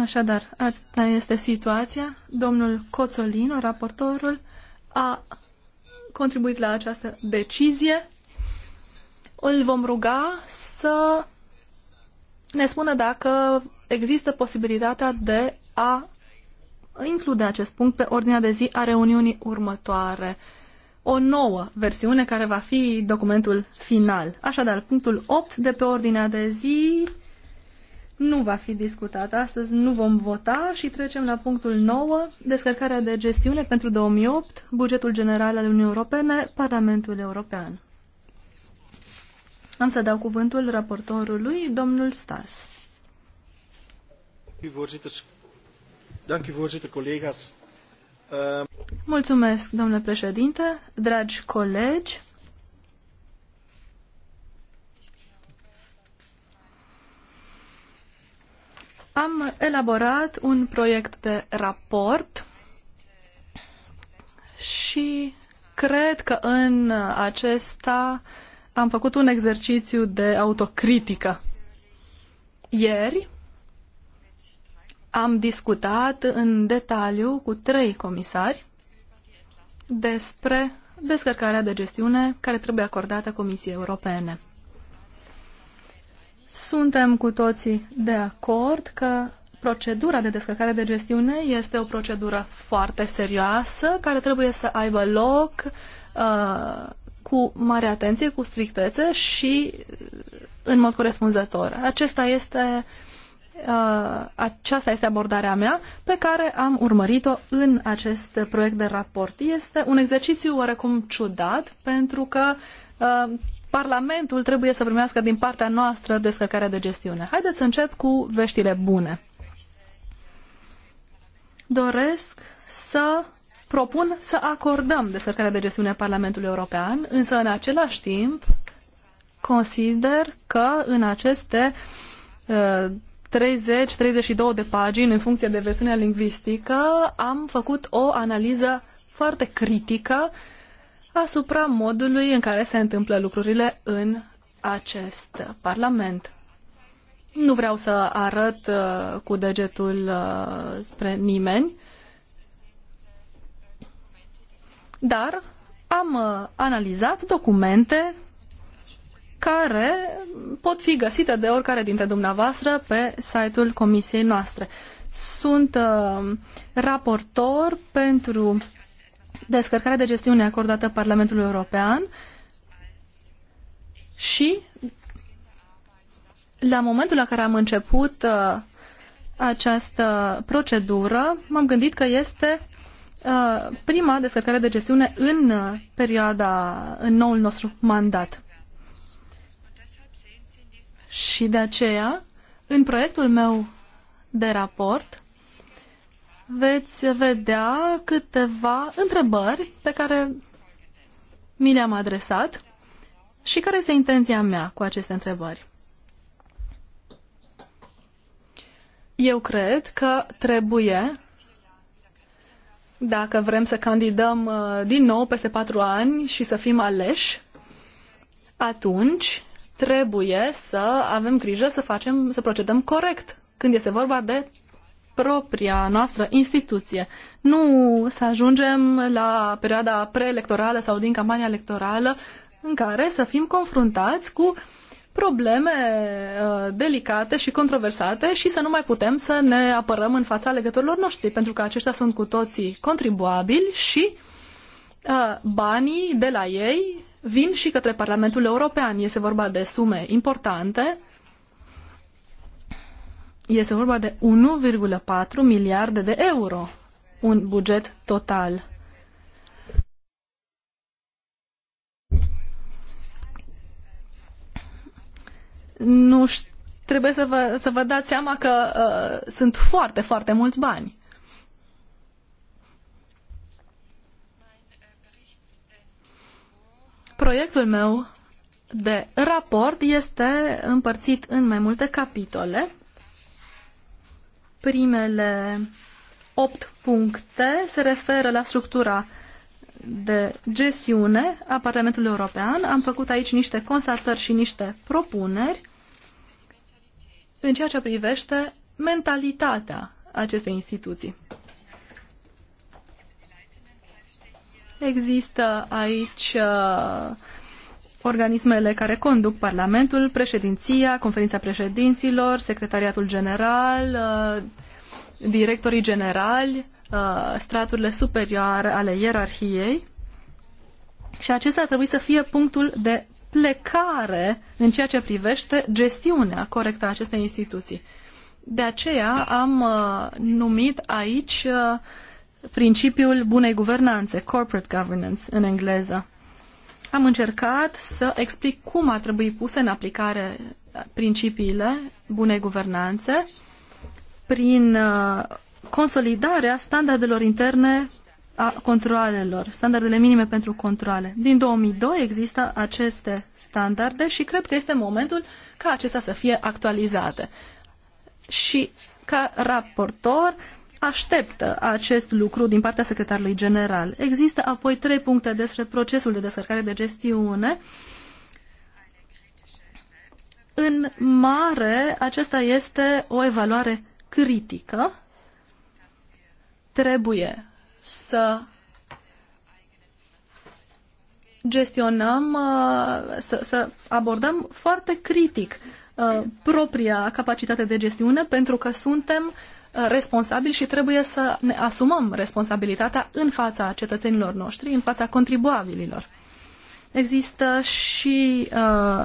Așadar, asta este situația. Domnul Coțolino, raportorul, a contribuit la această decizie. Îl vom ruga să ne spună dacă există posibilitatea de a include acest punct pe ordinea de zi a reuniunii următoare. O nouă versiune care va fi documentul final. Așadar, punctul 8 de pe ordinea de zi nu va fi discutat astăzi, nu vom vota și trecem la punctul 9, descărcarea de gestiune pentru 2008, bugetul general al Uniunii Europene, Parlamentul European. Am să dau cuvântul raportorului, domnul Stas. Mulțumesc, domnule președinte, dragi colegi. Am elaborat un proiect de raport și cred că în acesta am făcut un exercițiu de autocritică. Ieri am discutat în detaliu cu trei comisari despre descărcarea de gestiune care trebuie acordată Comisiei Europene. Suntem cu toții de acord că procedura de descărcare de gestiune este o procedură foarte serioasă care trebuie să aibă loc uh, cu mare atenție, cu strictețe și uh, în mod corespunzător. Acesta este, uh, aceasta este abordarea mea pe care am urmărit-o în acest proiect de raport. Este un exercițiu oarecum ciudat pentru că uh, Parlamentul trebuie să primească din partea noastră descărcarea de gestiune. Haideți să încep cu veștile bune. Doresc să propun să acordăm descărcarea de gestiune Parlamentului European, însă în același timp consider că în aceste uh, 30-32 de pagini, în funcție de versiunea lingvistică, am făcut o analiză foarte critică uh, asupra modului în care se întâmplă lucrurile în acest Parlament. Nu vreau să arăt uh, cu degetul uh, spre nimeni, dar am uh, analizat documente care pot fi găsite de oricare dintre dumneavoastră pe site-ul comisiei noastre. Sunt uh, raportor pentru descărcarea de gestiune acordată Parlamentului European și la momentul la care am început uh, această procedură, m-am gândit că este uh, prima descărcare de gestiune în uh, perioada, în noul nostru mandat. Și de aceea, în proiectul meu de raport, veți vedea câteva întrebări pe care mi le-am adresat și care este intenția mea cu aceste întrebări. Eu cred că trebuie, dacă vrem să candidăm uh, din nou peste patru ani și să fim aleși, atunci trebuie să avem grijă să facem, să procedăm corect când este vorba de propria noastră instituție. Nu să ajungem la perioada preelectorală sau din campania electorală în care să fim confruntați cu probleme uh, delicate și controversate și să nu mai putem să ne apărăm în fața legătorilor noștri, pentru că aceștia sunt cu toții contribuabili și uh, banii de la ei vin și către Parlamentul European. Este vorba de sume importante este vorba de 1,4 miliarde de euro, un buget total. Nu trebuie să vă, să vă dați seama că uh, sunt foarte, foarte mulți bani. Proiectul meu de raport este împărțit în mai multe capitole primele opt puncte se referă la structura de gestiune a Parlamentului European. Am făcut aici niște constatări și niște propuneri în ceea ce privește mentalitatea acestei instituții. Există aici uh, organismele care conduc Parlamentul, președinția, conferința președinților, secretariatul general, uh, directorii generali, uh, straturile superioare ale ierarhiei. Și acesta ar trebui să fie punctul de plecare în ceea ce privește gestiunea corectă a acestei instituții. De aceea am uh, numit aici principiul bunei guvernanțe, corporate governance în engleză am încercat să explic cum ar trebui puse în aplicare uh, principiile bunei guvernanțe prin uh, consolidarea standardelor interne a controalelor, standardele minime pentru controle. Din 2002 există aceste standarde și cred că este momentul ca acestea să fie actualizate. Și ca raportor așteptă acest lucru din partea secretarului general. Există apoi trei puncte despre procesul de descărcare de gestiune. În mare, acesta este o evaluare critică. Trebuie să gestionăm, uh, să, să abordăm foarte critic uh, propria capacitate de gestiune pentru că suntem uh, responsabili și trebuie să ne asumăm responsabilitatea în fața cetățenilor noștri, în fața contribuabililor. Există și uh,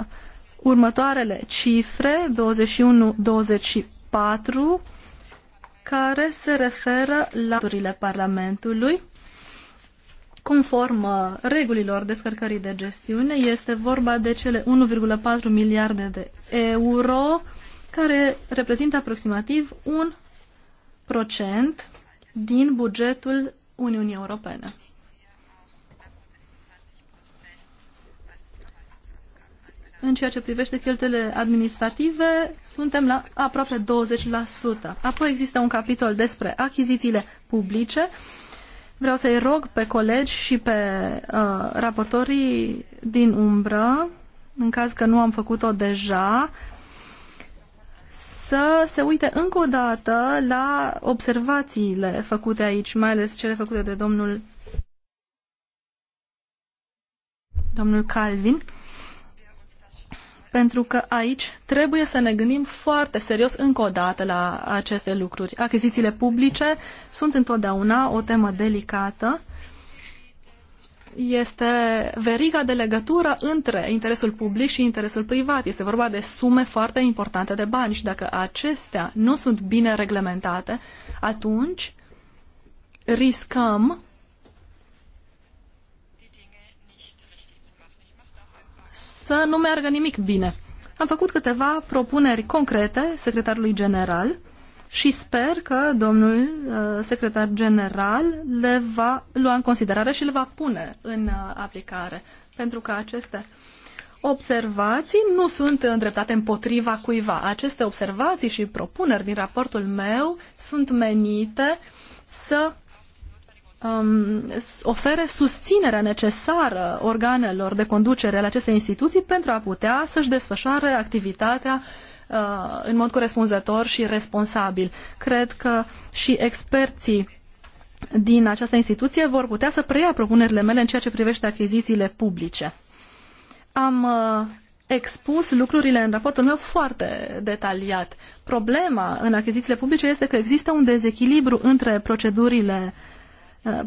următoarele cifre, 21-24, care se referă la turile Parlamentului. Conform uh, regulilor descărcării de gestiune, este vorba de cele 1,4 miliarde de euro, care reprezintă aproximativ un procent din bugetul Uniunii Europene. În ceea ce privește cheltuielile administrative, suntem la aproape 20%. Apoi există un capitol despre achizițiile publice. Vreau să-i rog pe colegi și pe uh, raportorii din umbră, în caz că nu am făcut-o deja, să se uite încă o dată la observațiile făcute aici, mai ales cele făcute de domnul domnul Calvin, pentru că aici trebuie să ne gândim foarte serios încă o dată la aceste lucruri. Achizițiile publice sunt întotdeauna o temă delicată este veriga de legătură între interesul public și interesul privat. Este vorba de sume foarte importante de bani și dacă acestea nu sunt bine reglementate, atunci riscăm să nu meargă nimic bine. Am făcut câteva propuneri concrete secretarului general și sper că domnul uh, secretar general le va lua în considerare și le va pune în uh, aplicare, pentru că aceste observații nu sunt îndreptate împotriva cuiva. Aceste observații și propuneri din raportul meu sunt menite să um, ofere susținerea necesară organelor de conducere ale acestei instituții pentru a putea să-și desfășoare activitatea uh, Uh, în mod corespunzător și responsabil. Cred că și experții din această instituție vor putea să preia propunerile mele în ceea ce privește achizițiile publice. Am uh, expus lucrurile în raportul meu foarte detaliat. Problema în achizițiile publice este că există un dezechilibru între procedurile uh,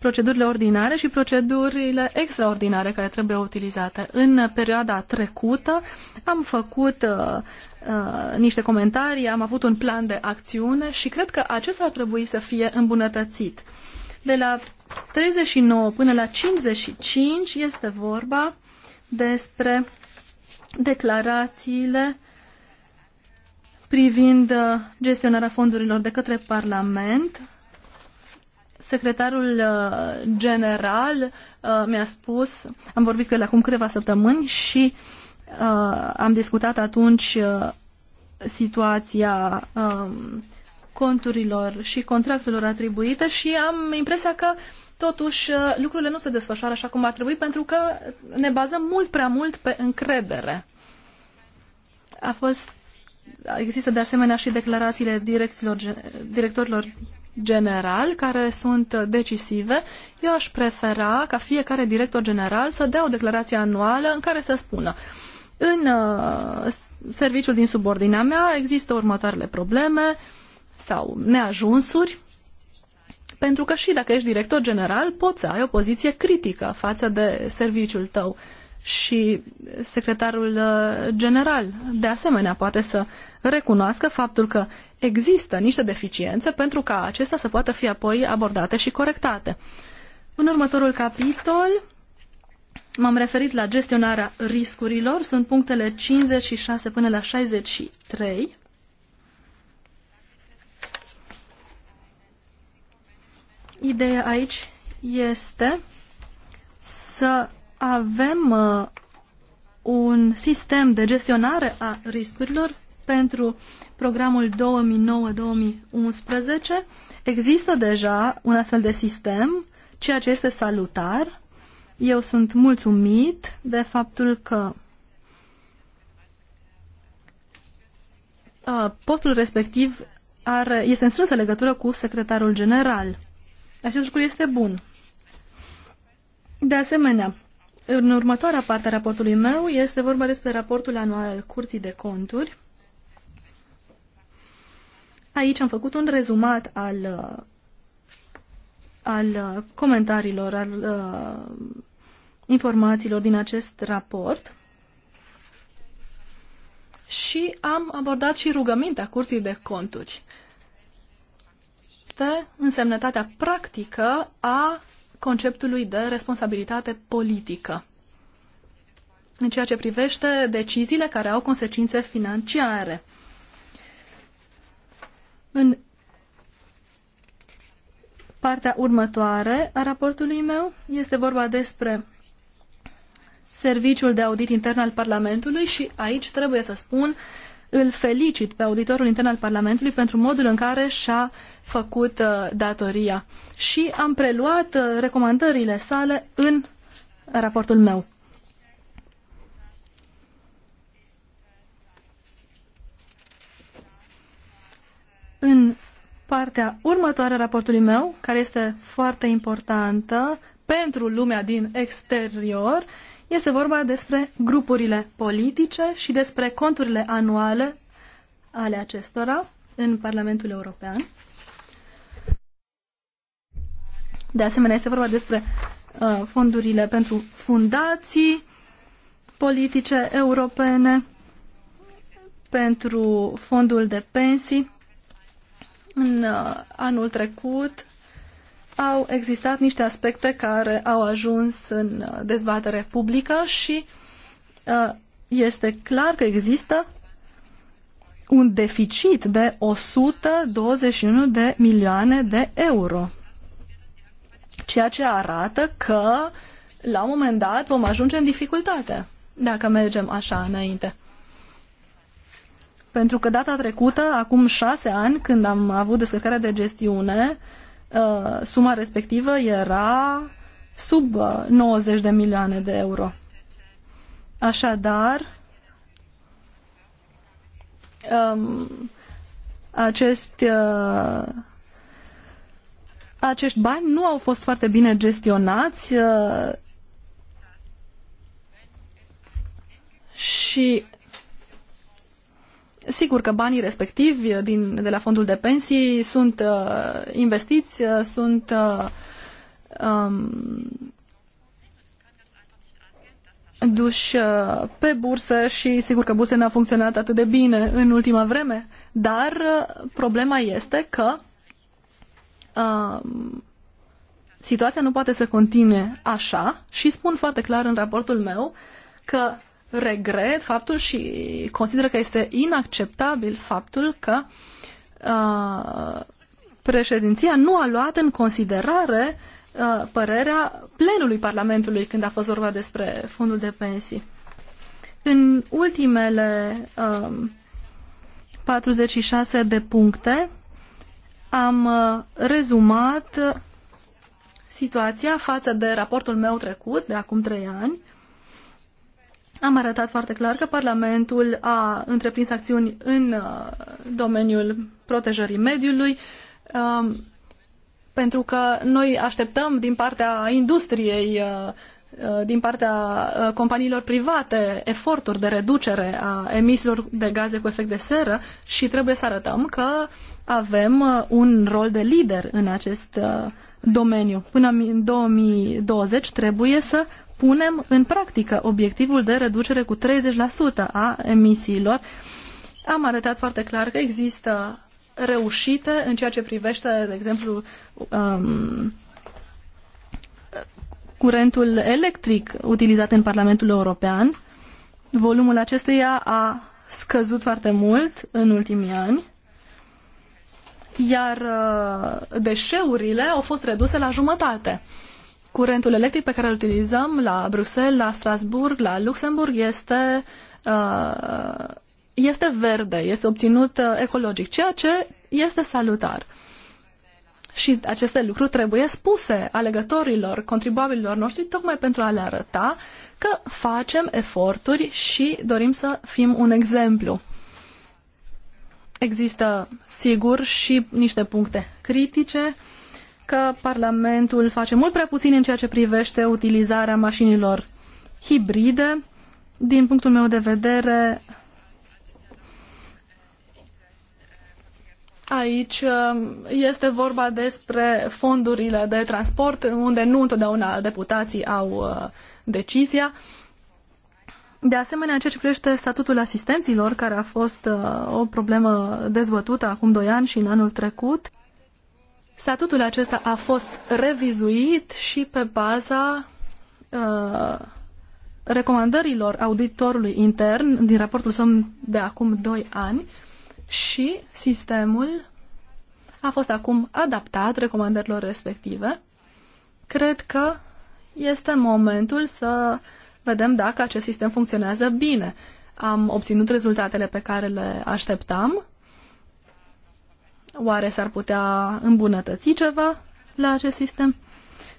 procedurile ordinare și procedurile extraordinare care trebuie utilizate. În perioada trecută am făcut Uh, niște comentarii, am avut un plan de acțiune și cred că acesta ar trebui să fie îmbunătățit. De la 39 până la 55 este vorba despre declarațiile privind uh, gestionarea fondurilor de către Parlament. Secretarul uh, general mi-a spus, am vorbit cu el acum câteva săptămâni și uh, Uh, am discutat atunci uh, situația um, conturilor și contractelor atribuite și am impresia că totuși uh, lucrurile nu se desfășoară așa cum ar trebui pentru că ne bazăm mult prea mult pe încredere. A fost, există de asemenea și declarațiile directorilor general care sunt decisive. Eu aș prefera ca fiecare director general să dea o declarație anuală în care să spună uh, în uh, serviciul din subordinea mea există următoarele probleme sau neajunsuri, pentru că și dacă ești director general, poți să ai o poziție critică față de serviciul tău și secretarul uh, general, de asemenea, poate să recunoască faptul că există niște deficiențe pentru ca acestea să poată fi apoi abordate și corectate. În următorul capitol M-am referit la gestionarea riscurilor, sunt punctele 56 până la 63. Ideea aici este să avem uh, un sistem de gestionare a riscurilor pentru programul 2009-2011. Există deja un astfel de sistem, ceea ce este salutar eu sunt mulțumit de faptul că postul respectiv are, este în strânsă legătură cu secretarul general. Acest lucru este bun. De asemenea, în următoarea parte a raportului meu este vorba despre raportul anual al Curții de Conturi. Aici am făcut un rezumat al, uh, al uh, comentariilor, al uh, informațiilor din acest raport și am abordat și rugămintea Curții de Conturi este însemnătatea practică a conceptului de responsabilitate politică în ceea ce privește deciziile care au consecințe financiare. În partea următoare a raportului meu este vorba despre Serviciul de Audit Intern al Parlamentului și aici trebuie să spun, îl felicit pe auditorul intern al Parlamentului pentru modul în care și-a făcut uh, datoria. Și am preluat uh, recomandările sale în raportul meu. În partea următoare a raportului meu, care este foarte importantă pentru lumea din exterior, uh, este vorba despre grupurile politice și despre conturile anuale ale acestora în Parlamentul European. De asemenea, este vorba despre uh, fondurile pentru fundații politice europene, pentru fondul de pensii. În uh, anul trecut au existat niște aspecte care au ajuns în uh, dezbatere publică și uh, este clar că există un deficit de 121 de milioane de euro. Ceea ce arată că la un moment dat vom ajunge în dificultate dacă mergem așa înainte. Pentru că data trecută, acum șase ani, când am avut descărcarea de gestiune, uh, Uh, suma respectivă era sub 90 uh, de milioane de euro. Așadar, um, acești, uh, acești bani nu au fost foarte bine gestionați uh, și Sigur că banii respectivi din, de la fondul de pensii sunt uh, investiți, uh, sunt uh, um, duși uh, pe bursă și sigur că bursa nu a funcționat atât de bine în ultima vreme, dar uh, problema este că uh, situația nu poate să continue așa și spun foarte clar în raportul meu că regret faptul și consider că este inacceptabil faptul că uh, președinția nu a luat în considerare uh, părerea plenului Parlamentului când a fost vorba despre fondul de pensii. În ultimele uh, um, 46 de puncte am uh, rezumat uh, situația față de raportul meu trecut de acum 3 ani am arătat foarte clar că Parlamentul a întreprins acțiuni în uh, domeniul protejării mediului, um, pentru că noi așteptăm din partea industriei, uh, uh, din partea companiilor private, eforturi de reducere a emisiilor de gaze cu efect de seră și trebuie să arătăm că avem un rol de lider în acest domeniu. Până în 2020 trebuie să punem în practică obiectivul de reducere cu 30% a emisiilor. Am arătat foarte clar că există reușite în ceea ce privește, de exemplu, um, curentul electric utilizat în Parlamentul European. Volumul acestuia a scăzut foarte mult în ultimii ani, iar uh, deșeurile au fost reduse la jumătate curentul electric pe care îl utilizăm la Bruxelles, la Strasburg, la Luxemburg este, uh, este verde, este obținut uh, ecologic, ceea ce este salutar. Și aceste lucruri trebuie spuse alegătorilor, contribuabililor noștri, tocmai pentru a le arăta că facem eforturi și dorim să fim un exemplu. Există, sigur, și niște puncte critice că Parlamentul face mult prea puțin în ceea ce privește utilizarea mașinilor hibride. Din punctul meu de vedere, Aici uh, este vorba despre fondurile de transport, unde nu întotdeauna deputații au uh, decizia. De asemenea, în ceea ce privește statutul asistenților, care a fost uh, o problemă dezbătută acum doi ani și în anul trecut, Statutul acesta a fost revizuit și pe baza uh, recomandărilor auditorului intern din raportul său de acum 2 ani și sistemul a fost acum adaptat recomandărilor respective. Cred că este momentul să vedem dacă acest sistem funcționează bine. Am obținut rezultatele pe care le așteptam Oare s-ar putea îmbunătăți ceva la acest sistem?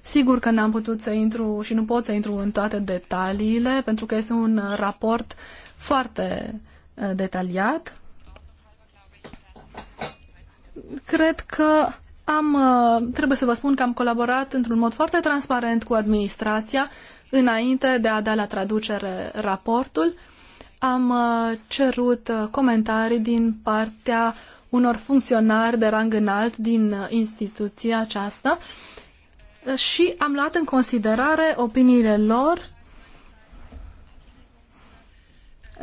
Sigur că n-am putut să intru și nu pot să intru în toate detaliile, pentru că este un raport foarte uh, detaliat. Cred că am, uh, trebuie să vă spun că am colaborat într-un mod foarte transparent cu administrația înainte de a da la traducere raportul. Am uh, cerut comentarii din partea unor funcționari de rang înalt din uh, instituția aceasta și am luat în considerare opiniile lor.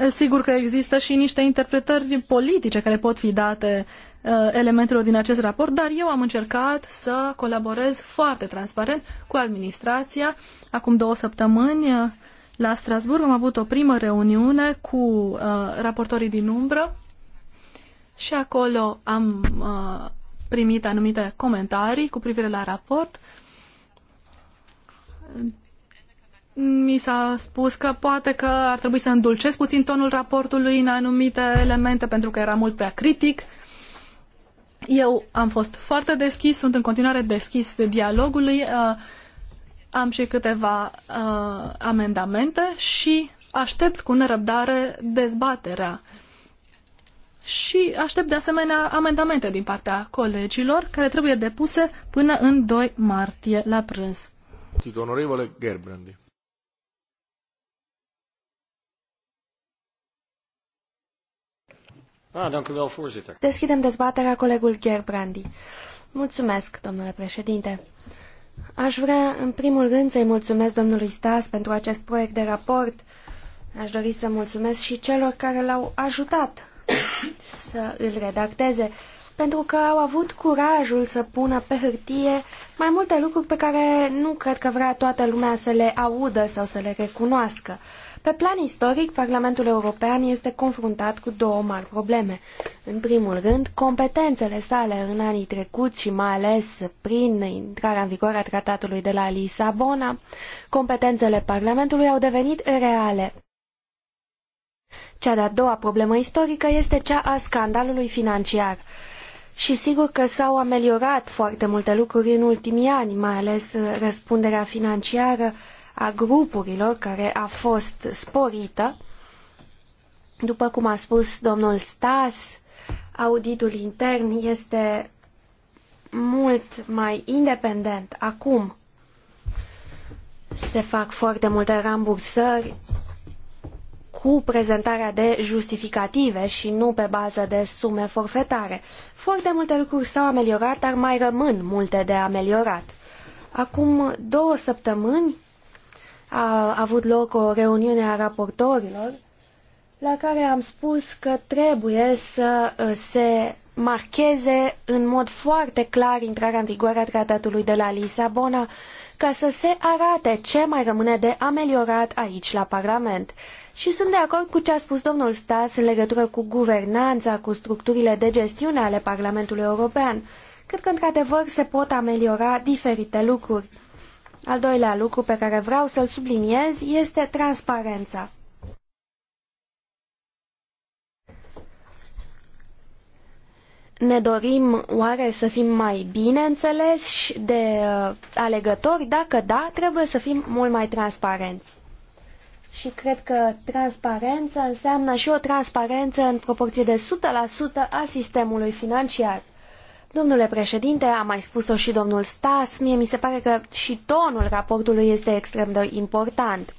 Sigur că există și niște interpretări politice care pot fi date uh, elementelor din acest raport, dar eu am încercat să colaborez foarte transparent cu administrația. Acum două săptămâni uh, la Strasburg am avut o primă reuniune cu raportorii din umbră și acolo am uh, primit anumite comentarii cu privire la raport. Mi s-a spus că poate că ar trebui să îndulcesc puțin tonul raportului în anumite elemente pentru că era mult prea critic. Eu am fost foarte deschis, sunt în continuare deschis de dialogului, uh, am și câteva uh, amendamente și aștept cu nerăbdare dezbaterea uh, și aștept de asemenea amendamente din partea colegilor care trebuie depuse până în 2 martie la prânz. Onorevole Gerbrandi. Ah, Deschidem dezbaterea colegul Gerbrandi. Mulțumesc, domnule președinte. Aș vrea, în primul rând, să-i mulțumesc domnului Stas pentru acest proiect de raport. Aș dori să mulțumesc și celor care l-au ajutat să îl redacteze, pentru că au avut curajul să pună pe hârtie mai multe lucruri pe care nu cred că vrea toată lumea să le audă sau să le recunoască. Pe plan istoric, Parlamentul European este confruntat cu două mari probleme. În primul rând, competențele sale în anii trecuți și mai ales prin intrarea în vigoare a tratatului de la Lisabona, competențele Parlamentului au devenit reale. Cea de-a doua problemă istorică este cea a scandalului financiar. Și sigur că s-au ameliorat foarte multe lucruri în ultimii ani, mai ales uh, răspunderea financiară a grupurilor care a fost sporită. După cum a spus domnul Stas, auditul intern este mult mai independent acum. Se fac foarte multe rambursări cu prezentarea de justificative și nu pe bază de sume forfetare. Foarte multe lucruri s-au ameliorat, dar mai rămân multe de ameliorat. Acum două săptămâni a avut loc o reuniune a raportorilor la care am spus că trebuie să uh, se marcheze în mod foarte clar intrarea în vigoare a tratatului de la Lisabona ca să se arate ce mai rămâne de ameliorat aici la Parlament. Și sunt de acord cu ce a spus domnul Stas în legătură cu guvernanța, cu structurile de gestiune ale Parlamentului European. Cred că, într-adevăr, se pot ameliora diferite lucruri. Al doilea lucru pe care vreau să-l subliniez este transparența. Ne dorim oare să fim mai bine înțeleși de uh, alegători? Dacă da, trebuie să fim mult mai transparenți și cred că transparența înseamnă și o transparență în proporție de 100% a sistemului financiar. Domnule președinte, a mai spus-o și domnul Stas, mie mi se pare că și tonul raportului este extrem de important.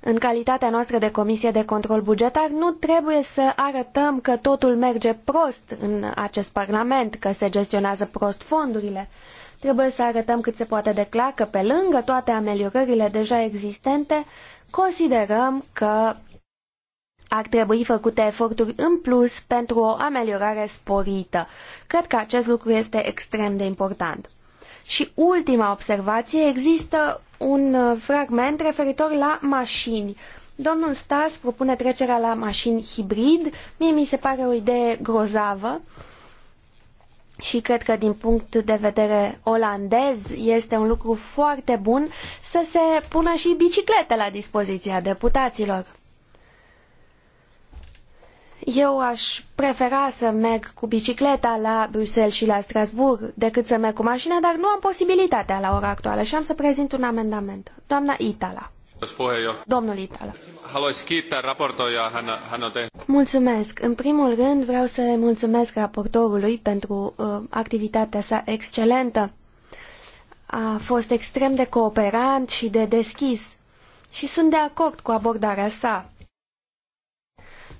În calitatea noastră de comisie de control bugetar, nu trebuie să arătăm că totul merge prost în acest parlament, că se gestionează prost fondurile. Trebuie să arătăm cât se poate declara că pe lângă toate ameliorările deja existente, considerăm că ar trebui făcute eforturi în plus pentru o ameliorare sporită. Cred că acest lucru este extrem de important. Și ultima observație, există un uh, fragment referitor la mașini. Domnul Stas propune trecerea la mașini hibrid. Mie mi se pare o idee grozavă. Uh, și cred că din punct de vedere olandez este un lucru foarte bun să se pună și biciclete la dispoziția deputaților. Eu aș prefera să merg cu bicicleta la Bruxelles și la Strasbourg decât să merg cu mașina, dar nu am posibilitatea la ora actuală și am să prezint un amendament. Doamna Itala. Haluaisin kiittää raportoijaa, hän, hän on tehnyt. Mulțumesc. În primul rând vreau să mulțumesc raportorului pentru uh, activitatea sa excelentă. A fost extrem de cooperant și de deschis și sunt de acord cu abordarea sa.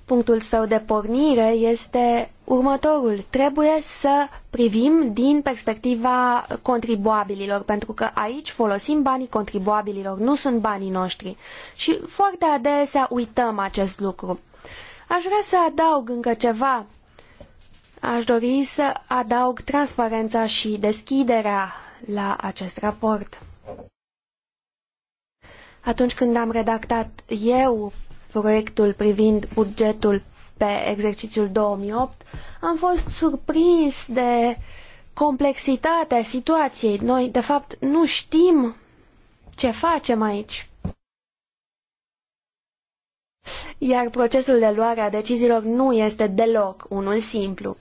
Punctul său de pornire este Următorul, trebuie să privim din perspectiva contribuabililor, pentru că aici folosim banii contribuabililor, nu sunt banii noștri. Și foarte adesea uităm acest lucru. Aș vrea să adaug încă ceva. Aș dori să adaug transparența și deschiderea la acest raport. Atunci când am redactat eu proiectul privind bugetul pe exercițiul 2008, am fost surprins de complexitatea situației. Noi, de fapt, nu știm ce facem aici. Iar procesul de luare a deciziilor nu este deloc unul simplu.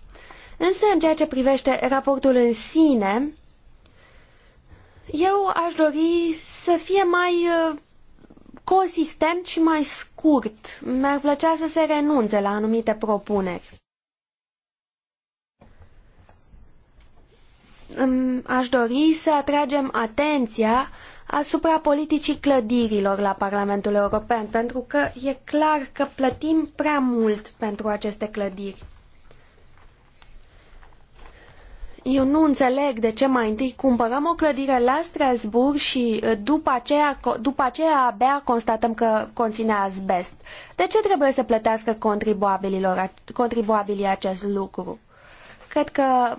Însă, în ceea ce privește raportul în sine, eu aș dori să fie mai uh, consistent și mai scurt. Mi-ar plăcea să se renunțe la anumite propuneri. Aș dori să atragem atenția asupra politicii clădirilor la Parlamentul European, pentru că e clar că plătim prea mult pentru aceste clădiri. Eu nu înțeleg de ce mai întâi cumpărăm o clădire la Strasbourg și uh, după aceea, după aceea abia constatăm că conține azbest. De ce trebuie să plătească contribuabililor, contribuabilii acest lucru? Cred că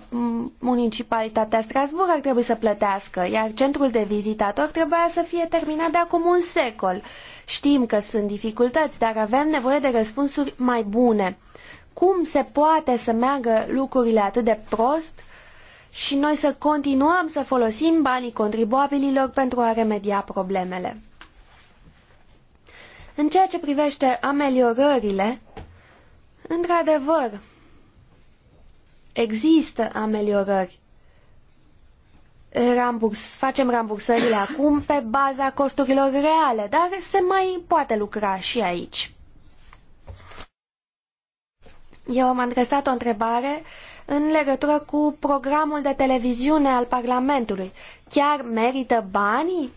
municipalitatea Strasbourg ar trebui să plătească, iar centrul de vizitator trebuia să fie terminat de acum un secol. Știm că sunt dificultăți, dar avem nevoie de răspunsuri mai bune. Cum se poate să meargă lucrurile atât de prost și noi să continuăm să folosim banii contribuabililor pentru a remedia problemele. În ceea ce privește ameliorările, într-adevăr, există ameliorări. Ramburs, facem rambursările acum pe baza costurilor reale, dar se mai poate lucra și aici. Eu am adresat o întrebare uh, în legătură cu programul de televiziune al Parlamentului. Chiar merită banii?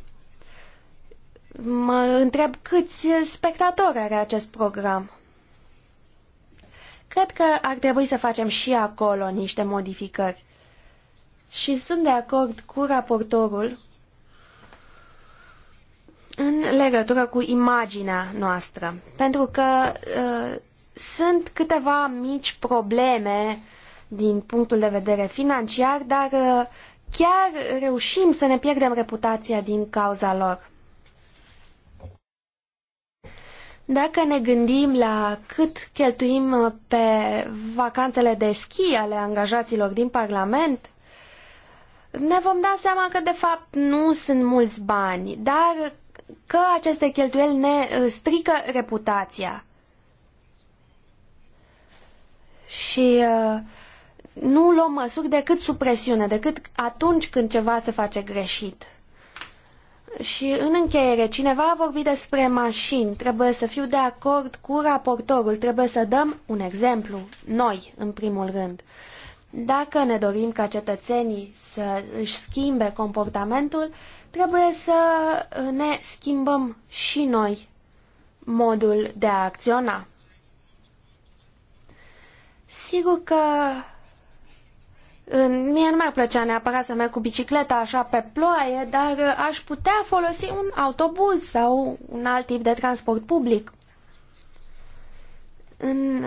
Mă întreb câți spectatori are acest program. Cred că ar trebui să facem și acolo niște modificări. Și sunt de acord cu raportorul în legătură cu imaginea noastră, pentru că uh, sunt câteva mici probleme uh, din punctul de vedere financiar, dar uh, chiar reușim să ne pierdem reputația din cauza lor. Dacă ne gândim la cât cheltuim uh, pe vacanțele de schi ale angajaților din Parlament, ne vom da seama că de fapt nu sunt mulți bani, dar că aceste cheltuieli ne uh, strică reputația. Și uh, nu luăm măsuri decât sub presiune, decât atunci când ceva se face greșit. Și în încheiere, cineva a vorbit despre mașini. Trebuie să fiu de acord cu raportorul. Trebuie să dăm un exemplu, noi, în primul rând. Dacă ne dorim ca cetățenii să își schimbe comportamentul, trebuie să ne schimbăm și noi modul de a acționa. Sigur că Mie nu mi-ar plăcea neapărat să merg cu bicicleta așa pe ploaie, dar uh, aș putea folosi un autobuz sau un alt tip de transport public. În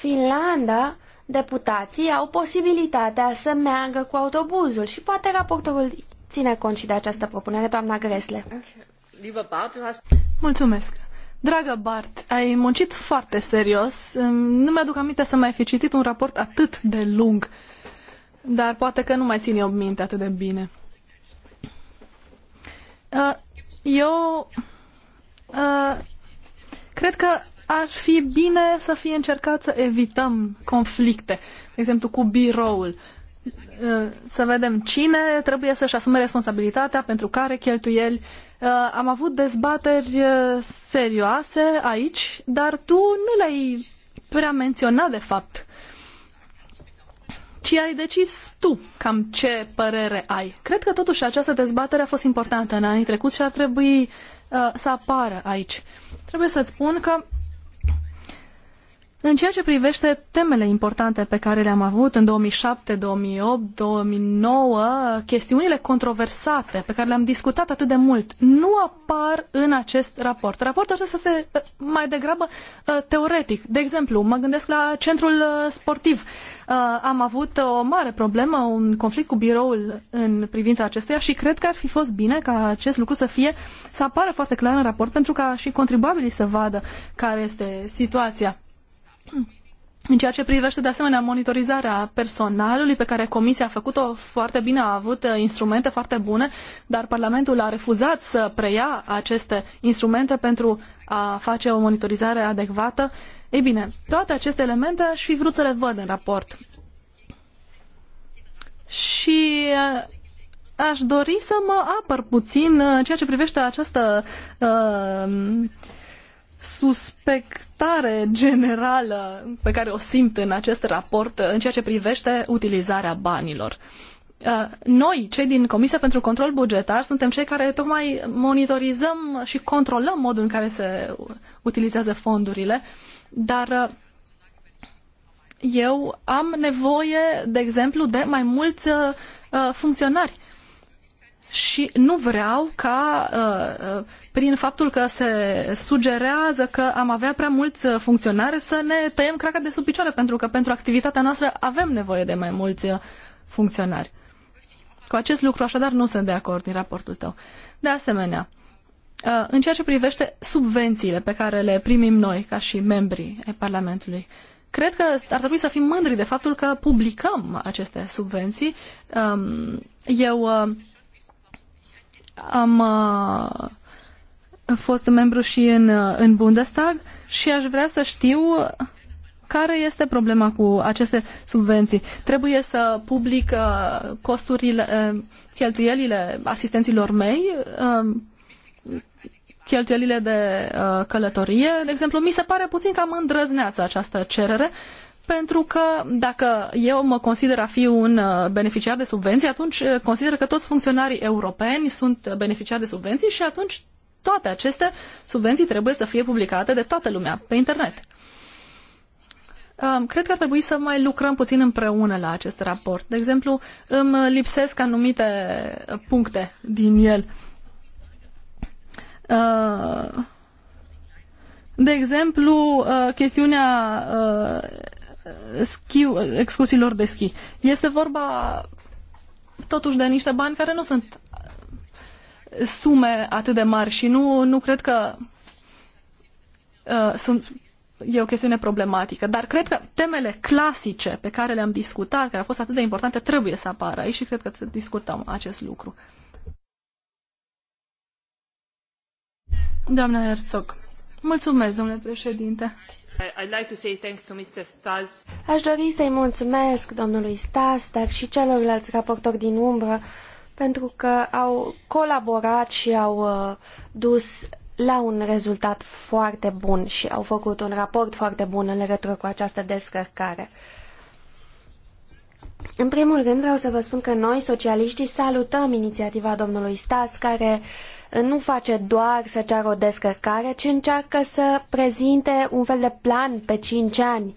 Finlanda, deputații au posibilitatea să meargă cu autobuzul și poate raportorul ține cont și de această propunere, doamna Gresle. Mulțumesc! Dragă Bart, ai muncit foarte serios. Nu mi-aduc aminte să mai fi citit un raport atât de lung dar poate că nu mai țin eu minte atât de bine. Eu cred că ar fi bine să fie încercat să evităm conflicte, de exemplu cu biroul. Să vedem cine trebuie să-și asume responsabilitatea pentru care cheltuieli. Am avut dezbateri serioase aici, dar tu nu le-ai prea menționat de fapt ci ai decis tu cam ce părere ai. Cred că totuși această dezbatere a fost importantă în anii trecuți și ar trebui uh, să apară aici. Trebuie să-ți spun că în ceea ce privește temele importante pe care le-am avut în 2007, 2008, 2009, chestiunile controversate pe care le-am discutat atât de mult nu apar în acest raport. Raportul acesta se uh, mai degrabă uh, teoretic. De exemplu, mă gândesc la centrul uh, sportiv. Uh, am avut o mare problemă, un conflict cu biroul în privința acestuia și cred că ar fi fost bine ca acest lucru să fie, să apară foarte clar în raport pentru ca și contribuabilii să vadă care este situația. În ceea ce privește, de asemenea, monitorizarea personalului pe care Comisia a făcut-o foarte bine, a avut uh, instrumente foarte bune, dar Parlamentul a refuzat să preia aceste instrumente pentru a face o monitorizare adecvată ei bine, toate aceste elemente aș fi vrut să le văd în raport. Și uh, aș dori să mă apăr puțin uh, în ceea ce privește această uh, suspectare generală pe care o simt în acest raport uh, în ceea ce privește utilizarea banilor. noi, cei din Comisia pentru Control Bugetar, suntem cei care tocmai monitorizăm și controlăm modul în care se utilizează fondurile uh, dar uh, eu am nevoie, de exemplu, de mai mulți uh, uh, funcționari și nu vreau ca prin faptul că se sugerează că am avea prea mulți funcționari să ne tăiem craca de sub picioare, pentru că pentru activitatea noastră avem nevoie de mai mulți funcționari. Cu acest lucru așadar nu sunt de acord din raportul tău. De asemenea, Uh, în ceea ce privește subvențiile pe care le primim noi ca și membrii ai Parlamentului. Cred că ar trebui să fim mândri de faptul că publicăm aceste subvenții. Um, eu uh, am uh, fost membru și în, în Bundestag și aș vrea să știu care este problema cu aceste subvenții? Trebuie să public costurile, cheltuielile asistenților mei? cheltuielile de uh, călătorie, de exemplu, mi se pare puțin cam îndrăzneață această cerere, pentru că dacă eu mă consider a fi un uh, beneficiar de subvenții, atunci uh, consider că toți funcționarii europeni sunt beneficiari de subvenții și atunci toate aceste subvenții trebuie să fie publicate de toată lumea pe internet. Um, cred că ar trebui să mai lucrăm puțin împreună la acest raport. De exemplu, îmi lipsesc anumite puncte din el. Uh, de exemplu, uh, chestiunea uh, excursiilor de schi. Este vorba totuși de niște bani care nu sunt sume atât de mari și nu, nu cred că uh, sunt, e o chestiune problematică. Dar cred că temele clasice pe care le-am discutat, care au fost atât de importante, trebuie să apară aici și cred că să discutăm acest lucru. Doamna Herzog. Mulțumesc, domnule președinte. Aș dori să-i mulțumesc domnului Stas, dar și celorlalți raportori din umbră, pentru că au colaborat și au uh, dus la un rezultat foarte bun și au făcut un raport foarte bun în legătură cu această descărcare. În primul rând vreau să vă spun că noi, socialiștii, salutăm inițiativa domnului Stas, care uh, nu face doar să ceară o descărcare, ci încearcă să prezinte un fel de plan pe cinci ani,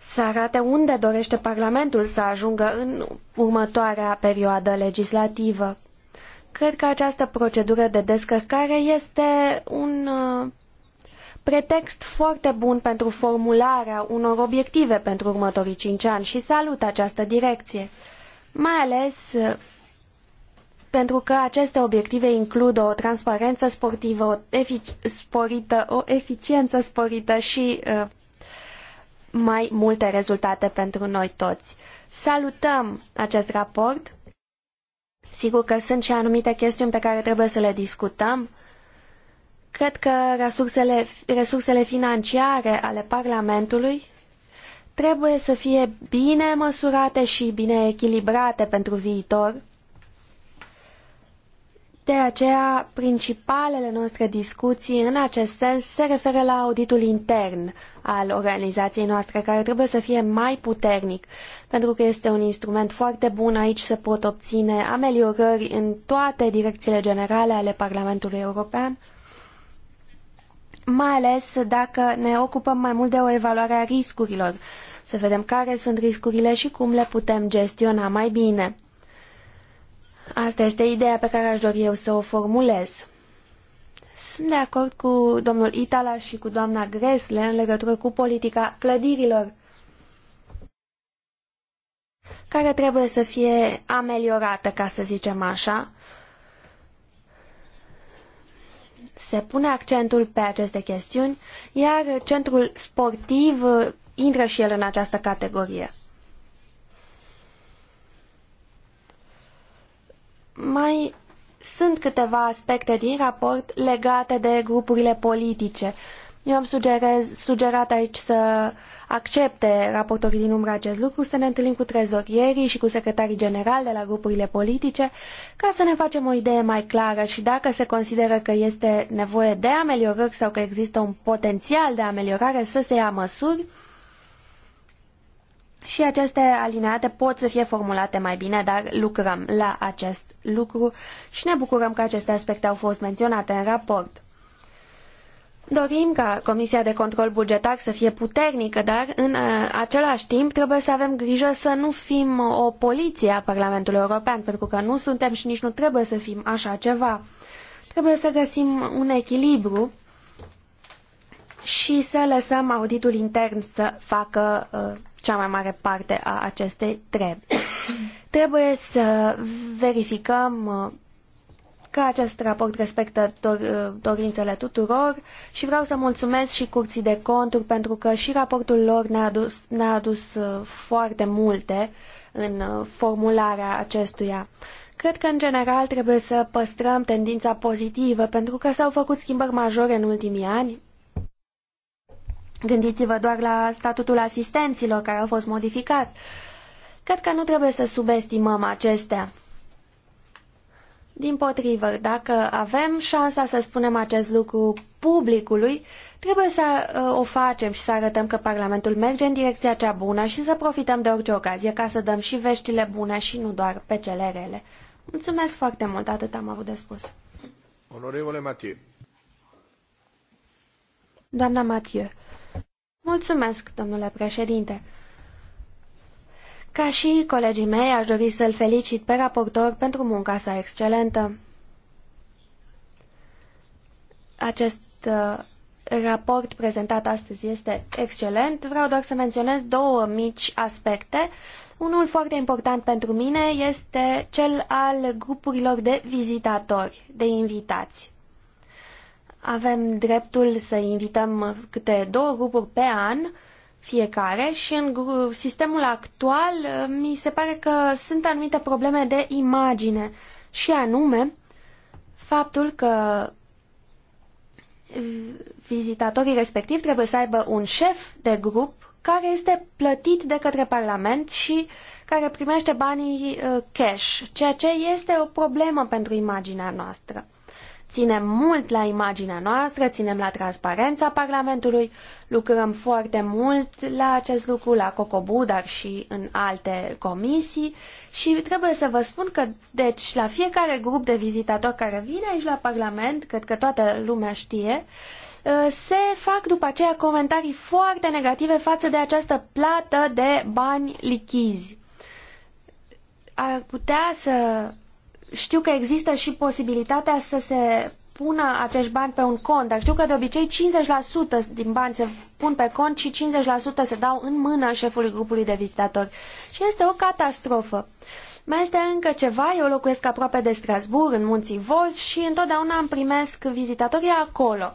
să arate unde dorește Parlamentul să ajungă în următoarea perioadă legislativă. Cred că această procedură de descărcare este un uh, pretext foarte bun pentru formularea unor obiective pentru următorii cinci ani și salut această direcție, mai ales uh, pentru că aceste obiective includ o transparență sportivă o sporită, o eficiență sporită și uh, mai multe rezultate pentru noi toți. Salutăm acest raport. Sigur că sunt și anumite chestiuni pe care trebuie să le discutăm. Cred că resursele, resursele financiare ale Parlamentului trebuie să fie bine măsurate și bine echilibrate pentru viitor de aceea, principalele noastre discuții în acest sens se referă la auditul intern al organizației noastre, care trebuie să fie mai puternic, pentru că este un instrument foarte bun aici să pot obține ameliorări în toate direcțiile generale ale Parlamentului European, mai ales dacă ne ocupăm mai mult de o evaluare a riscurilor, să vedem care sunt riscurile și cum le putem gestiona mai bine. Asta este ideea pe care aș dori eu să o formulez. Sunt de acord cu domnul Itala și cu doamna Gresle în legătură cu politica clădirilor, care trebuie să fie ameliorată, ca să zicem așa. Se pune accentul pe aceste chestiuni, iar centrul sportiv intră și el în această categorie. Mai sunt câteva aspecte din raport legate de grupurile politice. Eu am sugerez, sugerat aici să accepte raportorii din umbră acest lucru, să ne întâlnim cu trezorierii și cu secretarii generali de la grupurile politice ca să ne facem o idee mai clară și dacă se consideră că este nevoie de ameliorări sau că există un potențial de ameliorare să se ia măsuri și aceste alineate pot să fie formulate mai bine, dar lucrăm la acest lucru și ne bucurăm că aceste aspecte au fost menționate în raport. Dorim ca Comisia de Control Bugetar să fie puternică, dar în uh, același timp trebuie să avem grijă să nu fim o poliție a Parlamentului European, pentru că nu suntem și nici nu trebuie să fim așa ceva. Trebuie să găsim un echilibru și să lăsăm auditul intern să facă uh, cea mai mare parte a acestei trebi. Trebuie să verificăm uh, că acest raport respectă uh, dorințele tuturor și vreau să mulțumesc și curții de conturi pentru că și raportul lor ne-a adus, ne adus uh, foarte multe în formularea acestuia. Cred că, în general, trebuie să păstrăm tendința pozitivă, pentru că s-au făcut schimbări majore în ultimii ani Gândiți-vă doar la statutul asistenților care a fost modificat. Cred că nu trebuie să subestimăm acestea. Din potrivă, dacă avem șansa să spunem acest lucru publicului, trebuie să uh, o facem și să arătăm că Parlamentul merge în direcția cea bună și să profităm de orice ocazie ca să dăm și veștile bune și nu doar pe cele rele. Mulțumesc foarte mult, atât am avut de spus. Onorevole Mathieu. Doamna Mathieu. Mulțumesc, domnule președinte. Ca și colegii mei, aș dori să-l felicit pe raportor pentru munca sa excelentă. Acest uh, raport prezentat astăzi este excelent. Vreau doar să menționez două mici aspecte. Unul foarte important pentru mine este cel al grupurilor de vizitatori, de invitați. Avem dreptul să invităm câte două grupuri pe an fiecare și în sistemul actual uh, mi se pare că sunt anumite probleme de imagine și anume faptul că vizitatorii respectivi trebuie să aibă un șef de grup care este plătit de către Parlament și care primește banii uh, cash, ceea ce este o problemă pentru imaginea noastră. Ținem mult la imaginea noastră, ținem la transparența Parlamentului, lucrăm foarte mult la acest lucru, la Cocobu, dar și în alte comisii și trebuie să vă spun că, deci, la fiecare grup de vizitatori care vine aici la Parlament, cred că toată lumea știe, uh, se fac după aceea comentarii foarte negative față de această plată de bani lichizi. Ar putea să știu că există și posibilitatea să se pună acești bani pe un cont, dar știu că de obicei 50% din bani se pun pe cont și 50% se dau în mâna șefului grupului de vizitatori. Și este o catastrofă. Mai este încă ceva, eu locuiesc aproape de Strasbourg, în munții Vos și întotdeauna îmi primesc vizitatorii acolo.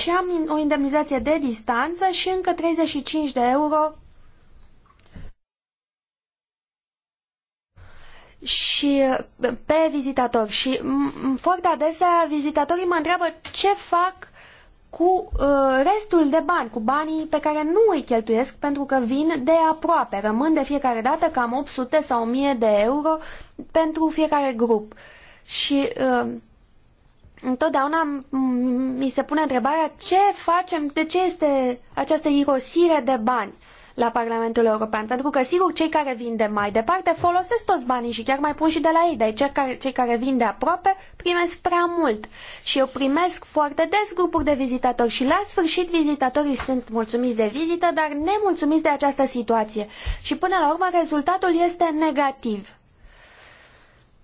Și am o indemnizație de distanță și încă 35 de euro și uh, pe vizitatori și foarte adesea vizitatorii mă întreabă ce fac cu uh, restul de bani, cu banii pe care nu îi cheltuiesc pentru că vin de aproape. Rămân de fiecare dată cam 800 sau 1000 de euro pentru fiecare grup. Și uh, întotdeauna mi se pune întrebarea ce facem, de ce este această irosire de bani la Parlamentul European. Pentru că, sigur, cei care vin de mai departe folosesc toți banii și chiar mai pun și de la ei, dar cei care, cei care vin de aproape primesc prea mult. Și eu primesc foarte des grupuri de vizitatori și la sfârșit vizitatorii sunt mulțumiți de vizită, dar nemulțumiți de această situație. Și până la urmă rezultatul este negativ.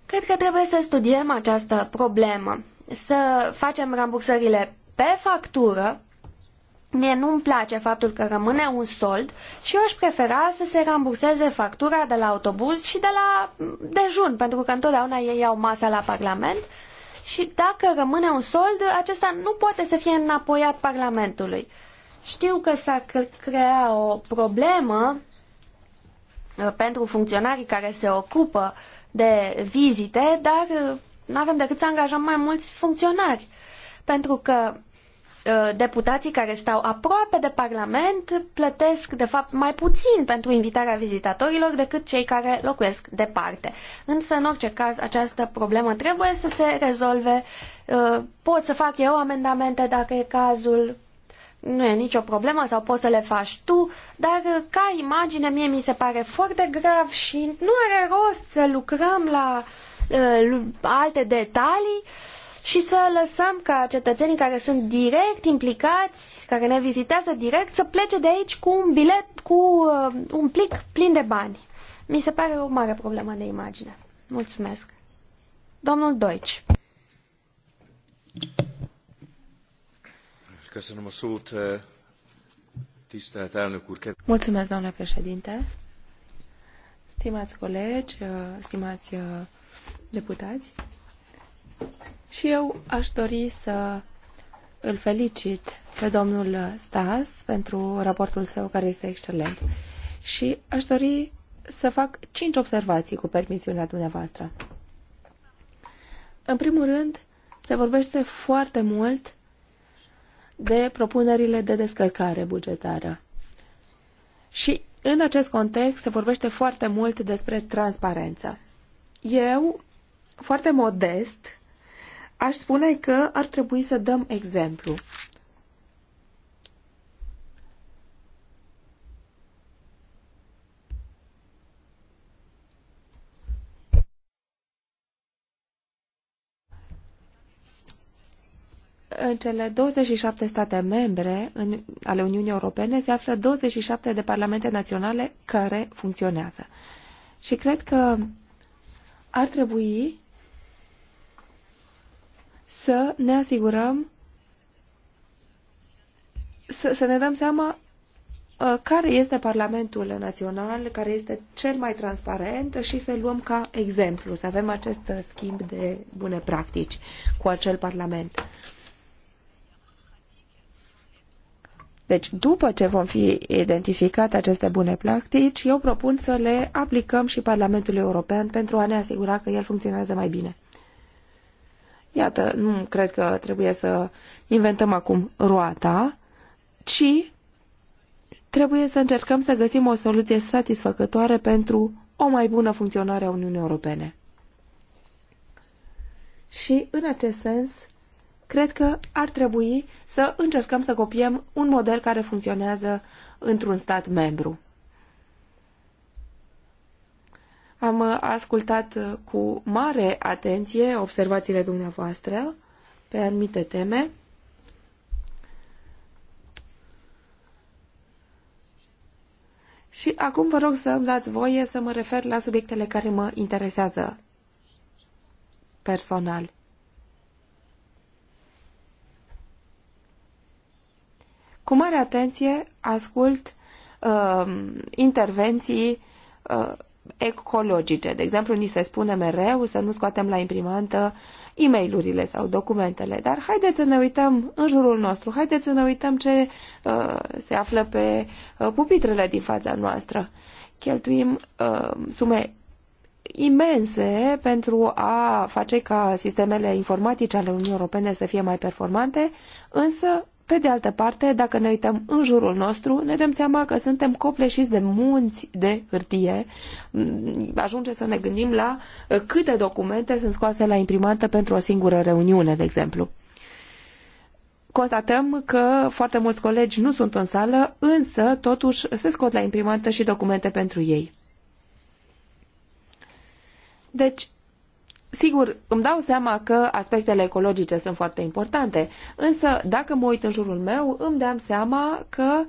Cred că trebuie să studiem această problemă, să facem rambursările pe factură, Mie nu-mi place faptul că rămâne un sold și eu aș prefera să se ramburseze factura de la autobuz și de la mm, dejun, pentru că întotdeauna ei iau masa la Parlament și dacă rămâne un sold, acesta nu poate să fie înapoiat Parlamentului. Știu că s-ar crea o problemă uh, pentru funcționarii care se ocupă de vizite, dar uh, nu avem decât să angajăm mai mulți funcționari. Pentru că Uh, deputații care stau aproape de Parlament plătesc, de fapt, mai puțin pentru invitarea vizitatorilor decât cei care locuiesc departe. Însă, în orice caz, această problemă trebuie să se rezolve. Uh, pot să fac eu amendamente dacă e cazul, nu e nicio problemă sau poți să le faci tu, dar uh, ca imagine mie mi se pare foarte grav și nu are rost să lucrăm la uh, alte detalii uh, și să lăsăm ca cetățenii care sunt direct implicați, care ne vizitează direct, să plece de aici cu un bilet, cu uh, un plic plin de bani. Mi se pare o mare problemă de imagine. Mulțumesc. Domnul Deutsch. Eh, Mulțumesc, domnule președinte. Stimați colegi, eh, stimați eh, deputați, și eu aș dori să îl felicit pe domnul Stas pentru raportul său care este excelent. Și aș dori să fac cinci observații cu permisiunea dumneavoastră. În primul rând, se vorbește foarte mult de propunerile de descărcare bugetară. Și în acest context se vorbește foarte mult despre transparență. Eu, foarte modest, Aș spune că ar trebui să dăm exemplu. în cele 27 state membre în, ale Uniunii Europene se află 27 de parlamente naționale care funcționează. Și cred că ar trebui să ne asigurăm, să, să ne dăm seama uh, care este Parlamentul Național, care este cel mai transparent și să luăm ca exemplu, să avem acest uh, schimb de bune practici cu acel Parlament. Deci, după ce vom fi identificate aceste bune practici, eu propun să le aplicăm și Parlamentului European pentru a ne asigura că el funcționează mai bine. Iată, nu cred că trebuie să inventăm acum roata, ci trebuie să încercăm să găsim o soluție satisfăcătoare pentru o mai bună funcționare a Uniunii Europene. Și, în acest sens, cred că ar trebui să încercăm să copiem un model care funcționează într-un stat membru. Am ascultat cu mare atenție observațiile dumneavoastră pe anumite teme. Și acum vă rog să îmi dați voie să mă refer la subiectele care mă interesează personal. Cu mare atenție ascult uh, intervenții uh, ecologice. De exemplu, ni se spune mereu să nu scoatem la imprimantă e mail sau documentele, dar haideți să ne uităm în jurul nostru, haideți să ne uităm ce uh, se află pe uh, pupitrele din fața noastră. Cheltuim uh, sume imense pentru a face ca sistemele informatice ale Uniunii Europene să fie mai performante, însă pe de altă parte, dacă ne uităm în jurul nostru, ne dăm seama că suntem copleșiți de munți de hârtie. Mm, ajunge să ne gândim la uh, câte documente sunt scoase la imprimantă pentru o singură reuniune, de exemplu. Constatăm că foarte mulți colegi nu sunt în sală, însă totuși se scot la imprimantă și documente pentru ei. Deci, Sigur, îmi dau seama că aspectele ecologice sunt foarte importante, însă dacă mă uit în jurul meu, îmi dam seama că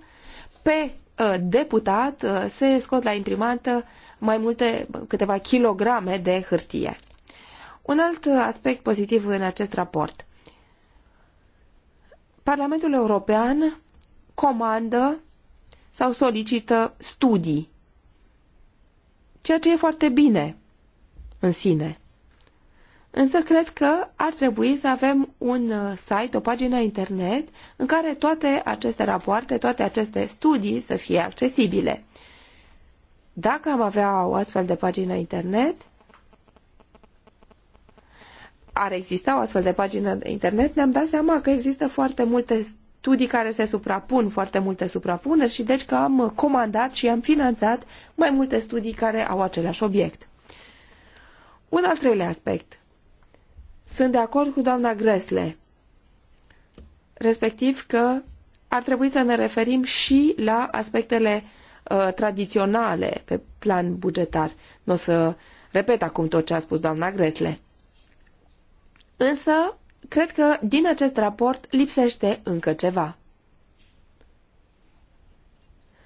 pe ă, deputat ă, se scot la imprimantă mai multe, câteva kilograme de hârtie. Un alt aspect pozitiv în acest raport. Parlamentul European comandă sau solicită studii, ceea ce e foarte bine în sine. Însă cred că ar trebui să avem un uh, site, o pagină internet, în care toate aceste rapoarte, toate aceste studii să fie accesibile. Dacă am avea o astfel de pagină internet, ar exista o astfel de pagină de internet, ne-am dat seama că există foarte multe studii care se suprapun, foarte multe suprapuneri și deci că am comandat și am finanțat mai multe studii care au același obiect. Un al treilea aspect. Sunt de acord cu doamna Gresle, respectiv că ar trebui să ne referim și la aspectele uh, tradiționale pe plan bugetar. Nu o să repet acum tot ce a spus doamna Gresle. Însă, cred că din acest raport lipsește încă ceva.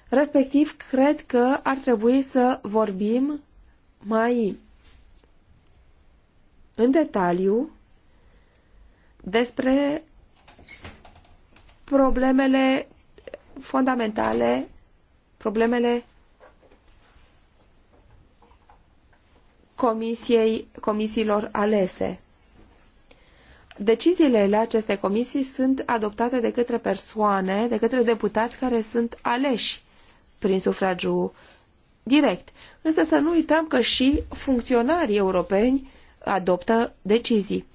Respectiv, cred că ar trebui să vorbim mai în detaliu despre problemele fundamentale, problemele comisiei, comisiilor alese. Deciziile la aceste comisii sunt adoptate de către persoane, de către deputați care sunt aleși prin sufragiu direct. Însă să nu uităm că și funcționarii europeni adoptă decizii.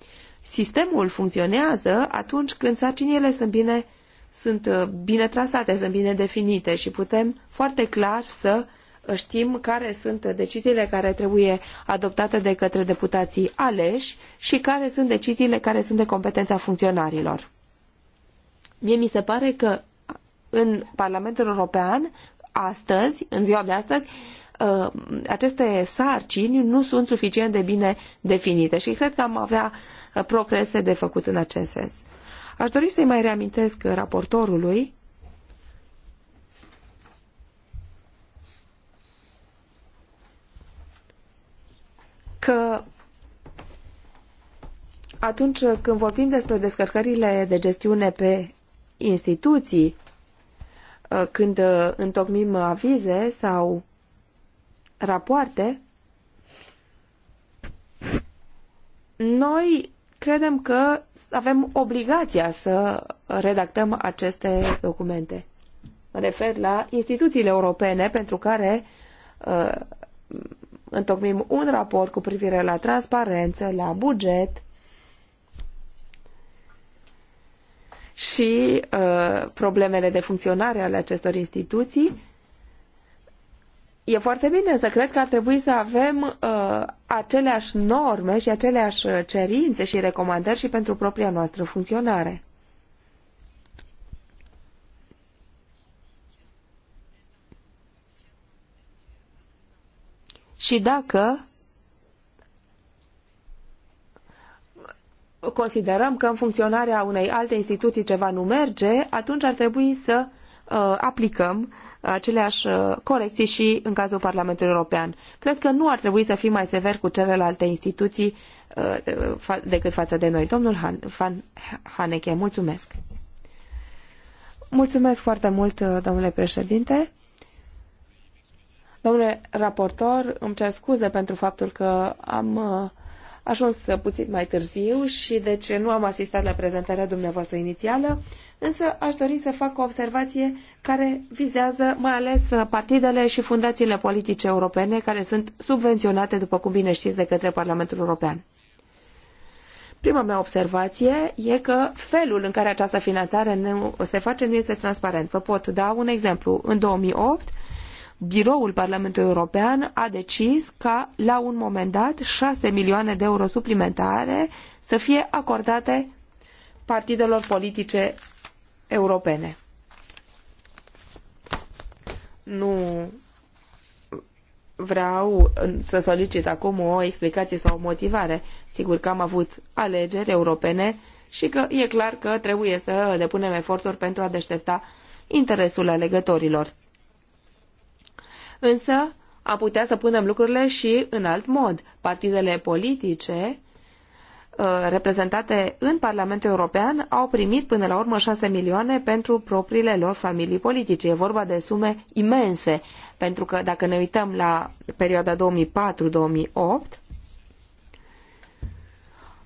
Sistemul funcționează atunci când sarcinile sunt bine, sunt uh, bine trasate, sunt bine definite și putem foarte clar să uh, știm care sunt deciziile care trebuie adoptate de către deputații aleși și care sunt deciziile care sunt de competența funcționarilor. Mie mi se pare că în Parlamentul European, astăzi, în ziua de astăzi, Uh, aceste sarcini nu sunt suficient de bine definite și cred că am avea uh, progrese de făcut în acest sens. Aș dori să-i mai reamintesc raportorului că atunci când vorbim despre descărcările de gestiune pe instituții, uh, când întocmim avize sau rapoarte, noi credem că avem obligația să redactăm aceste documente. Mă refer la instituțiile europene pentru care uh, întocmim un raport cu privire la transparență, la buget și uh, problemele de funcționare ale acestor instituții e foarte bine, să cred că ar trebui să avem uh, aceleași norme și aceleași uh, cerințe și recomandări și pentru propria noastră funcționare. Și dacă considerăm că în funcționarea unei alte instituții ceva nu merge, atunci ar trebui să uh, aplicăm uh, aceleași uh, corecții și în cazul Parlamentului European. Cred că nu ar trebui să fim mai severi cu celelalte instituții uh, decât față de noi. Domnul Han, Van Haneke, mulțumesc! Mulțumesc foarte mult, uh, domnule președinte. Domnule raportor, îmi cer scuze pentru faptul că am ajuns puțin mai târziu și deci nu am asistat la prezentarea dumneavoastră inițială însă aș dori să fac o observație care vizează mai ales partidele și fundațiile politice europene care sunt subvenționate, după cum bine știți, de către Parlamentul European. Prima mea observație e că felul în care această finanțare nu se face nu este transparent. Vă pot da un exemplu. În 2008, biroul Parlamentului European a decis ca, la un moment dat, 6 milioane de euro suplimentare să fie acordate partidelor politice europene. Nu vreau să solicit acum o explicație sau o motivare. Sigur că am avut alegeri europene și că e clar că trebuie să depunem eforturi pentru a deștepta interesul alegătorilor. Însă, am putea să punem lucrurile și în alt mod. Partidele politice Uh, reprezentate în Parlamentul European au primit până la urmă 6 milioane pentru propriile lor familii politice. E vorba de sume imense, pentru că dacă ne uităm la perioada 2004-2008,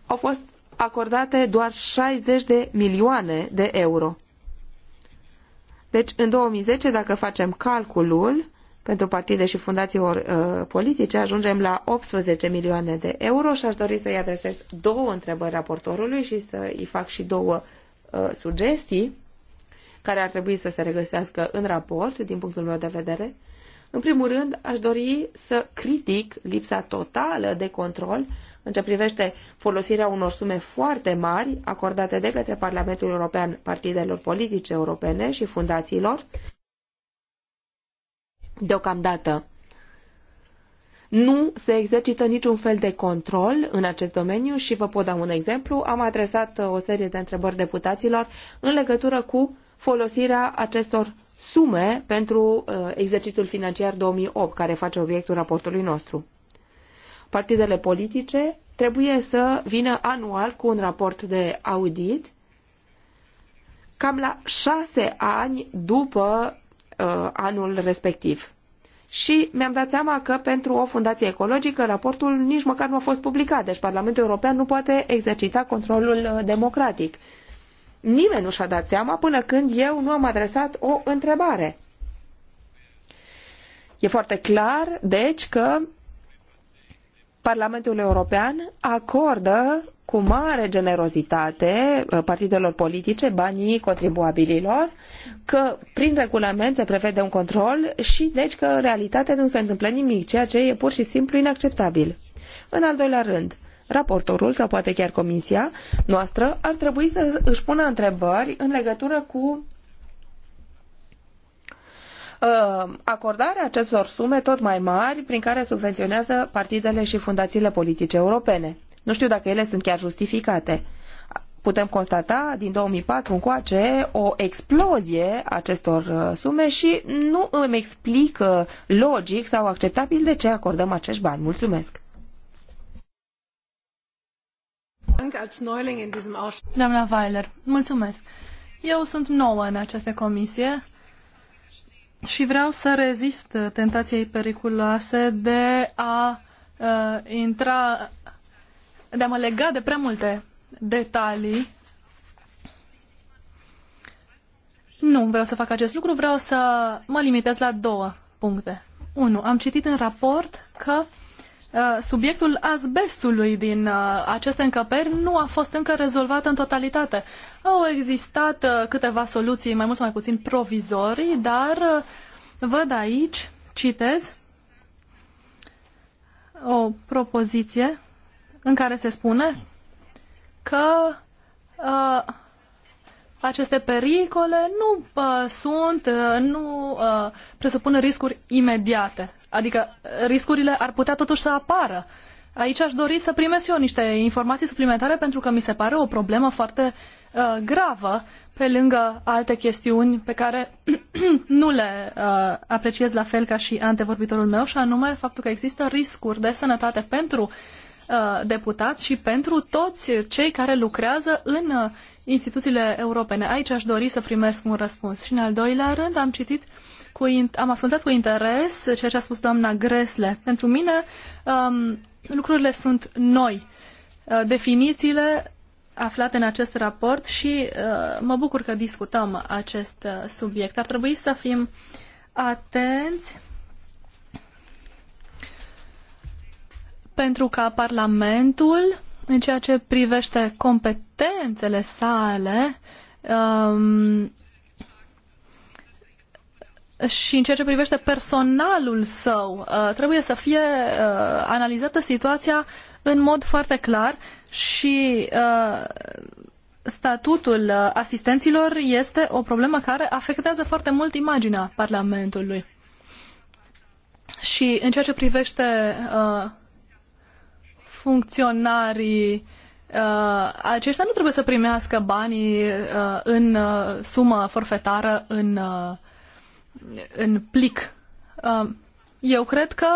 au fost acordate doar 60 de milioane de euro. Deci, în 2010, dacă facem calculul, pentru partide și fundații or, uh, politice, ajungem la 18 milioane de euro și aș dori să-i adresez două întrebări raportorului și să-i fac și două uh, sugestii care ar trebui să se regăsească în raport, din punctul meu de vedere. În primul rând, aș dori să critic lipsa totală de control în ce privește folosirea unor sume foarte mari acordate de către Parlamentul European partidelor politice europene și fundațiilor, Deocamdată nu se exercită niciun fel de control în acest domeniu și vă pot da un exemplu. Am adresat uh, o serie de întrebări deputaților în legătură cu folosirea acestor sume pentru uh, exercițiul financiar 2008, care face obiectul raportului nostru. Partidele politice trebuie să vină anual cu un raport de audit cam la șase ani după Uh, anul respectiv. Și mi-am dat seama că pentru o fundație ecologică raportul nici măcar nu a fost publicat, deci Parlamentul European nu poate exercita controlul uh, democratic. Nimeni nu și-a dat seama până când eu nu am adresat o întrebare. E foarte clar, deci, că Parlamentul European acordă cu mare generozitate uh, partidelor politice banii contribuabililor, că prin regulament se prevede un control și deci că în realitate nu se întâmplă nimic, ceea ce e pur și simplu inacceptabil. În al doilea rând, raportorul sau poate chiar comisia noastră ar trebui să își pună întrebări în legătură cu Uh, acordarea acestor sume tot mai mari prin care subvenționează partidele și fundațiile politice europene. Nu știu dacă ele sunt chiar justificate. Putem constata din 2004 încoace o explozie acestor uh, sume și nu îmi explic logic sau acceptabil de ce acordăm acești bani. Mulțumesc! Doamna Weiler, mulțumesc! Eu sunt nouă în această comisie, și vreau să rezist tentației periculoase de a uh, intra, de a mă lega de prea multe detalii. Nu vreau să fac acest lucru, vreau să mă limitez la două puncte. 1. Am citit în raport că uh, subiectul azbestului din uh, aceste încăperi nu a fost încă rezolvat în totalitate. Au existat uh, câteva soluții, mai mult sau mai puțin provizorii, dar uh, văd aici, citez, o propoziție în care se spune că a, uh, aceste pericole nu a, sunt, a, nu a, presupun riscuri imediate. Adică riscurile ar putea totuși să apară. Aici aș dori să primesc eu niște informații suplimentare pentru că mi se pare o problemă foarte Uh, gravă, pe lângă alte chestiuni pe care nu le uh, apreciez la fel ca și antevorbitorul meu, și anume faptul că există riscuri de sănătate pentru uh, deputați și pentru toți cei care lucrează în uh, instituțiile europene. Aici aș dori să primesc un răspuns. Și în al doilea rând am citit cu, am ascultat cu interes ceea ce a spus doamna Gresle. Pentru mine um, lucrurile sunt noi. Definițiile aflate în acest raport și uh, mă bucur că discutăm acest uh, subiect. Ar trebui să fim atenți pentru ca Parlamentul, în ceea ce privește competențele sale, um, și în ceea ce privește personalul său, uh, trebuie să fie analizată situația în mod foarte clar și uh, statutul uh, asistenților este o problemă care afectează foarte mult imaginea Parlamentului. Și în ceea ce privește uh, funcționarii, uh, aceștia nu trebuie să primească banii uh, în uh, sumă forfetară, în, uh, în plic. Uh, eu cred că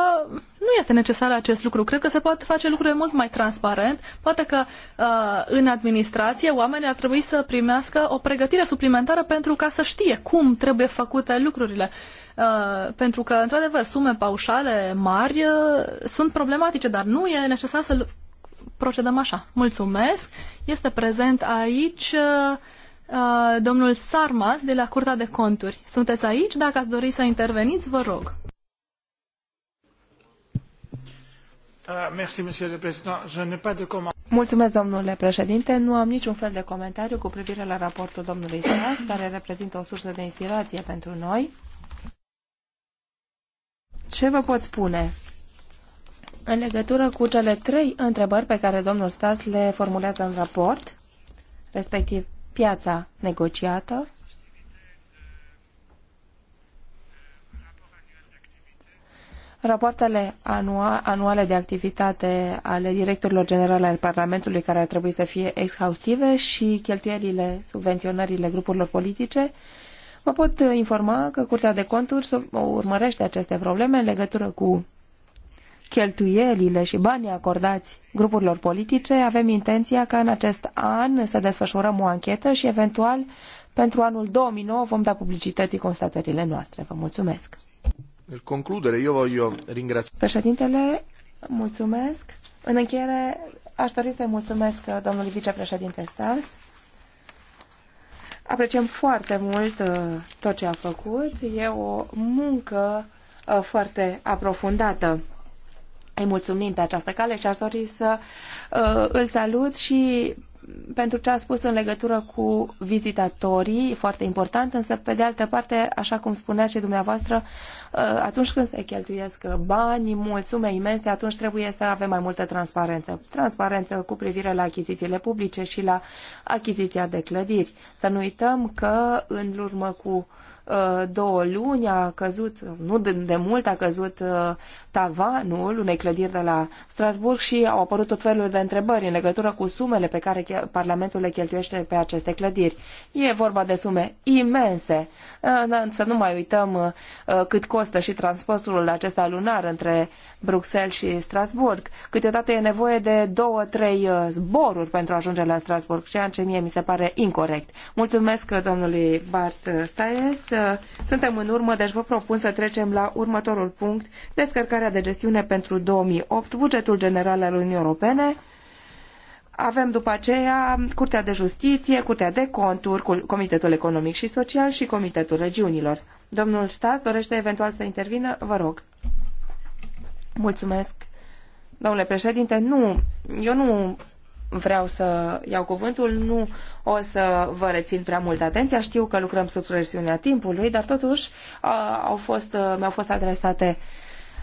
nu este necesar acest lucru. Cred că se poate face lucrurile mult mai transparent. Poate că uh, în administrație oamenii ar trebui să primească o pregătire suplimentară pentru ca să știe cum trebuie făcute lucrurile. Uh, pentru că, într-adevăr, sume paușale mari uh, sunt problematice, dar nu e necesar să procedăm așa. Mulțumesc. Este prezent aici uh, uh, domnul Sarmas de la Curtea de Conturi. Sunteți aici? Dacă ați dori să interveniți, vă rog. Ah, domnule președinte. Nu am niciun fel de comentariu cu privire la raportul domnului Stas, care reprezintă o sursă de inspirație pentru noi. Ce vă pot spune? În legătură cu cele trei întrebări pe care domnul Stas le formulează în raport, respectiv piața negociată, rapoartele anuale de activitate ale directorilor generale al Parlamentului, care ar trebui să fie exhaustive, și cheltuielile, subvenționările grupurilor politice, vă pot informa că Curtea de Conturi urmărește aceste probleme în legătură cu cheltuielile și banii acordați grupurilor politice, avem intenția ca în acest an să desfășurăm o anchetă și eventual pentru anul 2009 vom da publicității constatările noastre. Vă mulțumesc! concludere, io voglio ringraziare. Președintele, mulțumesc. În încheiere, aș dori să-i mulțumesc domnului vicepreședinte Stars. Apreciem foarte mult uh, tot ce a făcut. E o muncă uh, foarte aprofundată. Îi mulțumim pe această cale și aș dori să uh, îl salut și pentru ce a spus în legătură cu vizitatorii, foarte important, însă pe de altă parte, așa cum spunea și dumneavoastră, uh, atunci când se cheltuiesc bani, mulți sume imense, atunci trebuie să avem mai multă transparență. Transparență cu privire la achizițiile publice și la achiziția de clădiri. Să nu uităm că în urmă cu Uh, două luni a căzut, nu de, de mult a căzut uh, tavanul unei clădiri de la Strasburg și au apărut tot felul de întrebări în legătură cu sumele pe care Parlamentul le cheltuiește pe aceste clădiri. E vorba de sume imense. Uh, da, să nu mai uităm cât costă și transportul acesta lunar între Bruxelles și Strasburg. Câteodată e nevoie de două, trei zboruri pentru a ajunge la Strasburg, ceea ce mie mi se pare incorrect. Mulțumesc domnului Bart Staes suntem în urmă, deci vă propun să trecem la următorul punct, descărcarea de gestiune pentru 2008, bugetul general al Uniunii Europene. Avem după aceea Curtea de Justiție, Curtea de Conturi, Comitetul Economic și Social și Comitetul Regiunilor. Domnul Stas dorește eventual să intervină? Vă rog. Mulțumesc. Domnule președinte, nu, eu nu vreau să iau cuvântul, nu o să vă rețin prea mult atenția. Știu că lucrăm sub presiunea timpului, dar totuși au fost, mi-au fost adresate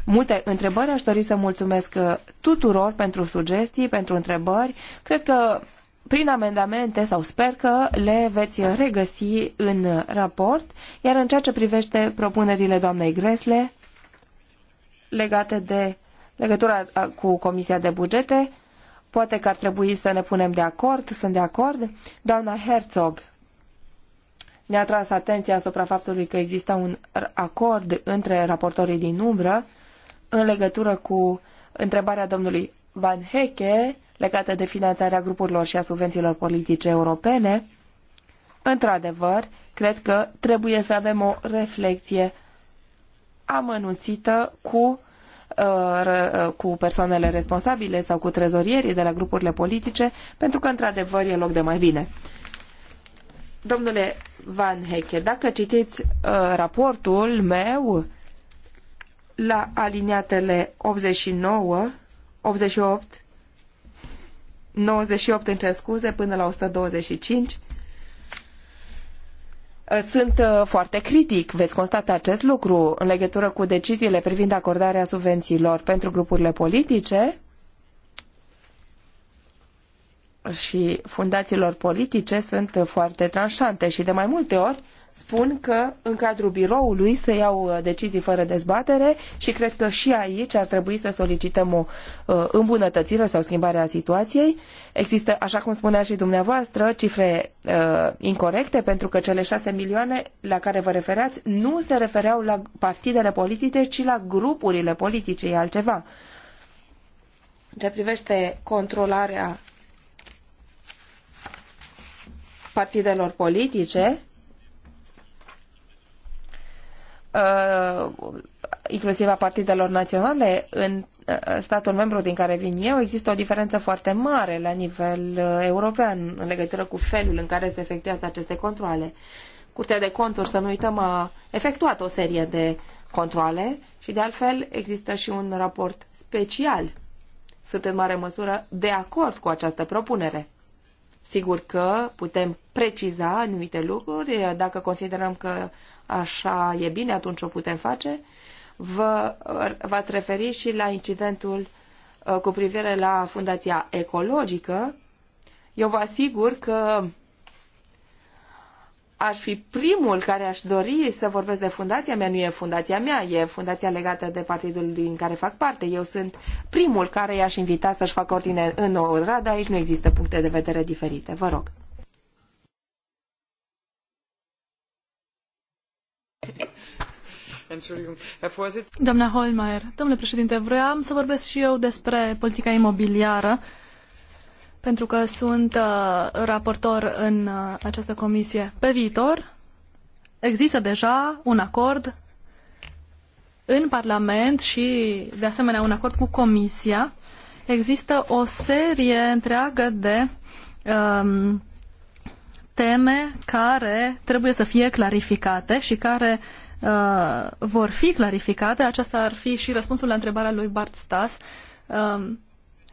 multe întrebări. Aș dori să mulțumesc tuturor pentru sugestii, pentru întrebări. Cred că prin amendamente sau sper că le veți regăsi în raport, iar în ceea ce privește propunerile doamnei Gresle legate de legătura cu Comisia de Bugete, Poate că ar trebui să ne punem de acord, sunt de acord. Doamna Herzog ne-a tras atenția asupra faptului că există un acord între raportorii din umbră în legătură cu întrebarea domnului Van Heche legată de finanțarea grupurilor și a subvențiilor politice europene. Într-adevăr, cred că trebuie să avem o reflexie amănunțită cu Uh, uh, cu persoanele responsabile sau cu trezorierii de la grupurile politice, pentru că, într-adevăr, e loc de mai bine. Domnule Van Heche, dacă citiți uh, raportul meu la aliniatele 89, 88, 98, îmi cer scuze, până la 125, Uh, sunt uh, foarte critic, veți constata acest lucru, în legătură cu deciziile privind acordarea subvențiilor pentru grupurile politice și fundațiilor politice sunt uh, foarte tranșante și de mai multe ori spun că în cadrul biroului se iau uh, decizii fără dezbatere și cred că și aici ar trebui să solicităm o uh, îmbunătățire sau schimbare a situației. Există, așa cum spunea și dumneavoastră, cifre uh, incorrecte pentru că cele șase milioane la care vă referați nu se refereau la partidele politice, ci la grupurile politice, e altceva. Ce privește controlarea partidelor politice, Uh, inclusiv a partidelor naționale în uh, statul membru din care vin eu, există o diferență foarte mare la nivel uh, european în legătură cu felul în care se efectuează aceste controle. Curtea de conturi, să nu uităm, a efectuat o serie de controle și, de altfel, există și un raport special. Sunt în mare măsură de acord cu această propunere. Sigur că putem preciza anumite lucruri dacă considerăm că așa e bine, atunci o putem face, vă, v-ați și la incidentul uh, cu privire la Fundația Ecologică. Eu vă asigur că aș fi primul care aș dori să vorbesc de fundația mea, nu e fundația mea, e fundația legată de partidul din care fac parte. Eu sunt primul care i-aș invita să-și facă ordine în Oradea, aici nu există puncte de vedere diferite. Vă rog. Doamna Holmeier, domnule președinte, vreau să vorbesc și eu despre politica imobiliară, pentru că sunt uh, raportor în uh, această comisie. Pe viitor există deja un acord în Parlament și, de asemenea, un acord cu Comisia. Există o serie întreagă de um, teme care trebuie să fie clarificate și care uh, Uh, vor fi clarificate. Aceasta ar fi și răspunsul la întrebarea lui Bart Stas. Um,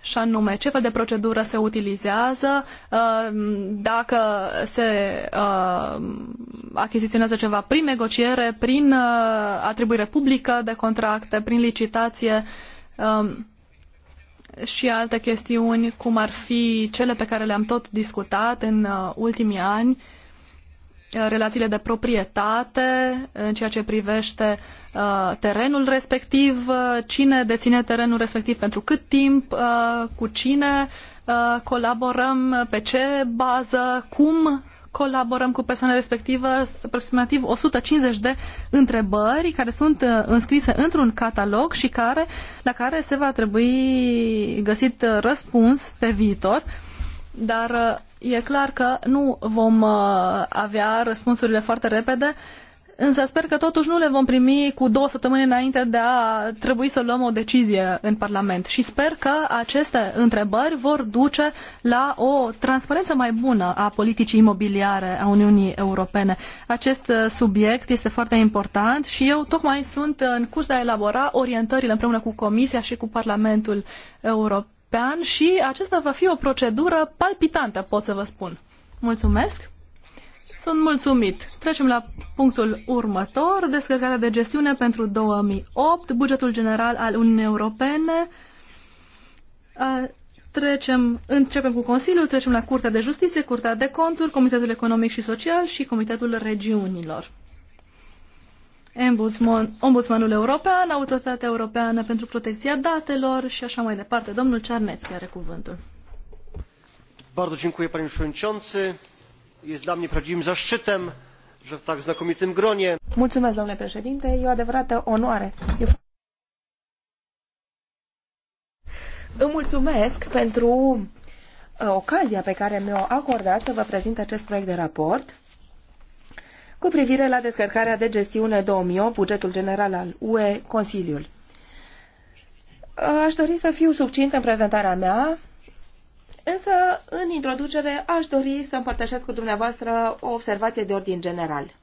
și anume, ce fel de procedură se utilizează, um, dacă se um, achiziționează ceva prin negociere, prin uh, atribuire publică de contracte, prin licitație și alte chestiuni, cum ar fi cele pe care le-am tot discutat în uh, ultimii ani, Uh, relațiile de proprietate în ceea ce privește uh, terenul respectiv, uh, cine deține terenul respectiv, pentru cât timp, uh, cu cine uh, colaborăm, pe ce bază, cum colaborăm cu persoana respectivă, aproximativ 150 de întrebări care sunt înscrise într-un catalog și care, la care se va trebui găsit răspuns pe viitor. Dar E clar că nu vom uh, avea răspunsurile foarte repede, însă sper că totuși nu le vom primi cu două săptămâni înainte de a trebui să luăm o decizie în Parlament. Și sper că aceste întrebări vor duce la o transparență mai bună a politicii imobiliare a Uniunii Europene. Acest uh, subiect este foarte important și eu tocmai sunt în curs de a elabora orientările împreună cu Comisia și cu Parlamentul European an și acesta va fi o procedură palpitantă, pot să vă spun. Mulțumesc! Sunt mulțumit. Trecem la punctul următor, descărcarea de gestiune pentru 2008, bugetul general al Uniunii Europene. Trecem, începem cu Consiliul, trecem la Curtea de Justiție, Curtea de Conturi, Comitetul Economic și Social și Comitetul Regiunilor. Ombudsman, Ombudsmanul European, Autoritatea Europeană pentru Protecția Datelor și așa mai departe. Domnul Cernețchi are cuvântul. Bardzo dziękuję panie przewodniczący. Jest dla mnie prawdziwym zaszczytem, że w tak znakomitym gronie. Mulțumesc, domnule președinte. E o adevărată onoare. E... Îmi mulțumesc pentru uh, ocazia pe care mi-o acordat să vă prezint acest proiect de raport cu privire la descărcarea de gestiune 2008, bugetul general al UE, Consiliul. Aș dori să fiu succint în prezentarea mea, însă în introducere aș dori să împărtășesc cu dumneavoastră o observație de ordin general.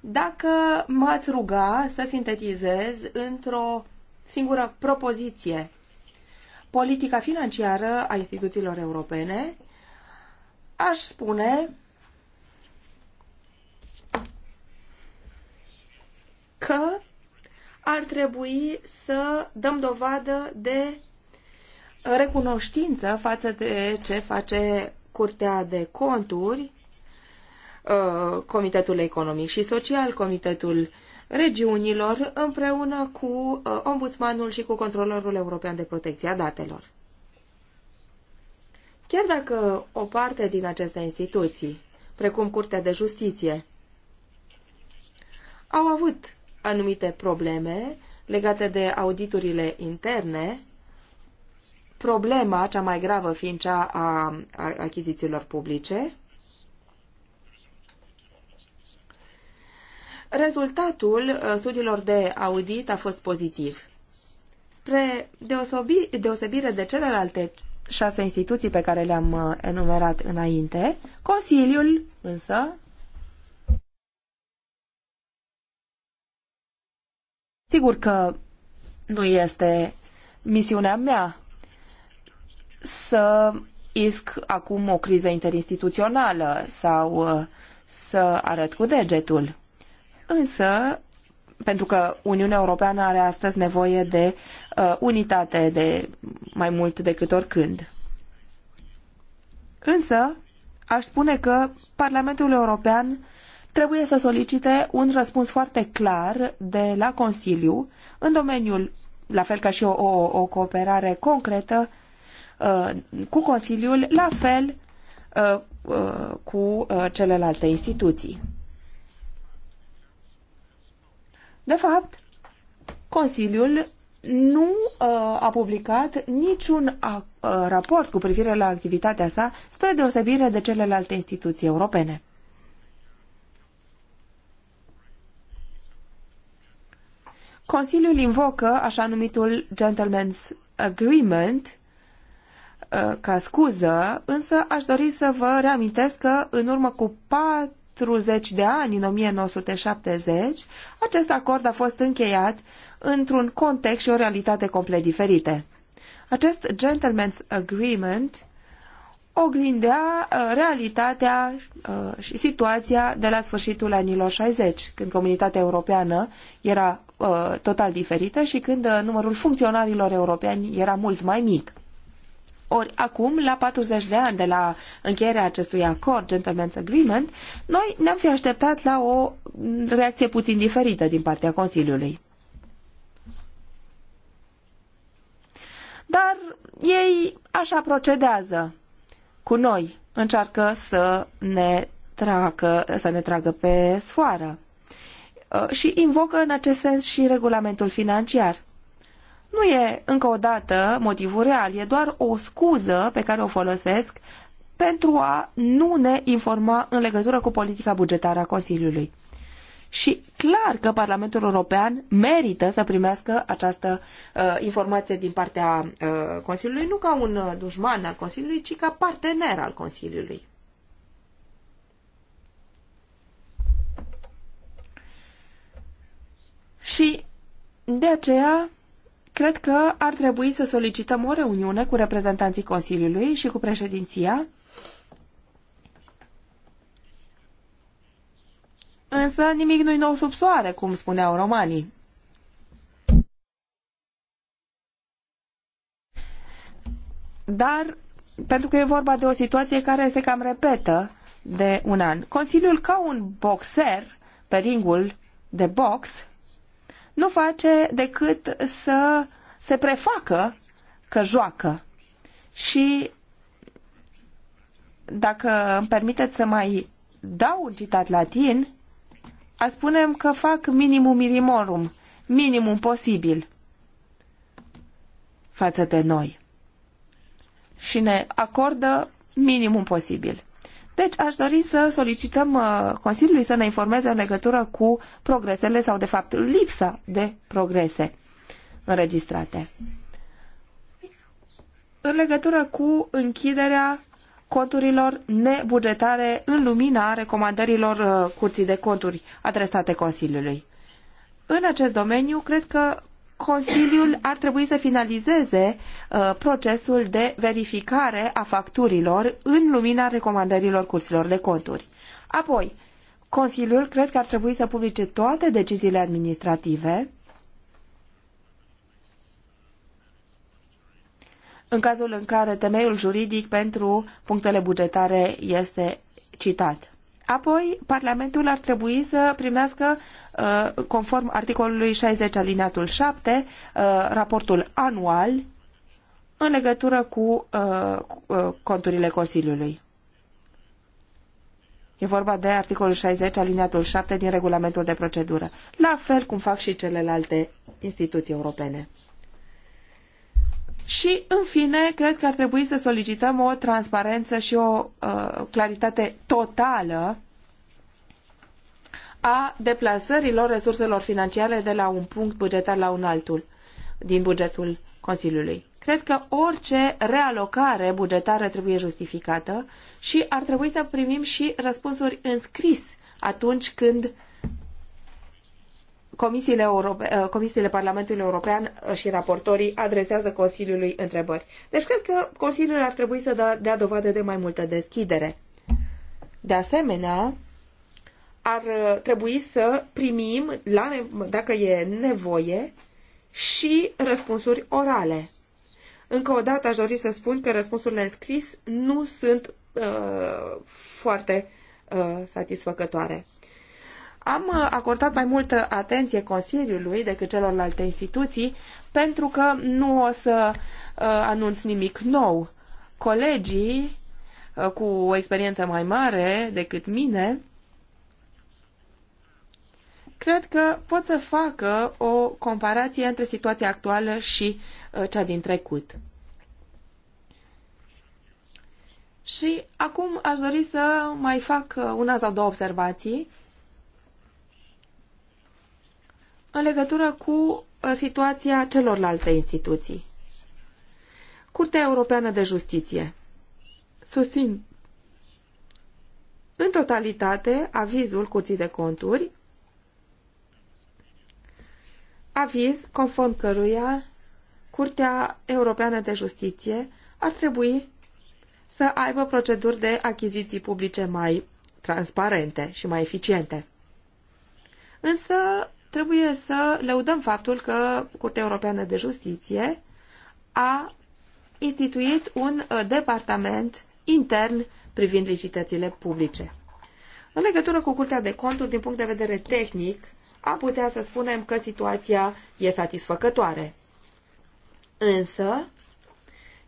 Dacă m-ați ruga să sintetizez într-o singură propoziție politica financiară a instituțiilor europene, aș spune că ar trebui să dăm dovadă de recunoștință față de ce face Curtea de Conturi, uh, Comitetul Economic și Social, Comitetul Regiunilor, împreună cu uh, Ombudsmanul și cu Controlorul European de Protecție a Datelor. Chiar dacă o parte din aceste instituții, precum Curtea de Justiție, au avut anumite probleme legate de auditurile interne, problema cea mai gravă fiind cea a achizițiilor publice. Rezultatul uh, studiilor de audit a fost pozitiv. Spre deosebire de celelalte șase instituții pe care le-am uh, enumerat înainte, Consiliul însă Sigur că nu este misiunea mea să isc acum o criză interinstituțională sau uh, să arăt cu degetul. Însă, pentru că Uniunea Europeană are astăzi nevoie de uh, unitate de mai mult decât oricând. Însă, aș spune că Parlamentul European trebuie să solicite un răspuns foarte clar de la Consiliu în domeniul, la fel ca și o, o, o cooperare concretă uh, cu Consiliul, la fel uh, uh, cu uh, celelalte instituții. De fapt, Consiliul nu uh, a publicat niciun uh, raport cu privire la activitatea sa, spre deosebire de celelalte instituții europene. Consiliul invocă așa numitul Gentleman's Agreement uh, ca scuză, însă aș dori să vă reamintesc că în urmă cu 40 de ani, în 1970, acest acord a fost încheiat într-un context și o realitate complet diferite. Acest Gentleman's Agreement oglindea uh, realitatea uh, și situația de la sfârșitul anilor 60, când comunitatea europeană era uh, total diferită și când numărul funcționarilor europeni era mult mai mic. Ori acum, la 40 de ani de la încheierea acestui acord, Gentleman's Agreement, noi ne-am fi așteptat la o reacție puțin diferită din partea Consiliului. Dar ei așa procedează cu noi, încearcă să ne tragă, să ne tragă pe sfoară. Uh, și invocă în acest sens și regulamentul financiar. Nu e, încă o dată, motivul real, e doar o scuză pe care o folosesc pentru a nu ne informa în legătură cu politica bugetară a Consiliului și clar că Parlamentul European merită să primească această uh, informație din partea uh, Consiliului, nu ca un uh, dușman al Consiliului, ci ca partener al Consiliului. Și de aceea cred că ar trebui să solicităm o reuniune cu reprezentanții Consiliului și cu președinția Însă nimic nu-i nou sub soare, cum spuneau romanii. Dar, pentru că e vorba de o situație care se cam repetă de un an, Consiliul, ca un boxer pe ringul de box, nu face decât să se prefacă că joacă. Și dacă îmi permiteți să mai dau un citat latin, a spunem că fac minimum minimorum, minimum posibil față de noi și ne acordă minimum posibil. Deci aș dori să solicităm uh, Consiliului să ne informeze în legătură cu progresele sau, de fapt, lipsa de progrese înregistrate. În legătură cu închiderea conturilor nebugetare în lumina recomandărilor uh, Curții de Conturi adresate Consiliului. În acest domeniu, cred că Consiliul ar trebui să finalizeze uh, procesul de verificare a facturilor în lumina recomandărilor cursilor de conturi. Apoi, Consiliul cred că ar trebui să publice toate deciziile administrative în cazul în care temeiul juridic pentru punctele bugetare este citat. Apoi, Parlamentul ar trebui să primească, uh, conform articolului 60 alineatul 7, uh, raportul anual în legătură cu uh, conturile Consiliului. E vorba de articolul 60 alineatul 7 din regulamentul de procedură, la fel cum fac și celelalte instituții europene. Și, în fine, cred că ar trebui să solicităm o transparență și o uh, claritate totală a deplasărilor resurselor financiare de la un punct bugetar la un altul din bugetul Consiliului. Cred că orice realocare bugetară trebuie justificată și ar trebui să primim și răspunsuri în scris atunci când comisiile, Europe, eh, comisiile Parlamentului European și raportorii adresează Consiliului întrebări. Deci cred că Consiliul ar trebui să dea dovadă de mai multă deschidere. De asemenea, ar eh, trebui să primim, la, dacă e nevoie, și răspunsuri orale. Încă o dată aș dori să spun că răspunsurile în scris nu sunt uh, foarte uh, satisfăcătoare. Am uh, acordat mai multă atenție Consiliului decât celorlalte instituții pentru că nu o să uh, anunț nimic nou. Colegii uh, cu o experiență mai mare decât mine cred că pot să facă o comparație între situația actuală și cea din trecut. Și acum aș dori să mai fac una sau două observații în legătură cu uh, situația celorlalte instituții. Curtea Europeană de Justiție. Susțin în totalitate avizul Curții de Conturi, aviz conform căruia Curtea Europeană de Justiție ar trebui să aibă proceduri de achiziții publice mai transparente și mai eficiente. Însă trebuie să lăudăm faptul că Curtea Europeană de Justiție a instituit un uh, departament intern privind licitațiile publice. În legătură cu Curtea de Conturi, din punct de vedere tehnic, am putea să spunem că situația e satisfăcătoare. Însă,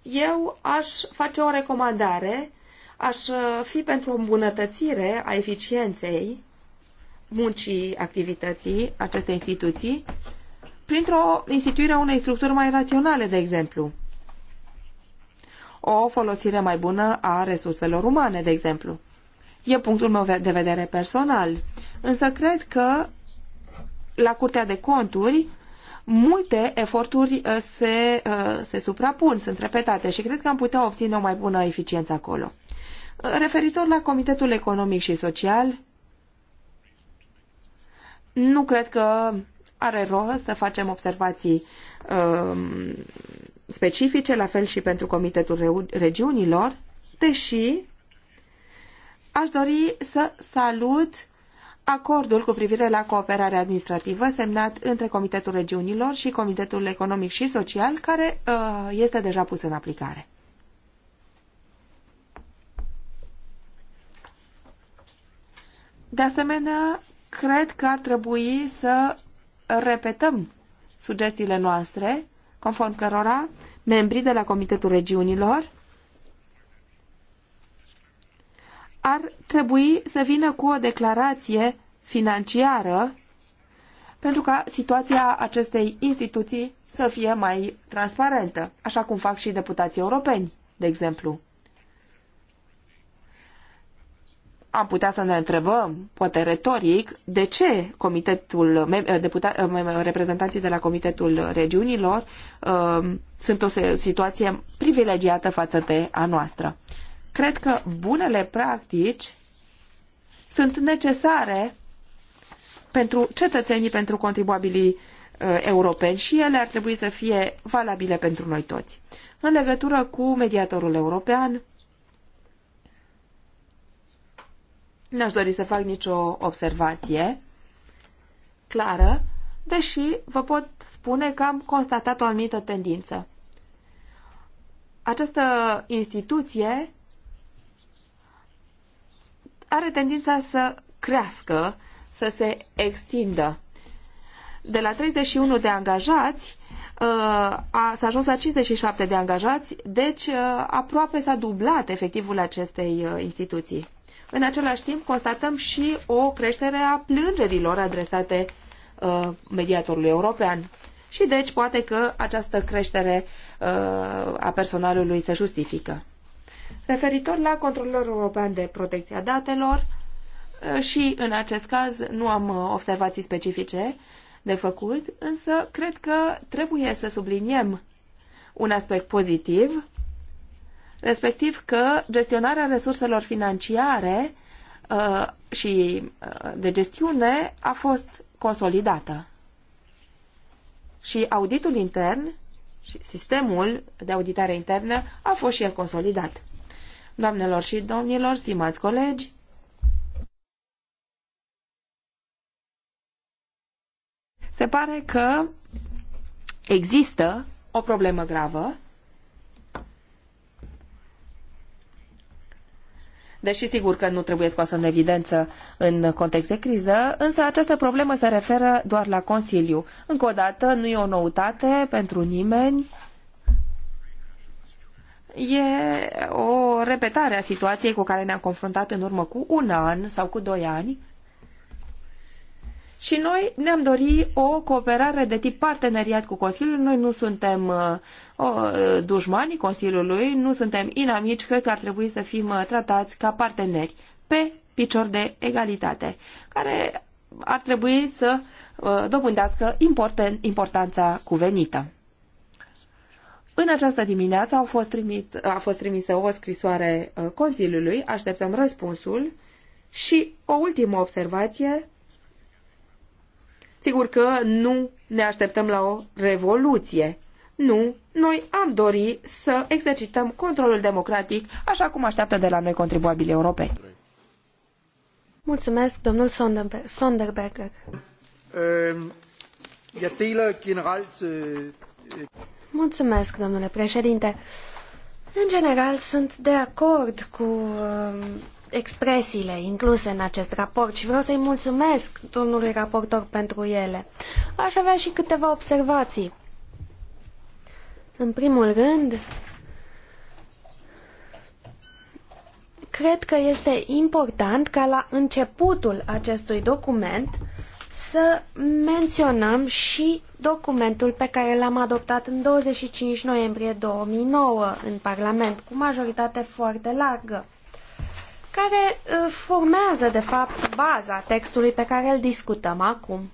eu aș face o recomandare, aș uh, fi pentru o îmbunătățire a eficienței muncii, activității acestei instituții printr-o instituire a unei structuri mai raționale, de exemplu. O folosire mai bună a resurselor umane, de exemplu. E punctul meu de vedere personal. Însă cred că la Curtea de Conturi multe eforturi uh, se, uh, se suprapun, sunt repetate și cred că am putea obține o mai bună eficiență acolo. Uh, referitor la Comitetul Economic și Social, nu cred că are rost să facem observații um, specifice, la fel și pentru Comitetul Regiunilor, deși aș dori să salut acordul cu privire la cooperarea administrativă semnat între Comitetul Regiunilor și Comitetul Economic și Social, care uh, este deja pus în aplicare. De asemenea, cred că ar trebui să repetăm sugestiile noastre, conform cărora membrii de la Comitetul Regiunilor ar trebui să vină cu o declarație financiară pentru ca situația acestei instituții să fie mai transparentă, așa cum fac și deputații europeni, de exemplu. am putea să ne întrebăm, poate retoric, de ce comitetul, eh, deputa, eh, eh, reprezentanții de la Comitetul Regiunilor uh, sunt o situație privilegiată față de a noastră. Cred că bunele practici sunt necesare pentru cetățenii, pentru contribuabilii uh, europeni și ele ar trebui să fie valabile pentru noi toți. În legătură cu mediatorul european, n-aș dori să fac nicio observație clară, deși vă pot spune că am constatat o anumită tendință. Această instituție are tendința să crească, să se extindă. De la 31 de angajați uh, s-a ajuns la 57 de angajați, deci uh, aproape s-a dublat efectivul acestei uh, instituții. În același timp, constatăm și o creștere a plângerilor adresate uh, mediatorului european. Și deci poate că această creștere uh, a personalului se justifică. Referitor la controlul european de protecție a datelor, uh, și în acest caz nu am uh, observații specifice de făcut, însă cred că trebuie să subliniem un aspect pozitiv respectiv că gestionarea resurselor financiare uh, și uh, de gestiune a fost consolidată. Și auditul intern și sistemul de auditare internă a fost și el consolidat. Doamnelor și domnilor, stimați colegi, se pare că există o problemă gravă deși sigur că nu trebuie scoasă în evidență în context de criză, însă această problemă se referă doar la Consiliu. Încă o dată, nu e o noutate pentru nimeni. E o repetare a situației cu care ne-am confruntat în urmă cu un an sau cu doi ani, și noi ne-am dorit o cooperare de tip parteneriat cu Consiliul. Noi nu suntem uh, dușmanii Consiliului, nu suntem inamici, cred că ar trebui să fim uh, tratați ca parteneri pe picior de egalitate, care ar trebui să uh, dobândească importen, importanța cuvenită. În această dimineață au fost trimit, a fost trimisă o scrisoare uh, Consiliului, așteptăm răspunsul și o ultimă observație Sigur că nu ne așteptăm la o revoluție. Nu, noi am dori să exercităm controlul democratic așa cum așteaptă de la noi contribuabilii europeni. Mulțumesc, domnul Sonderbecker. Ehm, øh, øh, Mulțumesc, domnule președinte. În general, sunt de acord cu ehm, expresiile incluse în acest raport și vreau să-i mulțumesc domnului raportor pentru ele. Aș avea și câteva observații. În primul rând, cred că este important ca la începutul acestui document să menționăm și documentul pe care l-am adoptat în 25 noiembrie 2009 în Parlament, cu majoritate foarte largă care uh, formează, de fapt, baza textului pe care îl discutăm acum.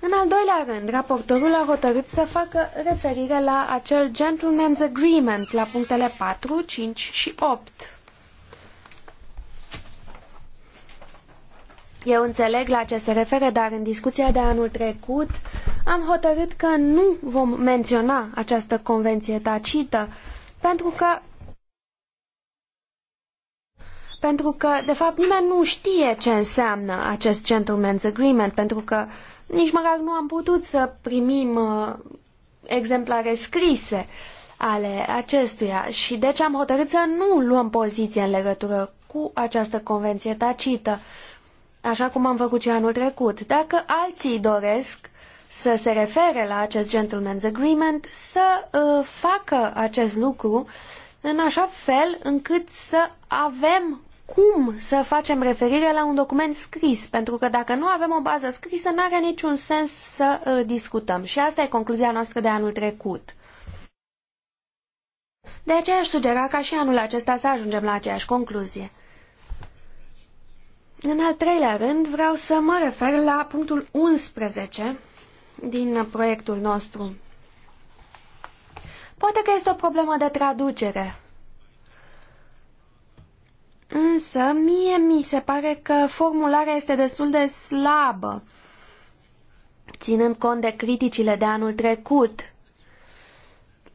În al doilea rând, raportorul a hotărât să facă referire la acel gentleman's agreement la punctele 4, 5 și 8. Eu înțeleg la ce se referă, dar în discuția de anul trecut am hotărât că nu vom menționa această convenție tacită, pentru că pentru că, de fapt, nimeni nu știe ce înseamnă acest gentleman's agreement, pentru că nici măcar nu am putut să primim uh, exemplare scrise ale acestuia și deci am hotărât să nu luăm poziție în legătură cu această convenție tacită, așa cum am făcut și anul trecut. Dacă alții doresc să se refere la acest gentleman's agreement, să uh, facă acest lucru în așa fel încât să avem cum să facem referire la un document scris, pentru că dacă nu avem o bază scrisă, nu are niciun sens să uh, discutăm. Și asta e concluzia noastră de anul trecut. De aceea aș sugera ca și anul acesta să ajungem la aceeași concluzie. În al treilea rând, vreau să mă refer la punctul 11 din proiectul nostru. Poate că este o problemă de traducere. Însă, mie mi se pare că formularea este destul de slabă, ținând cont de criticile de anul trecut.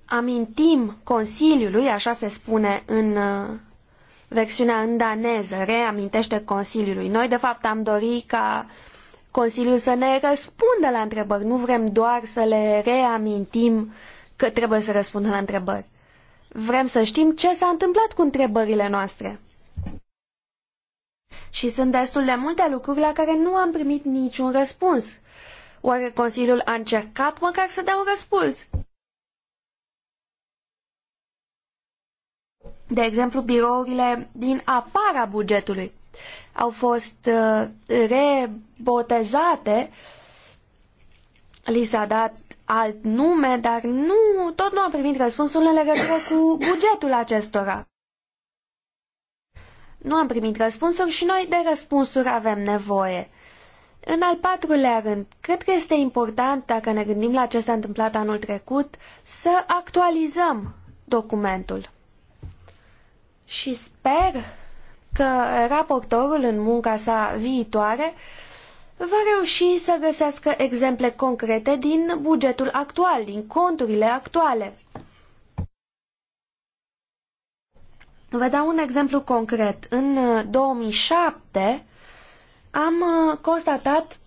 Amintim Consiliului, așa se spune în uh, versiunea în daneză, reamintește Consiliului. Noi, de fapt, am dorit ca Consiliul să ne răspundă la întrebări. Nu vrem doar să le reamintim că trebuie să răspundă la întrebări. Vrem să știm ce s-a întâmplat cu întrebările noastre. Și sunt destul de multe lucruri la care nu am primit niciun răspuns. Oare Consiliul a încercat măcar să dea un răspuns? De exemplu, birourile din afara bugetului au fost uh, rebotezate, li s-a dat alt nume, dar nu, tot nu am primit răspunsul în legătură cu bugetul acestora. Nu am primit răspunsuri și noi de răspunsuri avem nevoie. În al patrulea rând, cred că este important, dacă ne gândim la ce s-a întâmplat anul trecut, să actualizăm documentul. Și sper că raportorul în munca sa viitoare va reuși să găsească exemple concrete din bugetul actual, din conturile actuale. Vă dau un exemplu concret. În 2007 uh, am uh, constatat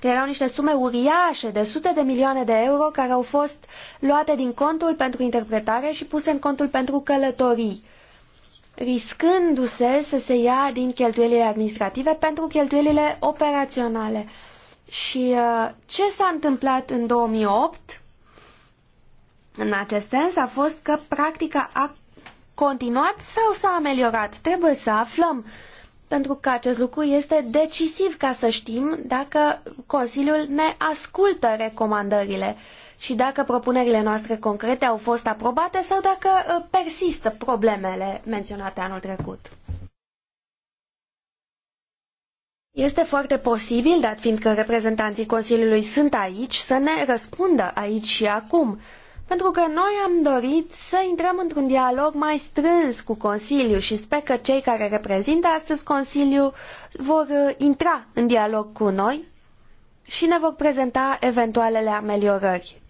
că erau niște sume uriașe de sute de milioane de euro care au fost luate din contul pentru interpretare și puse în contul pentru călătorii, riscându-se să se ia din cheltuielile administrative pentru cheltuielile operaționale. Și uh, ce s-a întâmplat în 2008? În acest sens a fost că practica a continuat sau s-a ameliorat? Trebuie să aflăm, pentru că acest lucru este decisiv ca să știm dacă Consiliul ne ascultă recomandările și dacă propunerile noastre concrete au fost aprobate sau dacă uh, persistă problemele menționate anul trecut. Este foarte posibil, dat fiindcă reprezentanții Consiliului sunt aici, să ne răspundă aici și acum. Pentru că noi am dorit să intrăm într-un dialog mai strâns cu Consiliul și sper că cei care reprezintă astăzi Consiliul vor uh, intra în dialog cu noi și ne vor prezenta eventualele ameliorări,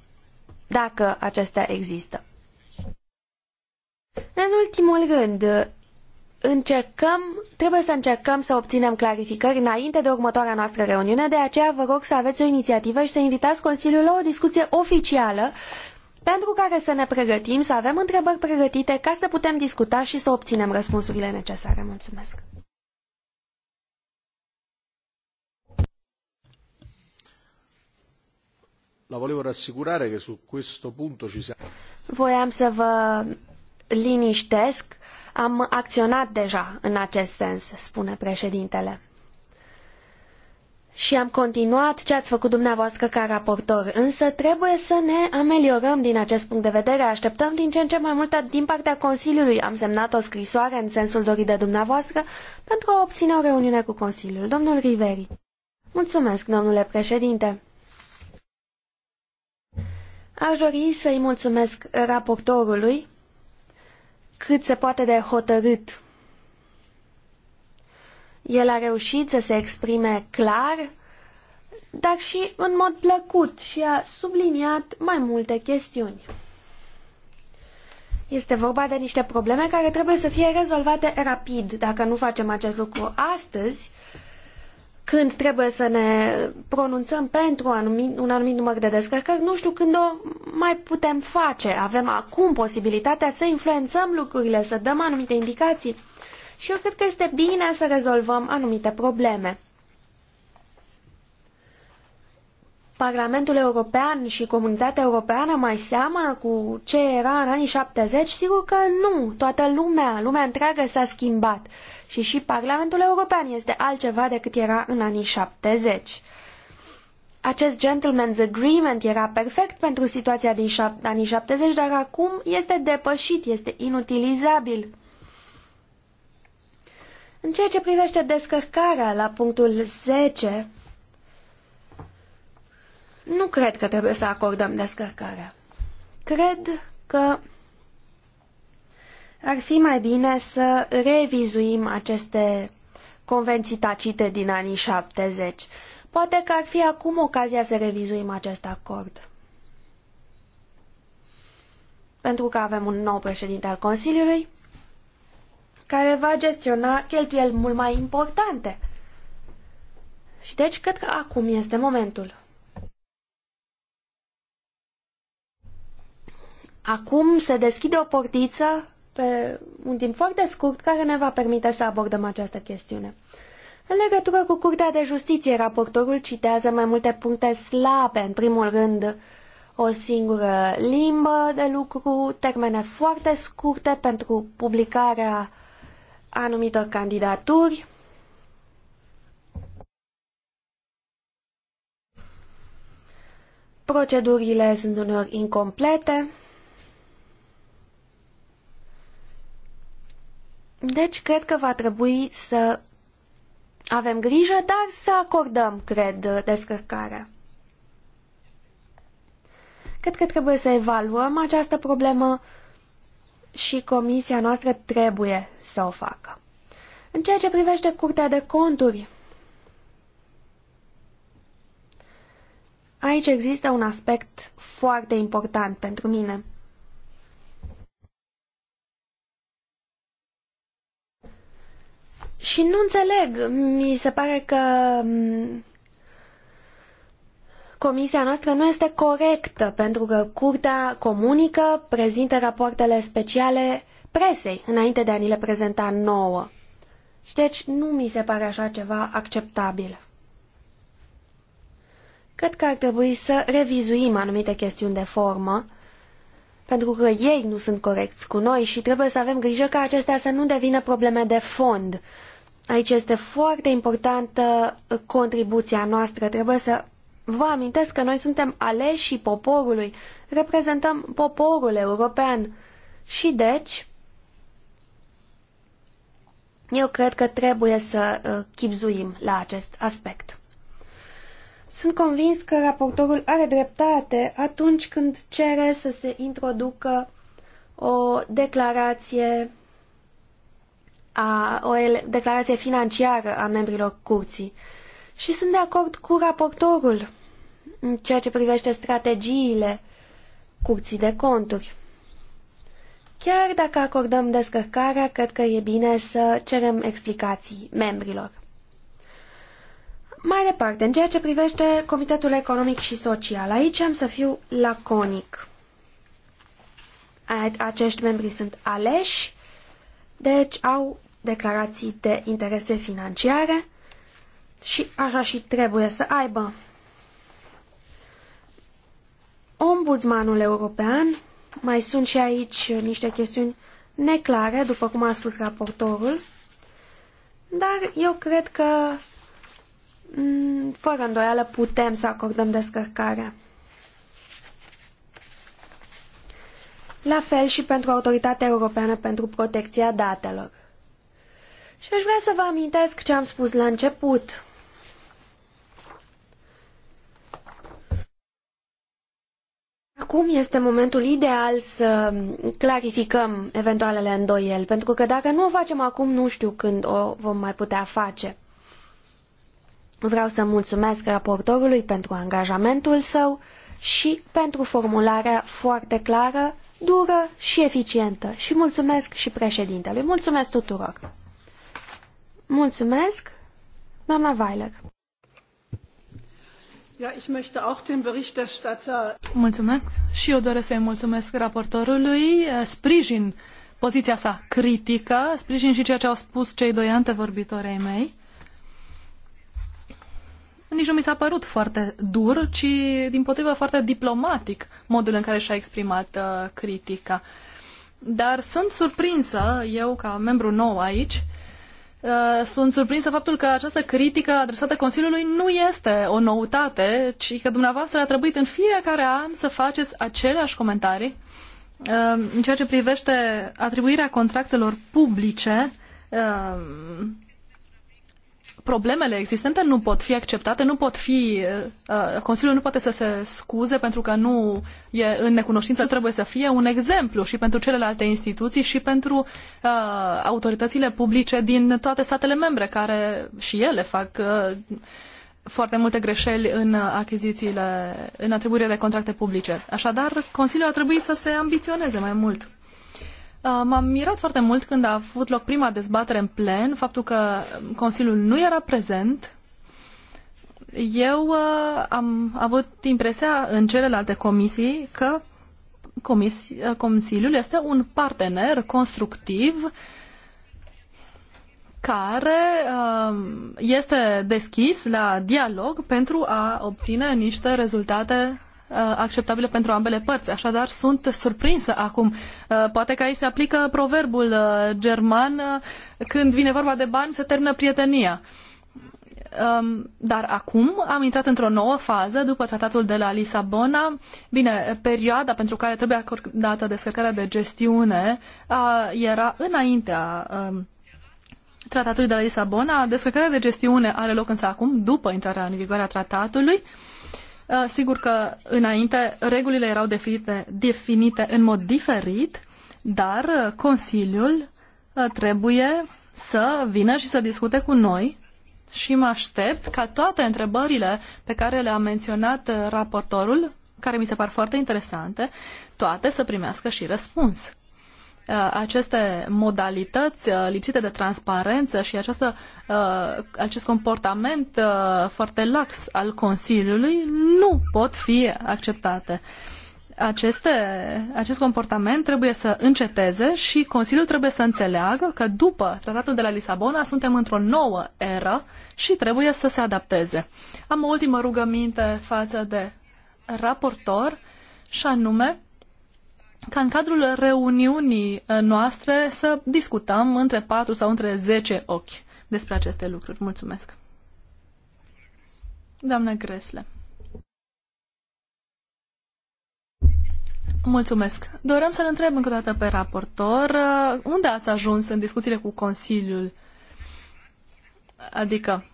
dacă acestea există. În ultimul rând, încercăm, trebuie să încercăm să obținem clarificări înainte de următoarea noastră reuniune, de aceea vă rog să aveți o inițiativă și să invitați Consiliul la o discuție oficială pentru care să ne pregătim, să avem întrebări pregătite ca să putem discuta și să obținem răspunsurile necesare. Mulțumesc! La volevo rassicurare che su questo punto ci siamo. Voiam să vă liniștesc. Am acționat deja în acest sens, spune președintele și am continuat ce ați făcut dumneavoastră ca raportor, însă trebuie să ne ameliorăm din acest punct de vedere. Așteptăm din ce în ce mai mult din partea Consiliului. Am semnat o scrisoare în sensul dorit de dumneavoastră pentru a obține o reuniune cu Consiliul. Domnul Riveri. Mulțumesc, domnule președinte. Aș dori să-i mulțumesc raportorului cât se poate de hotărât el a reușit să se exprime clar, dar și în mod plăcut și a subliniat mai multe chestiuni. Este vorba de niște probleme care trebuie să fie rezolvate rapid. Dacă nu facem acest lucru astăzi, când trebuie să ne pronunțăm pentru anumit, un anumit număr de descărcări, nu știu când o mai putem face. Avem acum posibilitatea să influențăm lucrurile, să dăm anumite indicații și eu cred că este bine să rezolvăm anumite probleme. Parlamentul European și comunitatea europeană mai seamănă cu ce era în anii 70? Sigur că nu. Toată lumea, lumea întreagă s-a schimbat. Și și Parlamentul European este altceva decât era în anii 70. Acest gentleman's agreement era perfect pentru situația din anii 70, dar acum este depășit, este inutilizabil. În ceea ce privește descărcarea la punctul 10, nu cred că trebuie să acordăm descărcarea. Cred că ar fi mai bine să revizuim aceste convenții tacite din anii 70. Poate că ar fi acum ocazia să revizuim acest acord. Pentru că avem un nou președinte al Consiliului, care va gestiona cheltuieli mult mai importante. Și deci cred că acum este momentul. Acum se deschide o portiță pe un timp foarte scurt care ne va permite să abordăm această chestiune. În legătură cu Curtea de Justiție, raportorul citează mai multe puncte slabe, în primul rând o singură limbă de lucru, termene foarte scurte pentru publicarea uh, anumitor candidaturi. Procedurile sunt uneori incomplete. Deci, cred că va trebui să avem grijă, dar să acordăm, cred, descărcarea. Cred că trebuie să evaluăm această problemă și comisia noastră trebuie să o facă. În ceea ce privește Curtea de Conturi, aici există un aspect foarte important pentru mine. Și nu înțeleg, mi se pare că comisia noastră nu este corectă, pentru că curtea comunică, prezintă rapoartele speciale presei înainte de a ni le prezenta nouă. Și deci nu mi se pare așa ceva acceptabil. Cred că ar trebui să revizuim anumite chestiuni de formă, pentru că ei nu sunt corecți cu noi și trebuie să avem grijă ca acestea să nu devină probleme de fond. Aici este foarte importantă contribuția noastră. Trebuie să Vă amintesc că noi suntem aleșii poporului, reprezentăm poporul european și deci eu cred că trebuie să uh, chipzuim la acest aspect. Sunt convins că raportorul are dreptate atunci când cere să se introducă o declarație a, o declarație financiară a membrilor curții. Și sunt de acord cu raportorul în ceea ce privește strategiile curții de conturi. Chiar dacă acordăm descărcarea, cred că e bine să cerem explicații membrilor. Mai departe, în ceea ce privește Comitetul Economic și Social, aici am să fiu laconic. Acești membri sunt aleși, deci au declarații de interese financiare și așa și trebuie să aibă. Ombudsmanul european, mai sunt și aici niște chestiuni neclare, după cum a spus raportorul, dar eu cred că mm, fără îndoială putem să acordăm descărcarea. La fel și pentru Autoritatea Europeană pentru Protecția Datelor. Și aș vrea să vă amintesc ce am spus la început. Acum este momentul ideal să clarificăm eventualele îndoieli, pentru că dacă nu o facem acum, nu știu când o vom mai putea face. Vreau să mulțumesc raportorului pentru angajamentul său și pentru formularea foarte clară, dură și eficientă. Și mulțumesc și președintelui. Mulțumesc tuturor. Mulțumesc, doamna Weiler. Mulțumesc și eu doresc să-i mulțumesc raportorului. Sprijin poziția sa critică, sprijin și ceea ce au spus cei doi antevorbitori ai mei. Nici nu mi s-a părut foarte dur, ci din potrivă foarte diplomatic modul în care și-a exprimat uh, critica. Dar sunt surprinsă, eu ca membru nou aici, uh, Uh, sunt surprinsă faptul că această critică adresată Consiliului nu este o noutate, ci că dumneavoastră a trebuit în fiecare an să faceți aceleași comentarii uh, în ceea ce privește atribuirea contractelor publice uh, problemele existente nu pot fi acceptate, nu pot fi, uh, uh, Consiliul nu poate să se scuze pentru că nu e în necunoștință, trebuie să fie un exemplu și pentru celelalte instituții și pentru uh, autoritățile publice din toate statele membre care și ele fac foarte multe greșeli în achizițiile, în atribuirea de contracte publice. Așadar, Consiliul ar trebui să se ambiționeze mai mult. Uh, m-am mirat foarte mult când a avut loc prima dezbatere în plen, faptul că Consiliul nu era prezent. Eu uh, am avut impresia în celelalte comisii că comis uh, Consiliul este un partener constructiv care este deschis la dialog pentru a obține niște rezultate Uh, acceptabile pentru ambele părți. Așadar, sunt surprinsă acum. Uh, poate că aici se aplică proverbul uh, german, când vine vorba de bani, se termină prietenia. Um, dar acum am intrat într-o nouă fază după tratatul de la Lisabona. Bine, perioada pentru care trebuie acordată descărcarea de gestiune era înaintea um, tratatului de la Lisabona. Descărcarea de gestiune are loc însă acum, după intrarea în vigoare a tratatului. Uh, Uh, sigur că înainte regulile erau definite, definite în mod diferit, dar uh, Consiliul uh, trebuie să vină și să discute cu noi și mă aștept ca toate întrebările pe care le-a menționat raportorul, care mi se par foarte interesante, toate să primească și răspuns. Uh, aceste modalități uh, lipsite de transparență și această, uh, acest comportament foarte lax al Consiliului nu pot fi acceptate. Aceste, acest comportament trebuie să înceteze și Consiliul trebuie să înțeleagă că după tratatul de la Lisabona suntem într-o nouă eră și trebuie să se adapteze. Am o ultimă rugăminte față de raportor și anume ca în cadrul reuniunii uh, noastre să discutăm între patru sau între zece ochi despre aceste lucruri. Mulțumesc. Doamna Gresle. Mulțumesc. Doream să-l întreb încă o dată pe raportor, uh, unde ați ajuns în discuțiile cu Consiliul? Adică,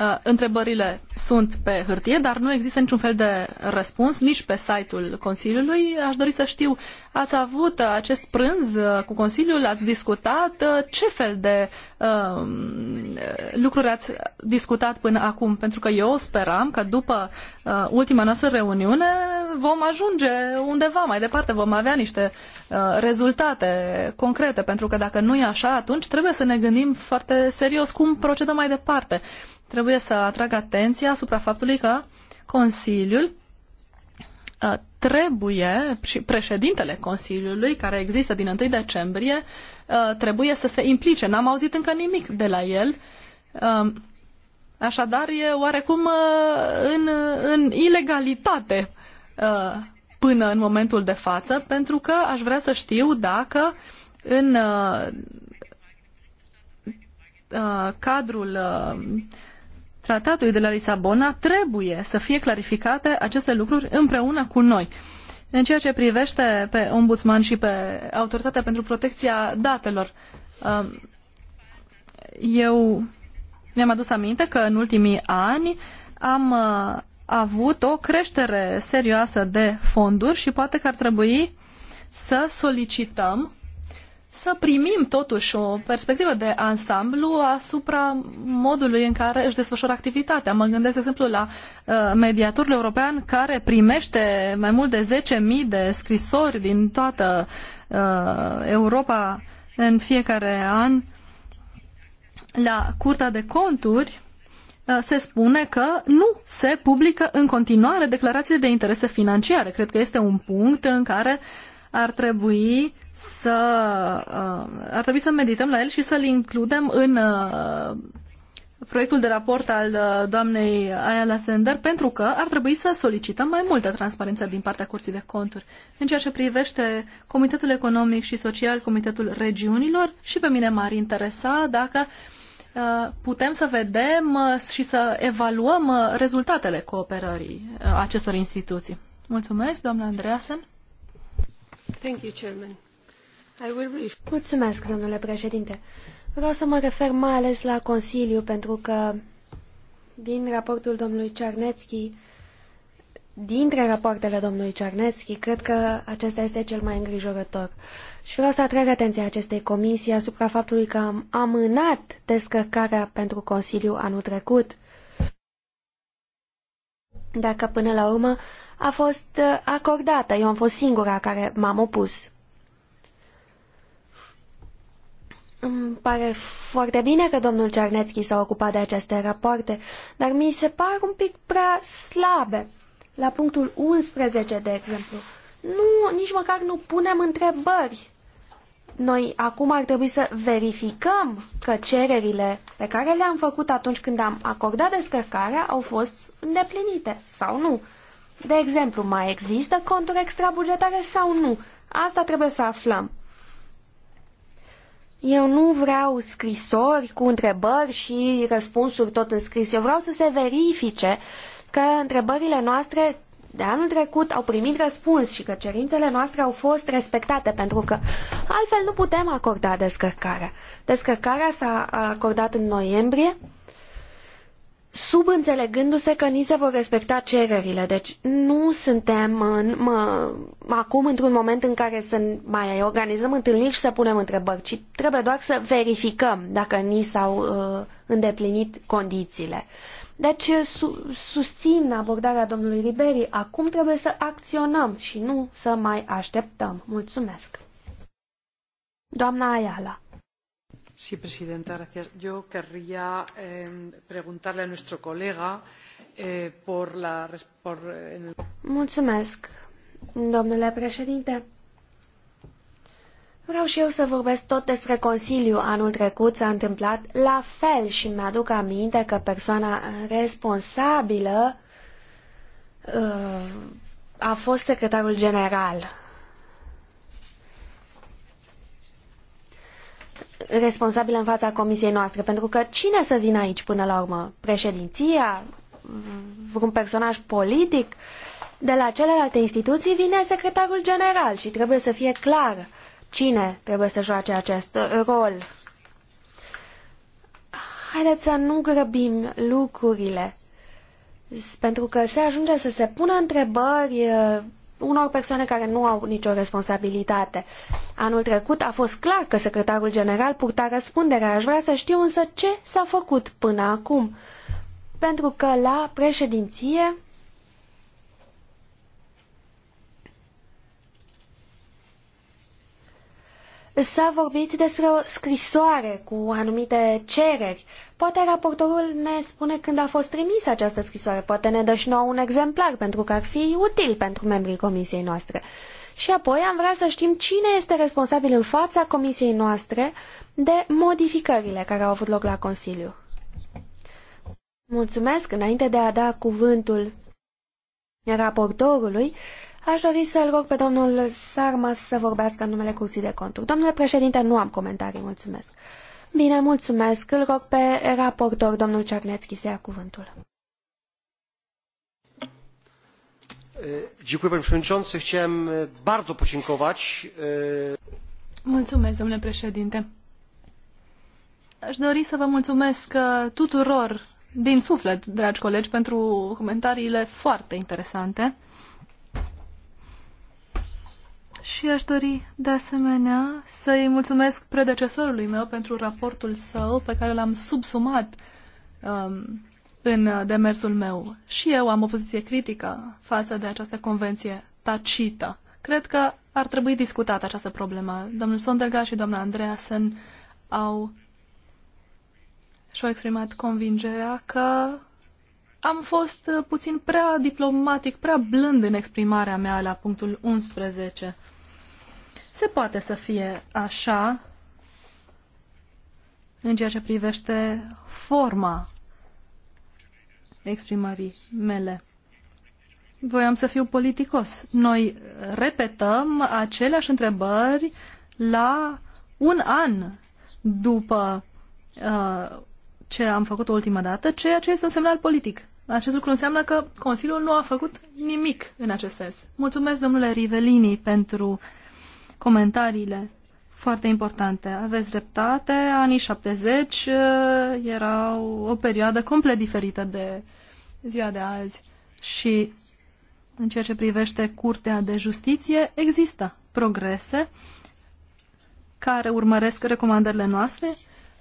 Uh, întrebările sunt pe hârtie, dar nu există niciun fel de răspuns nici pe site-ul Consiliului. Aș dori să știu, ați avut acest prânz uh, cu Consiliul, ați discutat, uh, ce fel de um, lucruri ați discutat până acum? Pentru că eu speram că după uh, ultima noastră reuniune vom ajunge undeva mai departe, vom avea niște uh, rezultate concrete, pentru că dacă nu e așa, atunci trebuie să ne gândim foarte serios cum procedăm mai departe. Trebuie să atrag atenția asupra faptului că Consiliul uh, trebuie, și președintele Consiliului, care există din 1 decembrie, uh, trebuie să se implice. N-am auzit încă nimic de la el. Um, așadar, e oarecum uh, în, în ilegalitate până în momentul de față, pentru că aș vrea să știu dacă în cadrul tratatului de la Lisabona, trebuie să fie clarificate aceste lucruri împreună cu noi. În ceea ce privește pe ombudsman și pe Autoritatea pentru Protecția Datelor, um, eu mi-am adus aminte că în ultimii ani am uh, avut o creștere serioasă de fonduri și poate că ar trebui să solicităm să primim totuși o perspectivă de ansamblu asupra modului în care își desfășoară activitatea. Mă gândesc, de exemplu, la uh, mediatorul european care primește mai mult de 10.000 de scrisori din toată uh, Europa în fiecare an la Curtea de Conturi uh, se spune că nu se publică în continuare declarațiile de interese financiare. Cred că este un punct în care ar trebui să uh, ar trebui să medităm la el și să-l includem în uh, proiectul de raport al uh, doamnei Ayala Lasender pentru că ar trebui să solicităm mai multă transparență din partea Curții de Conturi în ceea ce privește Comitetul Economic și Social, Comitetul Regiunilor și pe mine m-ar interesa dacă putem să vedem și să evaluăm rezultatele cooperării acestor instituții. Mulțumesc, doamna Andreasen. Thank you, Chairman. Mulțumesc, domnule președinte. Vreau să mă refer mai ales la Consiliu, pentru că din raportul domnului Cernetski, dintre rapoartele domnului Cernetski, cred că acesta este cel mai îngrijorător. Și vreau să atrag atenția acestei comisii asupra faptului că am amânat descărcarea pentru Consiliu anul trecut. Dacă până la urmă a fost acordată, eu am fost singura care m-am opus. Îmi pare foarte bine că domnul Cernețchi s-a ocupat de aceste rapoarte, dar mi se par un pic prea slabe. La punctul 11, de exemplu, nu, nici măcar nu punem întrebări. Noi acum ar trebui să verificăm că cererile pe care le-am făcut atunci când am acordat descărcarea au fost îndeplinite sau nu. De exemplu, mai există conturi extrabugetare sau nu? Asta trebuie să aflăm. Eu nu vreau scrisori cu întrebări și răspunsuri tot în scris. Eu vreau să se verifice că întrebările noastre de anul trecut au primit răspuns și că cerințele noastre au fost respectate, pentru că altfel nu putem acorda descărcarea. Descărcarea s-a acordat în noiembrie subînțelegându-se că ni se vor respecta cererile. Deci nu suntem în, mă, acum într-un moment în care să mai organizăm întâlniri și să punem întrebări, ci trebuie doar să verificăm dacă ni s-au uh, îndeplinit condițiile. Deci su susțin abordarea domnului Riberi. Acum trebuie să acționăm și nu să mai așteptăm. Mulțumesc. Doamna Ayala. Sí, presidenta, gracias. Yo querría eh, preguntarle a nuestro colega eh, por la. Por, eh, en el... Mulțumesc, domnule președinte. Vreau și eu să vorbesc tot despre Consiliu. Anul trecut s-a întâmplat la fel și mi-aduc aminte că persoana responsabilă uh, a fost secretarul general responsabilă în fața comisiei noastre, pentru că cine să vină aici până la urmă? Președinția? Vreun personaj politic? De la celelalte instituții vine secretarul general și trebuie să fie clar cine trebuie să joace acest rol. Haideți să nu grăbim lucrurile, pentru că se ajunge să se pună întrebări unor persoane care nu au nicio responsabilitate. Anul trecut a fost clar că secretarul general purta răspunderea. Aș vrea să știu însă ce s-a făcut până acum. Pentru că la președinție S-a vorbit despre o scrisoare cu anumite cereri. Poate raportorul ne spune când a fost trimisă această scrisoare, poate ne dă și nouă un exemplar, pentru că ar fi util pentru membrii comisiei noastre. Și apoi am vrea să știm cine este responsabil în fața comisiei noastre de modificările care au avut loc la Consiliu. Mulțumesc, înainte de a da cuvântul raportorului, Aș dori să-l rog pe domnul Sarmas să vorbească în numele Curții de Conturi. Domnule președinte, nu am comentarii, mulțumesc. Bine, mulțumesc. Îl rog pe raportor, domnul Cernețchi, să ia cuvântul. Dziękuję panie przewodniczący. Chciałem bardzo podziękować. Mulțumesc, domnule președinte. Aș dori să vă mulțumesc tuturor din suflet, dragi colegi, pentru comentariile foarte interesante și aș dori de asemenea să-i mulțumesc predecesorului meu pentru raportul său pe care l-am subsumat um, în demersul meu. Și eu am o poziție critică față de această convenție tacită. Cred că ar trebui discutată această problemă. Domnul Sondelga și doamna Andreasen au și-au exprimat convingerea că am fost puțin prea diplomatic, prea blând în exprimarea mea la punctul 11. Se poate să fie așa în ceea ce privește forma exprimării mele. Voiam să fiu politicos. Noi repetăm aceleași întrebări la un an după uh, ce am făcut o ultima dată, ceea ce este un semnal politic. Acest lucru înseamnă că Consiliul nu a făcut nimic în acest sens. Mulțumesc, domnule Rivelini, pentru comentariile foarte importante. Aveți dreptate, anii 70 uh, erau o perioadă complet diferită de ziua de azi și în ceea ce privește Curtea de Justiție există progrese care urmăresc recomandările noastre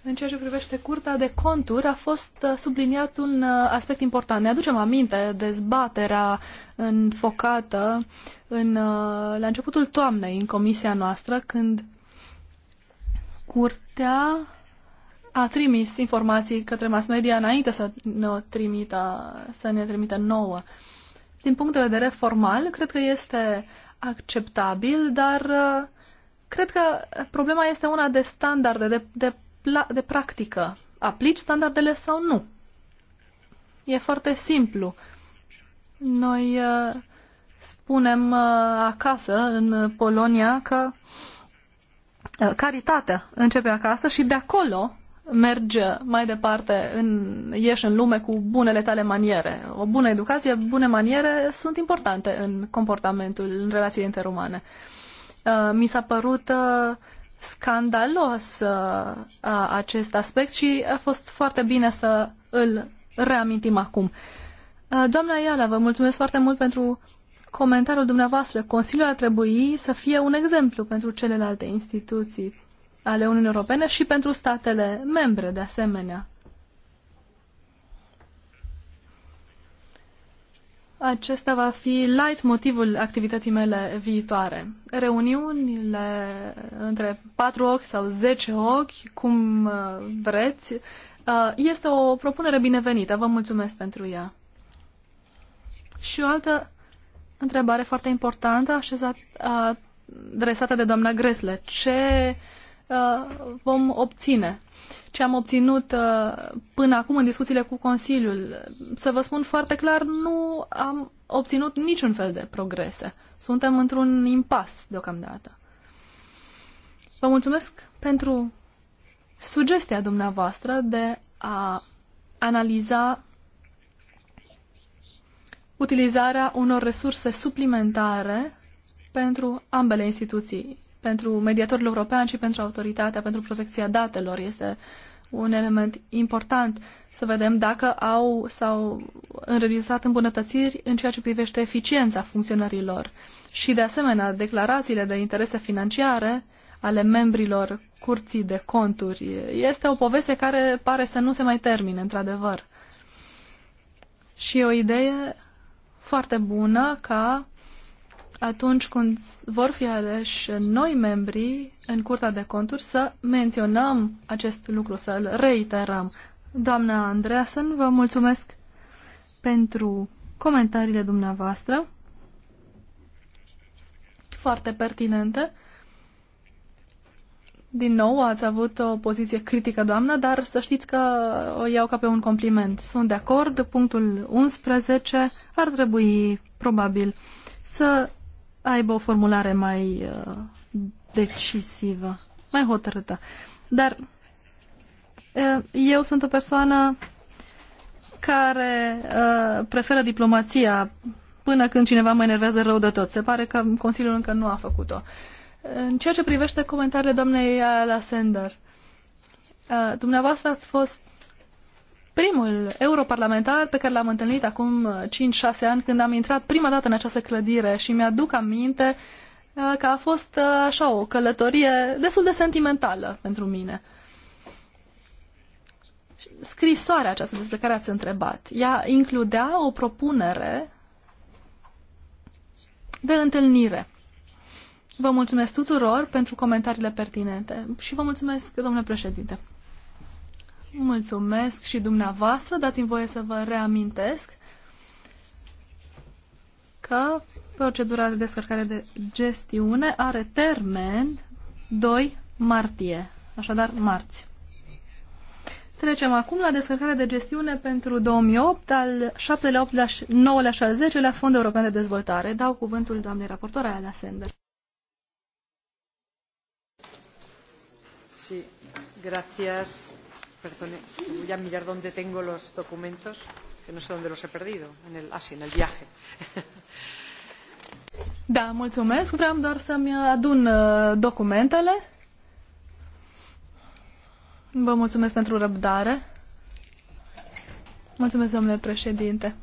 în ceea ce privește curtea de conturi, a fost uh, subliniat un uh, aspect important. Ne aducem aminte dezbaterea înfocată în, uh, la începutul toamnei în comisia noastră, când curtea a trimis informații către mass media înainte să ne, trimită, să ne trimită nouă. Din punct de vedere formal, cred că este acceptabil, dar cred că problema este una de standarde, de, de de practică. Aplici standardele sau nu? E foarte simplu. Noi uh, spunem uh, acasă, în Polonia, că uh, caritatea începe acasă și de acolo merge mai departe, în, ieși în lume cu bunele tale maniere. O bună educație, bune maniere sunt importante în comportamentul, în relațiile interumane. Uh, mi s-a părut uh, scandalos uh, acest aspect și a fost foarte bine să îl reamintim acum. Uh, doamna Iala, vă mulțumesc foarte mult pentru comentariul dumneavoastră. Consiliul ar trebui să fie un exemplu pentru celelalte instituții ale Uniunii Europene și pentru statele membre, de asemenea. Acesta va fi light motivul activității mele viitoare. Reuniunile între patru ochi sau zece ochi, cum uh, vreți, uh, este o propunere binevenită. Vă mulțumesc pentru ea. Și o altă întrebare foarte importantă așezat, adresată de doamna Gresle. Ce uh, vom obține? ce am obținut uh, până acum în discuțiile cu Consiliul. Să vă spun foarte clar, nu am obținut niciun fel de progrese. Suntem într-un impas deocamdată. Vă mulțumesc pentru sugestia dumneavoastră de a analiza utilizarea unor resurse suplimentare pentru ambele instituții, pentru mediatorul european și pentru autoritatea pentru protecția datelor. Este un element important să vedem dacă au sau înregistrat îmbunătățiri în ceea ce privește eficiența funcționărilor. Și, de asemenea, declarațiile de interese financiare ale membrilor curții de conturi. Este o poveste care pare să nu se mai termine, într-adevăr. Și e o idee foarte bună ca atunci când vor fi aleși noi membri în Curtea de Conturi, să menționăm acest lucru, să-l reiterăm. Doamna Andreasen, vă mulțumesc pentru comentariile dumneavoastră, foarte pertinente. Din nou, ați avut o poziție critică, doamnă, dar să știți că o iau ca pe un compliment. Sunt de acord, punctul 11 ar trebui, probabil, să aibă o formulare mai uh, decisivă, mai hotărâtă. Dar uh, eu sunt o persoană care uh, preferă diplomația până când cineva mă enervează rău de tot. Se pare că Consiliul încă nu a făcut-o. În ceea ce privește comentariile doamnei Alassander, dumneavoastră ați fost primul europarlamentar pe care l-am întâlnit acum 5-6 uh, ani când am intrat prima dată în această clădire și mi-aduc aminte uh, că a fost uh, așa o călătorie destul de sentimentală pentru mine. Scrisoarea aceasta despre care ați întrebat, ea includea o propunere de întâlnire. Vă mulțumesc tuturor pentru comentariile pertinente și vă mulțumesc, domnule președinte. Mulțumesc și dumneavoastră. Dați-mi voie să vă reamintesc că procedura de descărcare de gestiune are termen 2 martie, așadar marți. Trecem acum la descărcarea de gestiune pentru 2008 al 7-lea, 8-lea, 9 la și al 10-lea Fond European de Dezvoltare. Dau cuvântul doamnei raportor Aia Sender. Sí, gracias. Perdone, voy a mirar dónde tengo los documentos, que no sé dónde los he perdido. En el, ah, en el viaje. Da, mulțumesc. Vreau doar să-mi adun uh, documentele. Vă mulțumesc pentru răbdare. Mulțumesc, domnule președinte.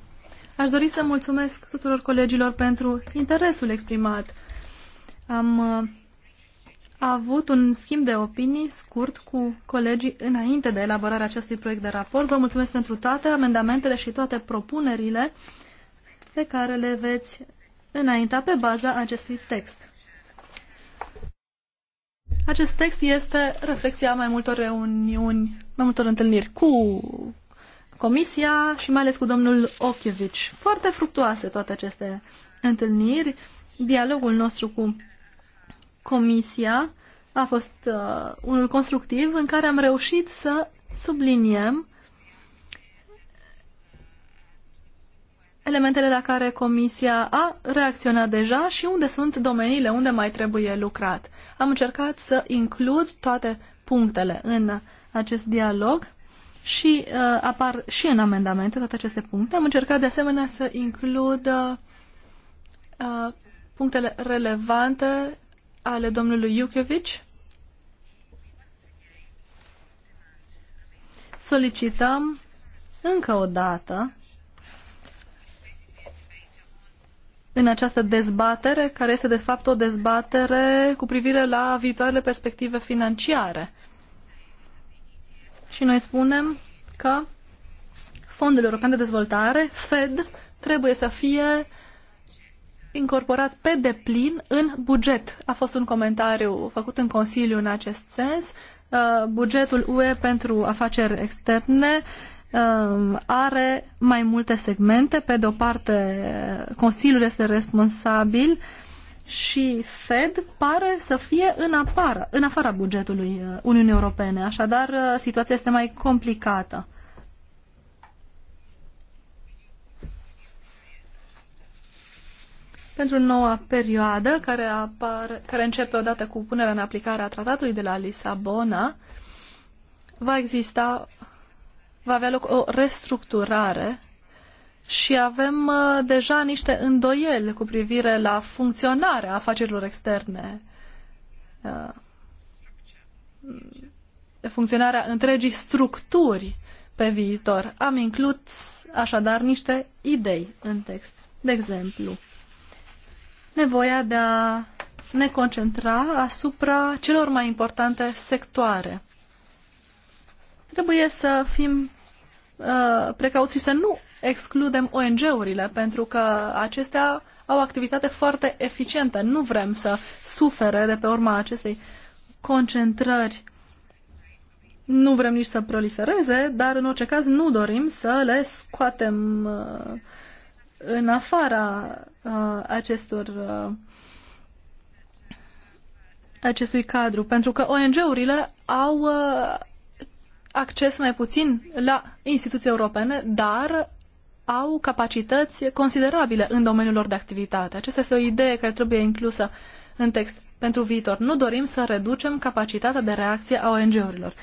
Aș dori să mulțumesc tuturor colegilor pentru interesul exprimat. Am uh, a avut un schimb de opinii scurt cu colegii înainte de elaborarea acestui proiect de raport. Vă mulțumesc pentru toate amendamentele și toate propunerile pe care le veți înainta pe baza acestui text. Acest text este reflexia mai multor reuniuni, mai multor întâlniri cu Comisia și mai ales cu domnul Ochevici. Foarte fructuoase toate aceste întâlniri. Dialogul nostru cu Comisia a fost uh, unul constructiv în care am reușit să subliniem elementele la care Comisia a reacționat deja și unde sunt domeniile unde mai trebuie lucrat. Am încercat să includ toate punctele în acest dialog și uh, apar și în amendamente toate aceste puncte. Am încercat de asemenea să includ uh, punctele relevante ale domnului Iuchevici solicităm încă o dată în această dezbatere, care este de fapt o dezbatere cu privire la viitoarele perspective financiare. Și noi spunem că Fondul European de Dezvoltare, FED, trebuie să fie incorporat pe deplin în buget. A fost un comentariu făcut în Consiliu în acest sens. Uh, bugetul UE pentru afaceri externe um, are mai multe segmente. Pe de o parte, Consiliul este responsabil și Fed pare să fie în, apară, în afara bugetului uh, Uniunii Europene. Așadar, uh, situația este mai complicată. pentru noua perioadă care, apar, care începe odată cu punerea în aplicare a tratatului de la Lisabona. Va exista, va avea loc o restructurare și avem uh, deja niște îndoieli cu privire la funcționarea afacerilor externe, uh, funcționarea întregii structuri pe viitor. Am inclus așadar niște idei în text. De exemplu, nevoia de a ne concentra asupra celor mai importante sectoare. Trebuie să fim uh, precauți și să nu excludem ONG-urile, pentru că acestea au activitate foarte eficientă. Nu vrem să sufere de pe urma acestei concentrări. Nu vrem nici să prolifereze, dar în orice caz nu dorim să le scoatem uh, în afara uh, acestor uh, acestui cadru, pentru că ONG-urile au uh, acces mai puțin la instituții europene, dar au capacități considerabile în domeniul lor de activitate. Aceasta este o idee care trebuie inclusă în text pentru viitor. Nu dorim să reducem capacitatea de reacție a ONG-urilor.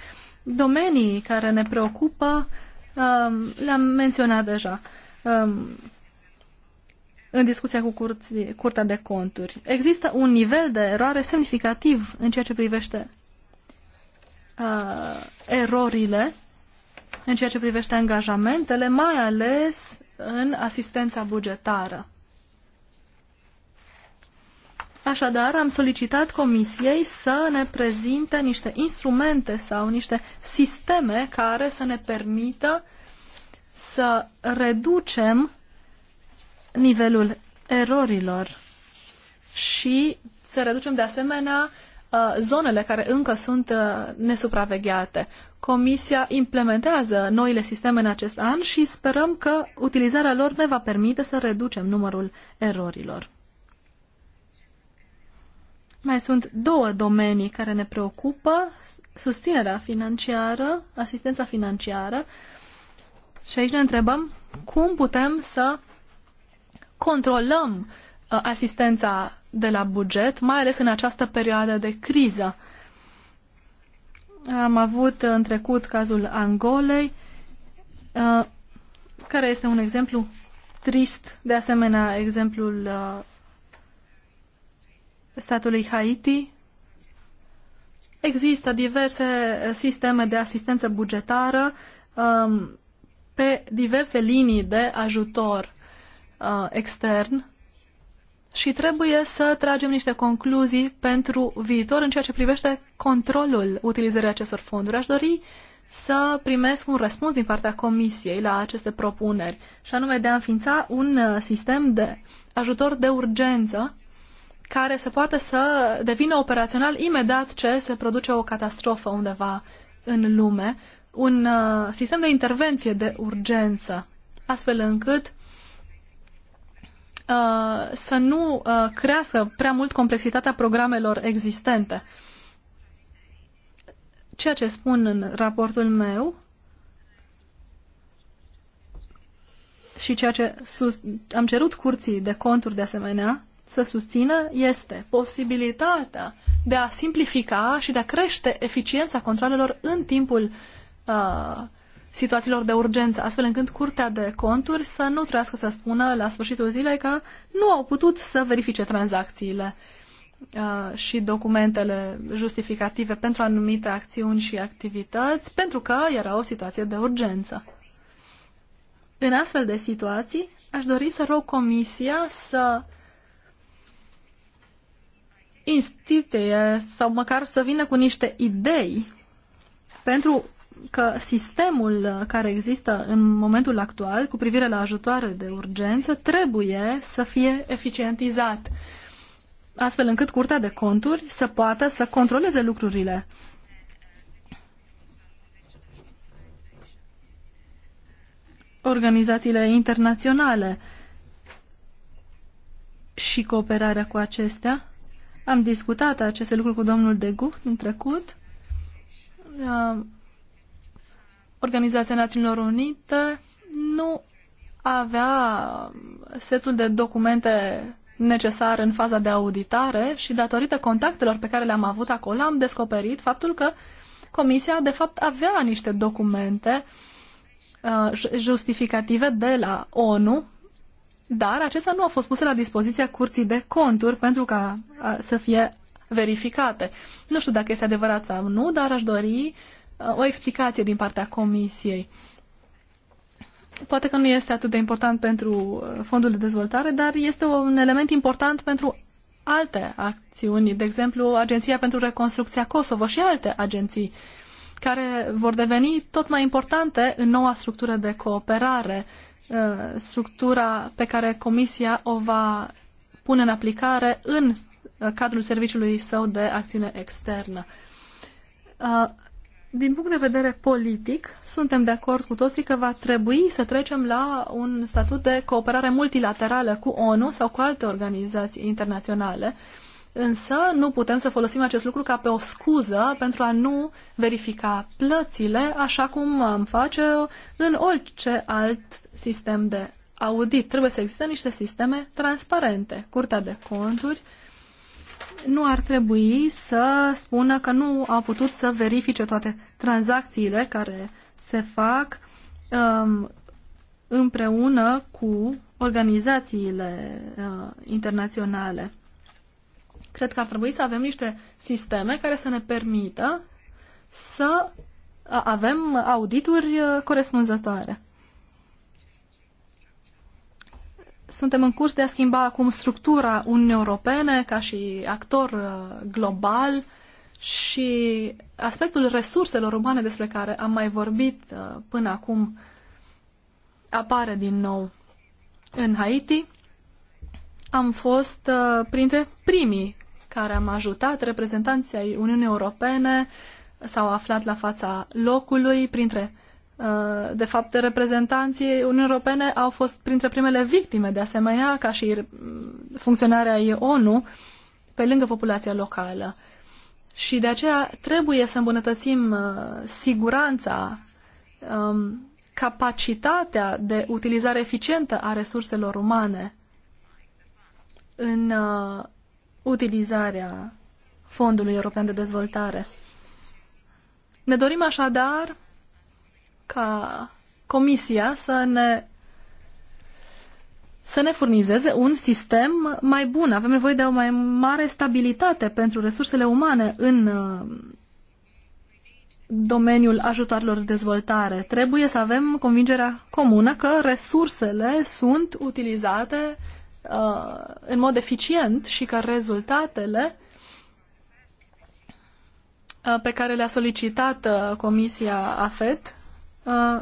Domenii care ne preocupă um, le-am menționat deja. Um, în discuția cu curții, Curtea de Conturi. Există un nivel de eroare semnificativ în ceea ce privește uh, erorile, în ceea ce privește angajamentele, mai ales în asistența bugetară. Așadar, am solicitat Comisiei să ne prezinte niște instrumente sau niște sisteme care să ne permită să reducem nivelul erorilor și să reducem de asemenea uh, zonele care încă sunt uh, nesupravegheate. Comisia implementează noile sisteme în acest an și sperăm că utilizarea lor ne va permite să reducem numărul erorilor. Mai sunt două domenii care ne preocupă, susținerea financiară, asistența financiară și aici ne întrebăm cum putem să controlăm uh, asistența de la buget, mai ales în această perioadă de criză. Am avut în trecut cazul Angolei, uh, care este un exemplu trist, de asemenea exemplul uh, statului Haiti. Există diverse sisteme de asistență bugetară um, pe diverse linii de ajutor uh, extern și trebuie să tragem niște concluzii pentru viitor în ceea ce privește controlul utilizării acestor fonduri. Aș dori să primesc un răspuns din partea Comisiei la aceste propuneri, și anume de a înființa un uh, sistem de ajutor de urgență care se poate să devină operațional imediat ce se produce o catastrofă undeva în lume, un uh, sistem de intervenție de urgență, astfel încât Uh, să nu uh, crească prea mult complexitatea programelor existente. Ceea ce spun în raportul meu și ceea ce am cerut curții de conturi de asemenea să susțină este posibilitatea de a simplifica și de a crește eficiența controlelor în timpul uh, situațiilor de urgență, astfel încât Curtea de Conturi să nu trească să spună la sfârșitul zilei că nu au putut să verifice tranzacțiile uh, și documentele justificative pentru anumite acțiuni și activități, pentru că era o situație de urgență. În astfel de situații, aș dori să rog Comisia să instituie sau măcar să vină cu niște idei pentru că sistemul care există în momentul actual cu privire la ajutoare de urgență trebuie să fie eficientizat, astfel încât Curtea de Conturi să poată să controleze lucrurile. Organizațiile internaționale și cooperarea cu acestea. Am discutat aceste lucruri cu domnul De în trecut Organizația Națiunilor Unite nu avea setul de documente necesar în faza de auditare și datorită contactelor pe care le-am avut acolo am descoperit faptul că Comisia de fapt avea niște documente uh, justificative de la ONU, dar acestea nu au fost puse la dispoziția curții de conturi pentru ca uh, să fie verificate. Nu știu dacă este adevărat sau nu, dar aș dori o explicație din partea Comisiei. Poate că nu este atât de important pentru uh, fondul de dezvoltare, dar este un element important pentru alte acțiuni, de exemplu Agenția pentru Reconstrucția Kosovo și alte agenții care vor deveni tot mai importante în noua structură de cooperare, uh, structura pe care Comisia o va pune în aplicare în uh, cadrul serviciului său de acțiune externă. Din punct de vedere politic, suntem de acord cu toții că va trebui să trecem la un statut de cooperare multilaterală cu ONU sau cu alte organizații internaționale, însă nu putem să folosim acest lucru ca pe o scuză pentru a nu verifica plățile așa cum am face în orice alt sistem de audit. Trebuie să existe niște sisteme transparente. Curtea de conturi, uh, nu ar trebui să spună că nu au putut să verifice toate tranzacțiile care se fac um, împreună cu organizațiile uh, internaționale. Cred că ar trebui să avem niște sisteme care să ne permită să avem audituri uh, corespunzătoare. suntem în curs de a schimba acum structura Uniunii Europene ca și actor uh, global și aspectul resurselor umane despre care am mai vorbit uh, până acum apare din nou în Haiti. Am fost uh, printre primii care am ajutat reprezentanții ai Uniunii Europene s-au aflat la fața locului printre Uh, de fapt, reprezentanții Uniunii Europene au fost printre primele victime, de asemenea, ca și mm, funcționarea ONU, pe lângă populația locală. Și de aceea trebuie să îmbunătățim uh, siguranța, um, capacitatea de utilizare eficientă a resurselor umane în uh, utilizarea Fondului European de Dezvoltare. Ne dorim așadar ca Comisia să ne să ne furnizeze un sistem mai bun. Avem nevoie de o mai mare stabilitate pentru resursele umane în uh, domeniul ajutoarelor de dezvoltare. Trebuie să avem convingerea comună că resursele sunt utilizate uh, în mod eficient și că rezultatele uh, pe care le-a solicitat uh, Comisia AFET Uh,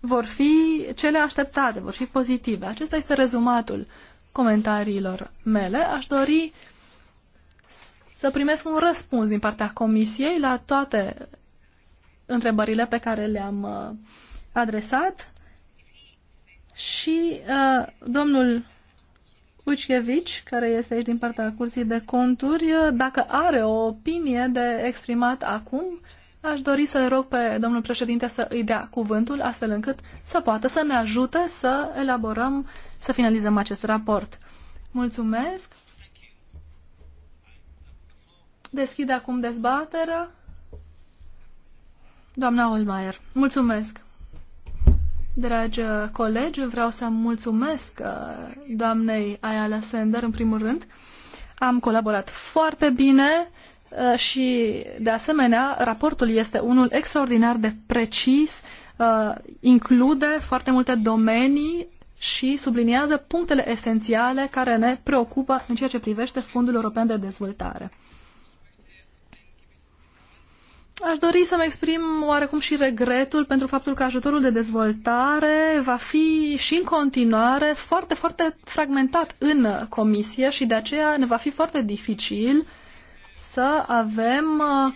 vor fi cele așteptate, vor fi pozitive. Acesta este rezumatul comentariilor mele. Aș dori să primesc un răspuns din partea Comisiei la toate întrebările pe care le-am uh, adresat și uh, domnul Ucchevici, care este aici din partea Curții de Conturi, uh, dacă are o opinie de exprimat acum, aș dori să rog pe domnul președinte să îi dea cuvântul, astfel încât să poată să ne ajute să elaborăm, să finalizăm acest raport. Mulțumesc! Deschid acum dezbaterea. Doamna Olmaier, mulțumesc! Dragi uh, colegi, vreau să mulțumesc uh, doamnei Ayala Sender, în primul rând. Am colaborat foarte bine Uh, și, de asemenea, raportul este unul extraordinar de precis, uh, include foarte multe domenii și subliniază punctele esențiale care ne preocupă în ceea ce privește Fondul European de Dezvoltare. Aș dori să-mi exprim oarecum și regretul pentru faptul că ajutorul de dezvoltare va fi și în continuare foarte, foarte fragmentat în comisie și de aceea ne va fi foarte dificil să avem uh,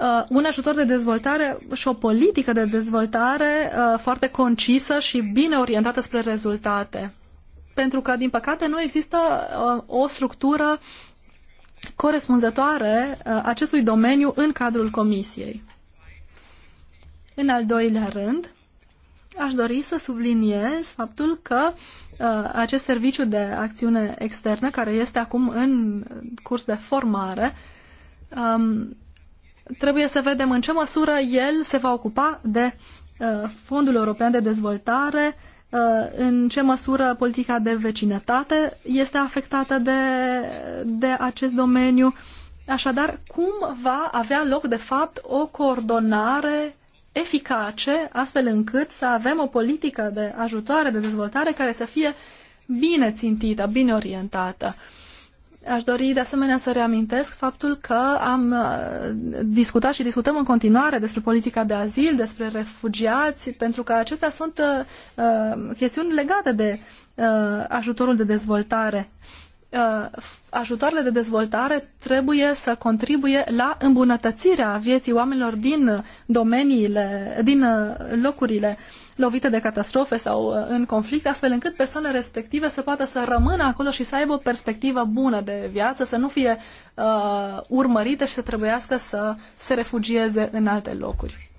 uh, un ajutor de dezvoltare și o politică de dezvoltare uh, foarte concisă și bine orientată spre rezultate. Pentru că, din păcate, nu există o structură corespunzătoare acestui domeniu în cadrul Comisiei. În al doilea rând, aș dori să subliniez faptul că uh, acest serviciu de acțiune externă, care este acum în curs de formare, um, trebuie să vedem în ce măsură el se va ocupa de uh, Fondul European de Dezvoltare, uh, în ce măsură politica de vecinătate este afectată de, de acest domeniu. Așadar, cum va avea loc, de fapt, o coordonare eficace, astfel încât să avem o politică de ajutoare, de dezvoltare care să fie bine țintită, bine orientată. Aș dori de asemenea să reamintesc faptul că am uh, discutat și discutăm în continuare despre politica de azil, despre refugiați, pentru că acestea sunt uh, uh chestiuni legate de uh, ajutorul de dezvoltare. Uh, Uh, ajutoarele de dezvoltare trebuie să contribuie la îmbunătățirea vieții oamenilor din domeniile, din uh, locurile lovite de catastrofe sau uh, în conflict, astfel încât persoanele respective să poată să rămână acolo și să aibă o perspectivă bună de viață, să nu fie uh, urmărite și să trebuiască să se refugieze în alte locuri.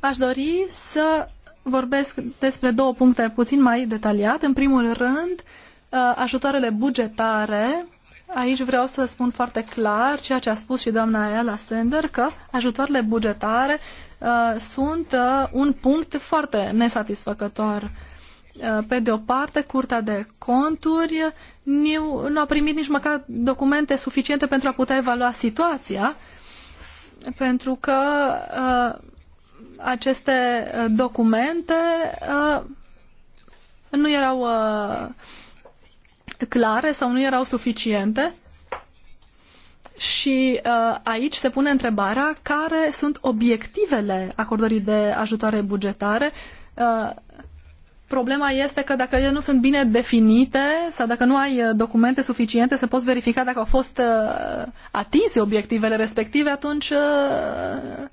Aș dori să vorbesc despre două puncte puțin mai detaliat. În primul rând, uh, Uh, ajutoarele bugetare, aici vreau să spun foarte clar ceea ce a spus și doamna Ayala Sender, că ajutoarele bugetare uh, sunt uh, un punct foarte nesatisfăcător. pe de o parte, Curtea de Conturi nu, a primit nici măcar documente suficiente pentru a putea evalua situația, pentru că aceste documente nu erau uh, clare sau nu erau suficiente. Și uh, aici se pune întrebarea care sunt obiectivele acordării de ajutoare bugetare. Uh, problema este că dacă ele nu sunt bine definite sau dacă nu ai uh, documente suficiente să poți verifica dacă au fost uh, atinse obiectivele respective, atunci uh,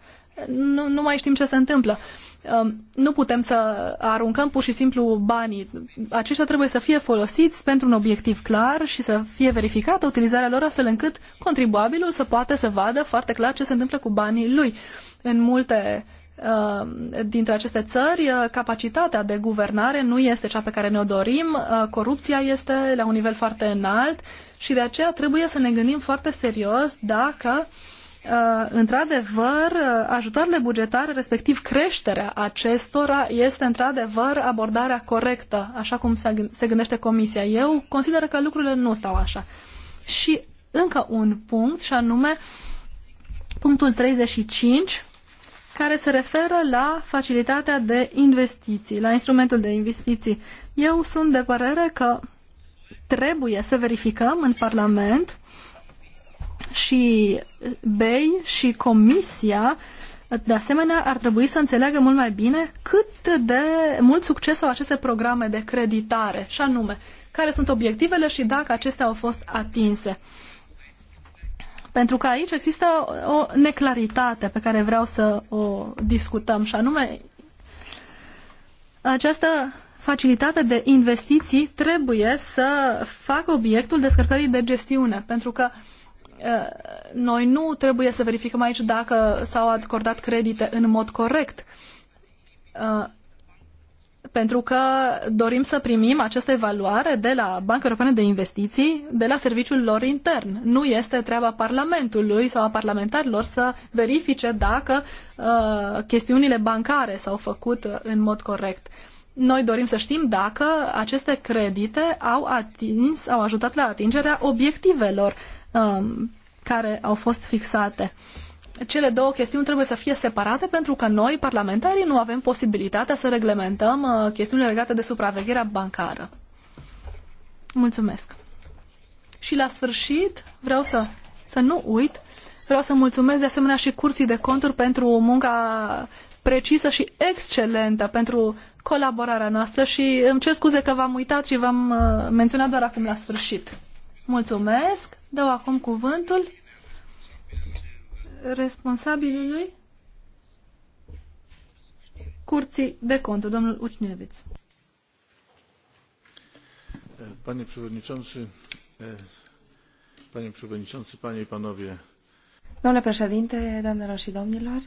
nu, nu mai știm ce se întâmplă. Uh, Um, nu putem să aruncăm pur și simplu banii. Aceștia trebuie să fie folosiți pentru un obiectiv clar și să fie verificată utilizarea lor astfel încât contribuabilul să poată să vadă foarte clar ce se întâmplă cu banii lui. În multe um, dintre aceste țări, uh, capacitatea de guvernare nu este cea pe care ne-o dorim, uh, corupția este la un nivel foarte înalt și de aceea trebuie să ne gândim foarte serios dacă uh, Uh, într-adevăr, uh, ajutoarele bugetare, respectiv creșterea acestora, este într-adevăr abordarea corectă, așa cum se gândește Comisia. Eu consider că lucrurile nu stau așa. Și încă un punct, și anume punctul 35, care se referă la facilitatea de investiții, la instrumentul de investiții. Eu sunt de părere că trebuie să verificăm în Parlament și BEI și Comisia de asemenea, ar trebui să înțeleagă mult mai bine cât de mult succes au aceste programe de creditare, și anume, care sunt obiectivele și dacă acestea au fost atinse. Pentru că aici există o neclaritate pe care vreau să o discutăm, și anume, această facilitate de investiții trebuie să facă obiectul descărcării de gestiune, pentru că uh, Uh, noi nu trebuie să verificăm aici dacă s-au acordat credite în mod corect, uh, pentru că dorim să primim această evaluare de la Banca Europeană de Investiții, de la serviciul lor intern. Nu este treaba Parlamentului sau a parlamentarilor să verifice dacă uh, chestiunile bancare s-au făcut în mod corect. Noi dorim să știm dacă aceste credite au atins, au ajutat la atingerea obiectivelor uh, um, care au fost fixate. Cele două chestiuni trebuie să fie separate pentru că noi, parlamentarii, nu avem posibilitatea să reglementăm uh, chestiunile legate de supravegherea bancară. Mulțumesc! Și la sfârșit vreau să, să nu uit, vreau să mulțumesc de asemenea și curții de conturi pentru munca precisă și excelentă pentru colaborarea noastră și îmi cer scuze că v-am uitat și v-am uh, menționat doar acum la sfârșit. Mulțumesc. Dau acum cuvântul responsabilului Curții de cont, domnul Ucneviț. Panie Przewodniczący, Panie Przewodniczący, Panie i Panowie. Domnule președinte, doamnelor și domnilor,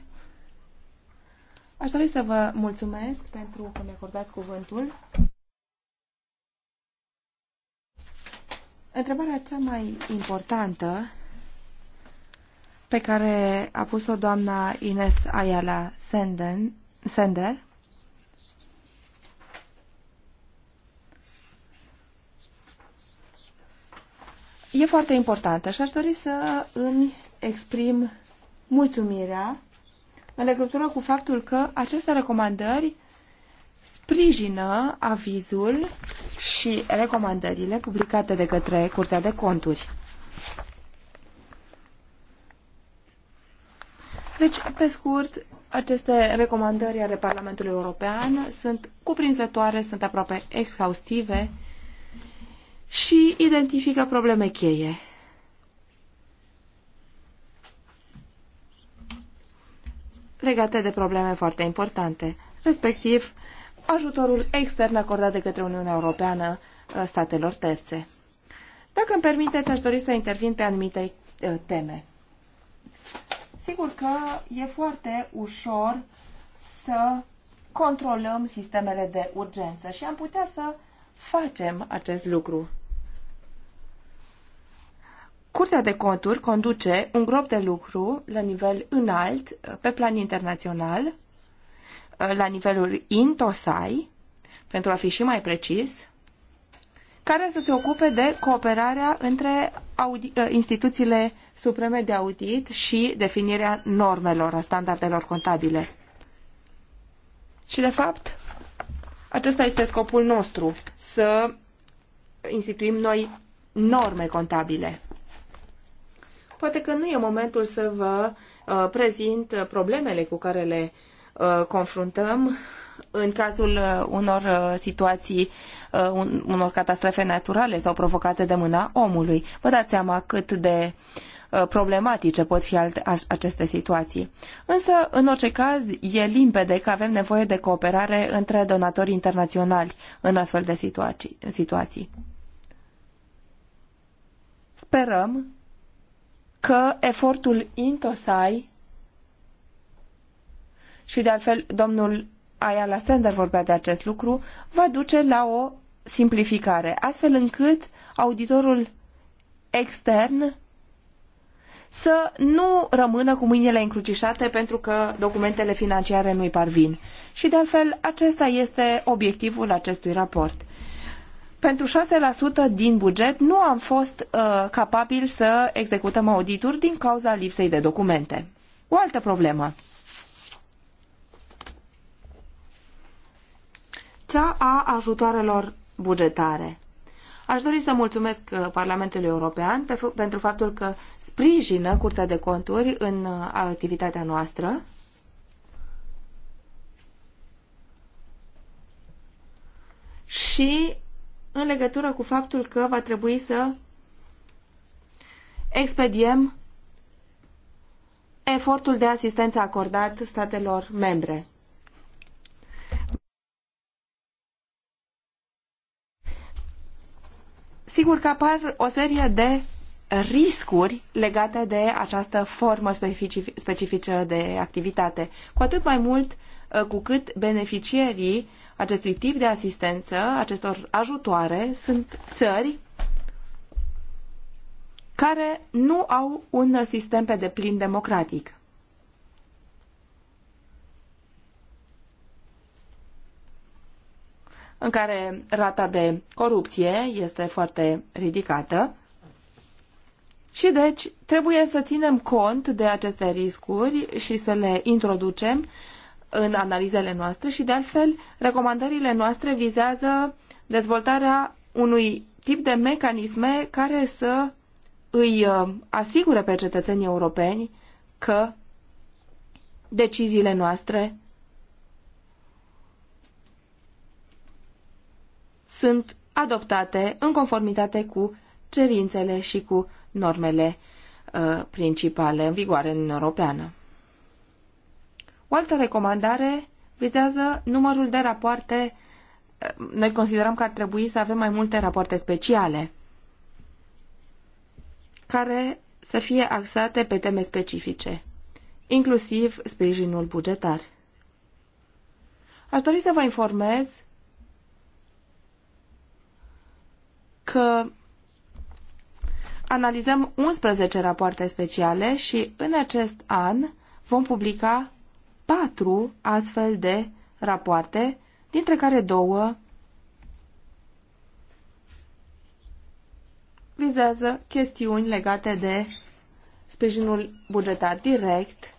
aș dori să vă mulțumesc pentru că mi-acordați cuvântul. Întrebarea cea mai importantă pe care a pus-o doamna Ines Ayala Senden, Sender e foarte importantă și aș dori să îmi exprim mulțumirea în legătură cu faptul că aceste recomandări sprijină avizul și recomandările publicate de către Curtea de Conturi. Deci, pe scurt, aceste recomandări ale Parlamentului European sunt cuprinzătoare, sunt aproape exhaustive și identifică probleme cheie. legate de probleme foarte importante, respectiv ajutorul extern acordat de către Uniunea Europeană uh, statelor terțe. Dacă îmi permiteți, aș dori să intervin pe anumite uh, teme. Sigur că e foarte ușor să controlăm sistemele de urgență și am putea să facem acest lucru. Curtea de conturi conduce un grup de lucru la nivel înalt, uh, pe plan internațional, la nivelul INTOSAI, pentru a fi și mai precis, care să se ocupe de cooperarea între ă, instituțiile supreme de audit și definirea normelor, a standardelor contabile. Și, de fapt, acesta este scopul nostru, să instituim noi norme contabile. Poate că nu e momentul să vă uh, prezint problemele cu care le Uh, confruntăm în cazul uh, unor uh, situații, unor catastrofe naturale sau provocate de mâna omului. Vă dați seama cât de problematice pot fi alte, aceste situații. Însă, în orice caz, e limpede că avem nevoie de cooperare între donatori internaționali în astfel de situații. situații. Sperăm că efortul Intosai și de altfel domnul Ayala Sender vorbea de acest lucru, va duce la o simplificare, astfel încât auditorul extern să nu rămână cu mâinile încrucișate pentru că documentele financiare nu-i parvin. Și de altfel, acesta este obiectivul acestui raport. Pentru 6% din buget nu am fost uh, capabili să executăm audituri din cauza lipsei de documente. O altă problemă. cea a ajutoarelor bugetare. Aș dori să mulțumesc uh, Parlamentului European pe pentru faptul că sprijină Curtea de Conturi în uh, activitatea noastră. Și în legătură cu faptul că va trebui să expediem efortul de asistență acordat statelor membre. sigur că apar o serie de riscuri legate de această formă specifică de activitate. Cu atât mai mult uh, cu cât beneficierii acestui tip de asistență, acestor ajutoare, sunt țări care nu au un sistem pe deplin democratic. în care rata de corupție este foarte ridicată. Și deci trebuie să ținem cont de aceste riscuri și să le introducem în analizele noastre și de altfel recomandările noastre vizează dezvoltarea unui tip de mecanisme care să îi uh, asigure pe cetățenii europeni că deciziile noastre sunt adoptate în conformitate cu cerințele și cu normele uh, principale în vigoare în Europeană. O altă recomandare vizează numărul de rapoarte. Uh, noi considerăm că ar trebui să avem mai multe rapoarte speciale care să fie axate pe teme specifice, inclusiv sprijinul bugetar. Aș dori să vă informez că analizăm 11 rapoarte speciale și în acest an vom publica 4 astfel de rapoarte, dintre care două vizează chestiuni legate de sprijinul bugetar direct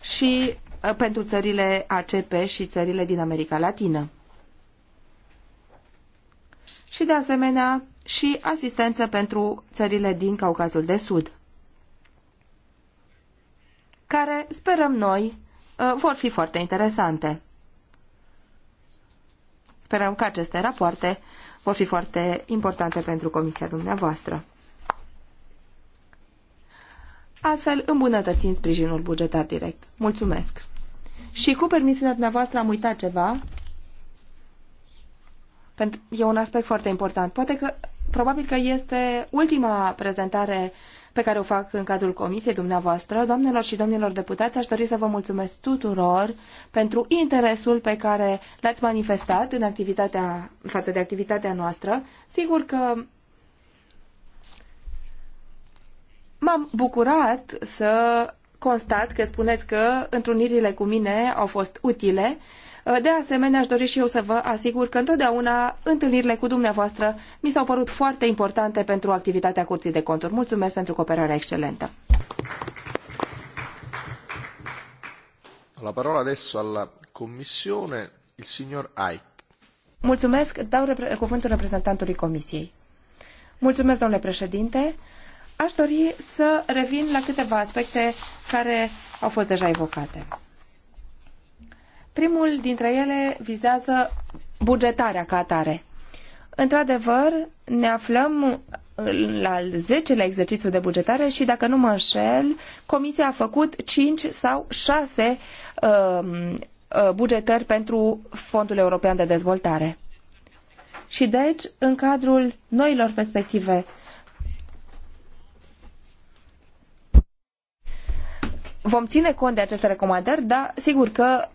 și uh, pentru țările ACP și țările din America Latină. Și de asemenea, și asistență pentru țările din Caucazul de Sud, care, sperăm noi, uh, vor fi foarte interesante. Sperăm că aceste rapoarte vor fi foarte importante pentru comisia dumneavoastră. Astfel îmbunătățim sprijinul bugetar direct. Mulțumesc! Și cu permisiunea dumneavoastră am uitat ceva. Pentru, e un aspect foarte important. Poate că Probabil că este ultima prezentare pe care o fac în cadrul comisiei dumneavoastră. Doamnelor și domnilor deputați, aș dori să vă mulțumesc tuturor pentru interesul pe care l-ați manifestat în activitatea, față de activitatea noastră. Sigur că m-am bucurat să constat că spuneți că întrunirile cu mine au fost utile Uh, de asemenea, aș dori și eu să vă asigur că întotdeauna întâlnirile cu dumneavoastră mi s-au părut foarte importante pentru activitatea Curții de Conturi. Mulțumesc pentru cooperarea excelentă. La parola adesso alla Commissione, il signor Aic. Mulțumesc, dau repre cuvântul reprezentantului Comisiei. Mulțumesc, domnule președinte. Aș dori să revin la câteva aspecte care au fost deja evocate. Primul dintre ele vizează bugetarea ca atare. Într-adevăr, ne aflăm la al 10-lea exercițiu de bugetare și, dacă nu mă înșel, Comisia a făcut 5 sau 6 um, uh, bugetări pentru Fondul European de Dezvoltare. Și deci, în cadrul noilor perspective vom ține cont de aceste recomandări, dar sigur că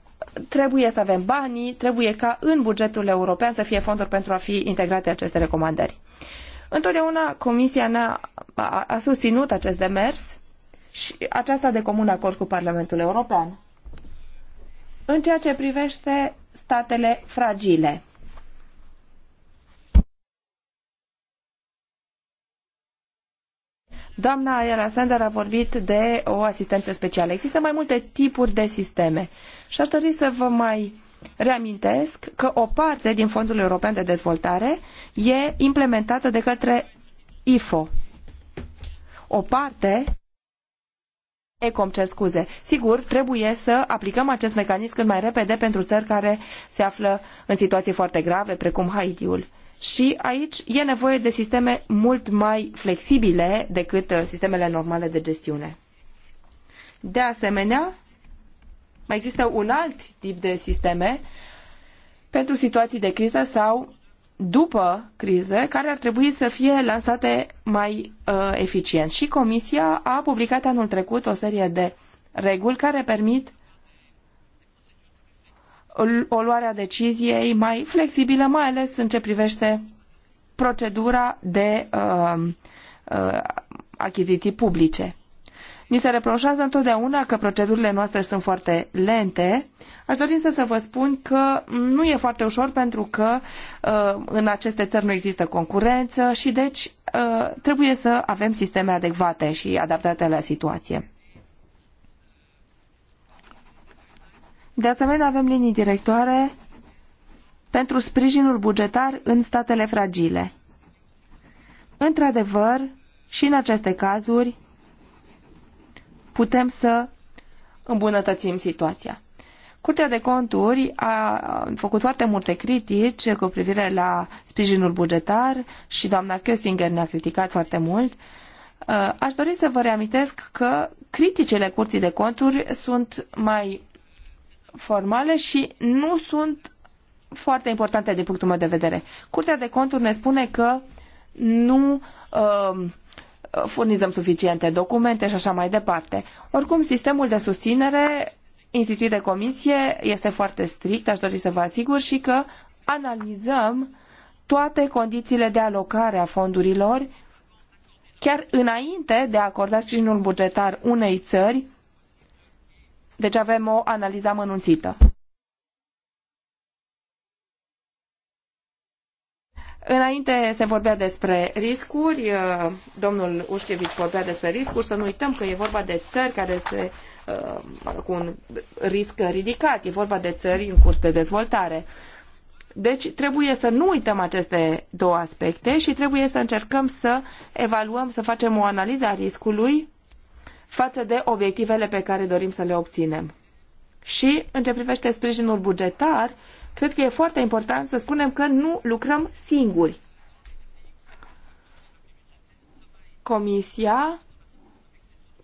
trebuie să avem banii, trebuie ca în bugetul european să fie fonduri pentru a fi integrate aceste recomandări. Întotdeauna Comisia ne-a, a, a susținut acest demers și aceasta de comun acord cu Parlamentul European. În ceea ce privește statele fragile, Doamna Ayala Sander a vorbit de o asistență specială. Există mai multe tipuri de sisteme și aș dori să vă mai reamintesc că o parte din Fondul European de Dezvoltare e implementată de către IFO. O parte Ecom cer scuze. Sigur, trebuie să aplicăm acest mecanism cât mai repede pentru țări care se află în situații foarte grave, precum Haitiul și aici e nevoie de sisteme mult mai flexibile decât uh, sistemele normale de gestiune. De asemenea, mai există un alt tip de sisteme pentru situații de criză sau după crize care ar trebui să fie lansate mai uh, eficient. Și Comisia a publicat anul trecut o serie de reguli care permit o luare a deciziei mai flexibilă, mai ales în ce privește procedura de uh, uh, achiziții publice. Ni se reproșează întotdeauna că procedurile noastre sunt foarte lente. Aș dori să, să vă spun că nu e foarte ușor pentru că uh, în aceste țări nu există concurență și deci uh, trebuie să avem sisteme adecvate și adaptate la situație. De asemenea, avem linii directoare pentru sprijinul bugetar în statele fragile. Într-adevăr, și în aceste cazuri putem să îmbunătățim situația. Curtea de conturi a făcut foarte multe critici cu privire la sprijinul bugetar și doamna Köstinger ne-a criticat foarte mult. Uh, aș dori să vă reamintesc că criticele Curții de Conturi sunt mai formale și nu sunt foarte importante din punctul meu de vedere. Curtea de conturi ne spune că nu uh, furnizăm suficiente documente și așa mai departe. Oricum, sistemul de susținere instituit de comisie este foarte strict, aș dori să vă asigur, și că analizăm toate condițiile de alocare a fondurilor chiar înainte de a acorda sprijinul bugetar unei țări deci avem o analiză amănunțită. Înainte se vorbea despre riscuri, uh, domnul Ușchevici vorbea despre riscuri, să nu uităm că e vorba de țări care se uh, cu un risc ridicat, e vorba de țări în curs de dezvoltare. Deci trebuie să nu uităm aceste două aspecte și trebuie să încercăm să evaluăm, să facem o analiză a riscului față de obiectivele pe care dorim să le obținem. Și, în ce privește sprijinul bugetar, cred că e foarte important să spunem că nu lucrăm singuri. Comisia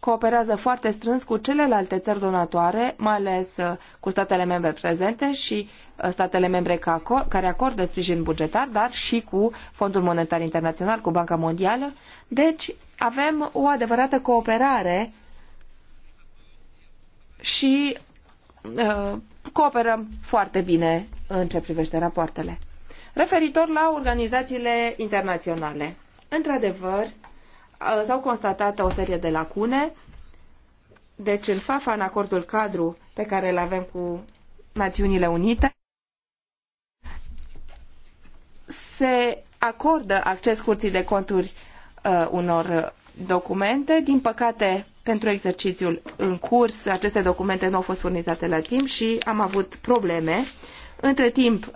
cooperează foarte strâns cu celelalte țări donatoare, mai ales uh, cu statele membre prezente și uh, statele membre care acordă sprijin bugetar, dar și cu Fondul Monetar Internațional, cu Banca Mondială. Deci avem o adevărată cooperare și uh, cooperăm foarte bine în ce privește rapoartele. Referitor la organizațiile internaționale, într-adevăr, Uh, s-au constatat o serie de lacune, deci în FAFA, în acordul cadru pe care îl avem cu Națiunile Unite, se acordă acces curții de conturi uh, unor documente. Din păcate, pentru exercițiul în curs, aceste documente nu au fost furnizate la timp și am avut probleme. Între timp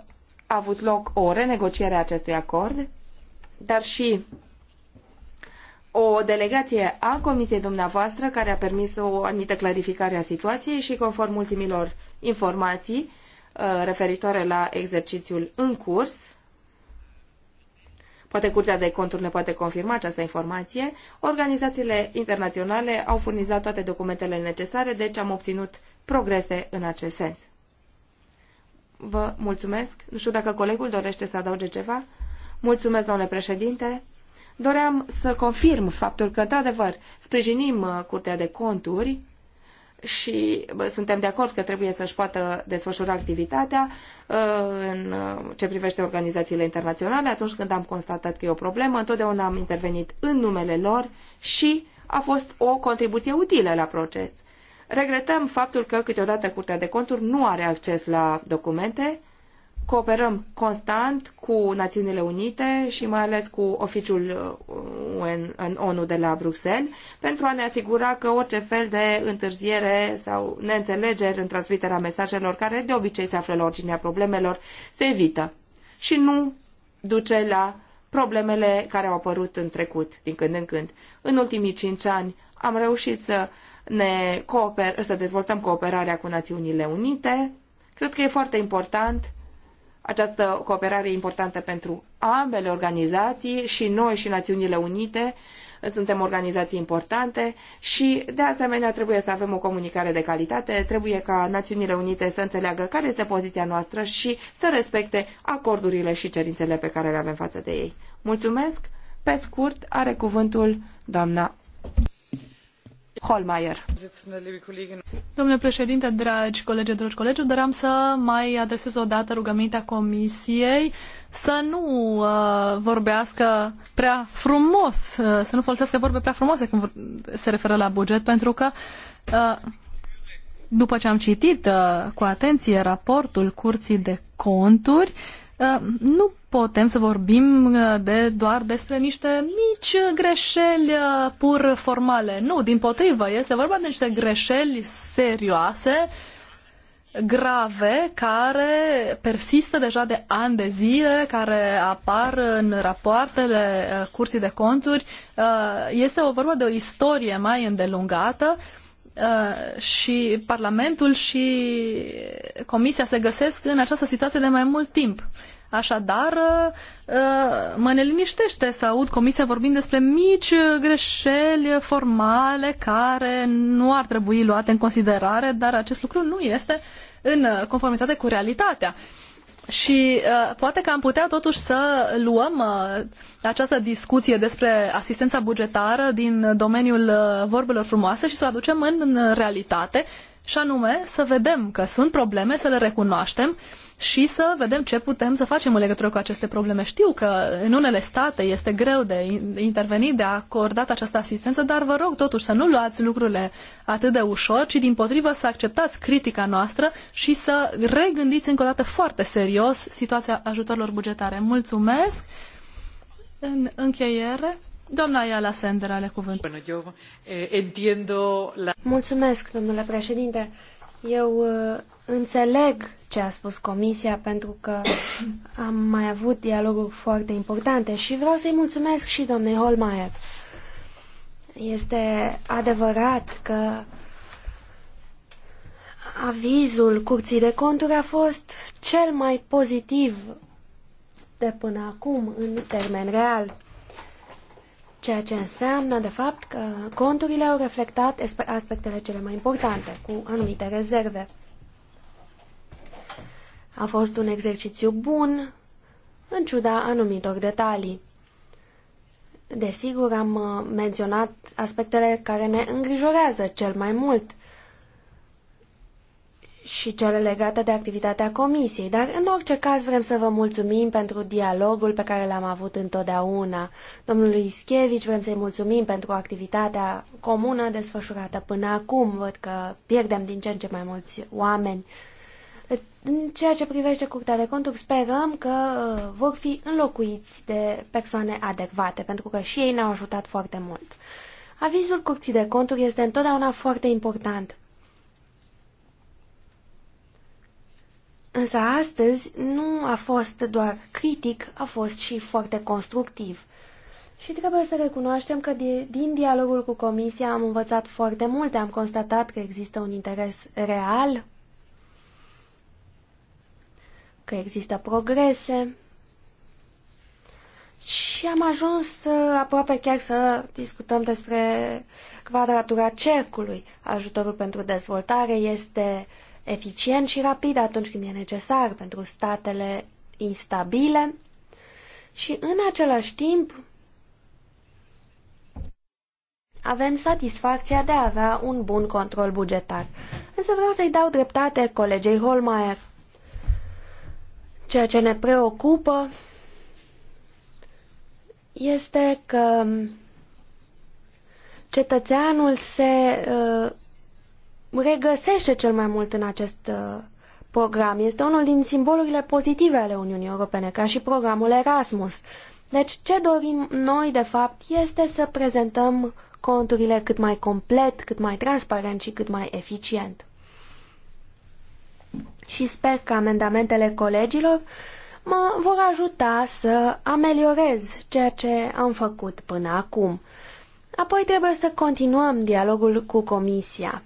a avut loc o renegociere a acestui acord, dar și o delegație a comisiei dumneavoastră care a permis o anumită clarificare a situației și conform ultimilor informații uh, referitoare la exercițiul în curs, poate Curtea de Conturi ne poate confirma această informație, organizațiile internaționale au furnizat toate documentele necesare, deci am obținut progrese în acest sens. Vă mulțumesc. Nu știu dacă colegul dorește să adauge ceva. Mulțumesc, domnule președinte doream să confirm faptul că, într-adevăr, sprijinim uh, Curtea de Conturi și suntem de acord că trebuie să-și poată desfășura activitatea uh, în uh, ce privește organizațiile internaționale. Atunci când am constatat că e o problemă, întotdeauna am intervenit în numele lor și a fost o contribuție utilă la proces. Regretăm faptul că câteodată Curtea de Conturi nu are acces la documente Cooperăm constant cu Națiunile Unite și mai ales cu oficiul uh, UN, în ONU de la Bruxelles pentru a ne asigura că orice fel de întârziere sau neînțelegeri în transmiterea mesajelor care de obicei se află la originea problemelor se evită și nu duce la problemele care au apărut în trecut, din când în când. În ultimii cinci ani am reușit să ne cooper, să dezvoltăm cooperarea cu Națiunile Unite. Cred că e foarte important această cooperare e importantă pentru ambele organizații și noi și Națiunile Unite suntem organizații importante și de asemenea trebuie să avem o comunicare de calitate, trebuie ca Națiunile Unite să înțeleagă care este poziția noastră și să respecte acordurile și cerințele pe care le avem față de ei. Mulțumesc! Pe scurt, are cuvântul doamna Domnule președinte, dragi colegi, dragi colegi, doream să mai adresez o dată rugămintea comisiei să nu uh, vorbească prea frumos, uh, să nu folosească vorbe prea frumoase când se referă la buget, pentru că uh, după ce am citit uh, cu atenție raportul Curții de Conturi, uh, Uh, nu putem să vorbim uh, de, doar despre niște mici greșeli uh, pur formale. Nu, din potrivă, este vorba de niște greșeli serioase, grave, care persistă deja de ani de zile, care apar în rapoartele curții de conturi. Este o vorba de o istorie mai îndelungată Uh, și Parlamentul și Comisia se găsesc în această situație de mai mult timp. Așadar, uh, mă neliniștește să aud Comisia vorbind despre mici greșeli formale care nu ar trebui luate în considerare, dar acest lucru nu este în conformitate cu realitatea. Uh, și uh, poate că am putea totuși să luăm uh, această discuție despre asistența bugetară din domeniul uh, vorbelor frumoase și să o aducem în, în realitate și anume să vedem că sunt probleme, să le recunoaștem și să vedem ce putem să facem în legătură cu aceste probleme. Știu că în unele state este greu de intervenit, de acordat această asistență, dar vă rog totuși să nu luați lucrurile atât de ușor, ci din potrivă să acceptați critica noastră și să regândiți încă o dată foarte serios situația ajutorilor bugetare. Mulțumesc! În încheiere, Doamna Iala Sender ale cuvânt. Eh, mulțumesc, domnule președinte. Eu eh, înțeleg ce a spus Comisia pentru că am mai avut dialoguri foarte importante și vreau să-i mulțumesc și doamnei Holmeier. Este adevărat că avizul Curții de Conturi a fost cel mai pozitiv de până acum în termen real. Ceea ce înseamnă, de fapt, că conturile au reflectat aspectele cele mai importante, cu anumite rezerve. A fost un exercițiu bun, în ciuda anumitor detalii. Desigur, am uh, menționat aspectele care ne îngrijorează cel mai mult, și cele legate de activitatea comisiei, dar în orice caz vrem să vă mulțumim pentru dialogul pe care l-am avut întotdeauna. Domnului Ischevici vrem să-i mulțumim pentru activitatea comună desfășurată până acum. Văd că pierdem din ce în ce mai mulți oameni. În ceea ce privește Curtea de Conturi, sperăm că uh, vor fi înlocuiți de persoane adecvate, pentru că și ei ne-au ajutat foarte mult. Avizul Curții de Conturi este întotdeauna foarte important Însă astăzi nu a fost doar critic, a fost și foarte constructiv. Și trebuie să recunoaștem că de, din dialogul cu Comisia am învățat foarte multe, am constatat că există un interes real, că există progrese și am ajuns aproape chiar să discutăm despre quadratura cercului. Ajutorul pentru dezvoltare este uh, eficient și rapid atunci când e necesar pentru statele instabile și în același timp avem satisfacția de a avea un bun control bugetar. Însă vreau să-i dau dreptate colegei Holmeier. Ceea ce ne preocupă este că cetățeanul se uh, regăsește cel mai mult în acest uh, program. Este unul din simbolurile pozitive ale Uniunii Europene, ca și programul Erasmus. Deci ce dorim noi, de fapt, este să prezentăm conturile cât mai complet, cât mai transparent și cât mai eficient. Și sper că amendamentele colegilor mă vor ajuta să ameliorez ceea ce am făcut până acum. Apoi trebuie să continuăm dialogul cu Comisia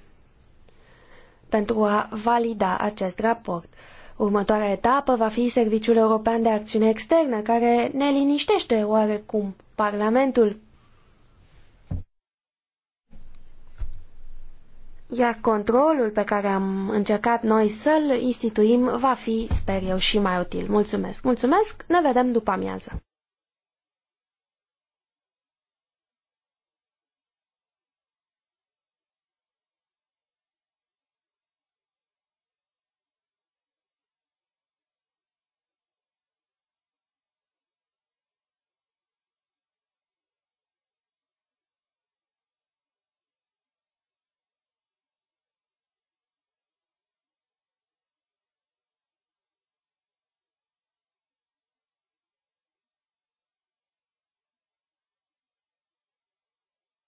pentru a valida acest raport. Următoarea etapă va fi Serviciul European de Acțiune Externă, care ne liniștește oarecum Parlamentul. Iar controlul pe care am încercat noi să-l instituim va fi, sper eu, și mai util. Mulțumesc! Mulțumesc! Ne vedem după amiază!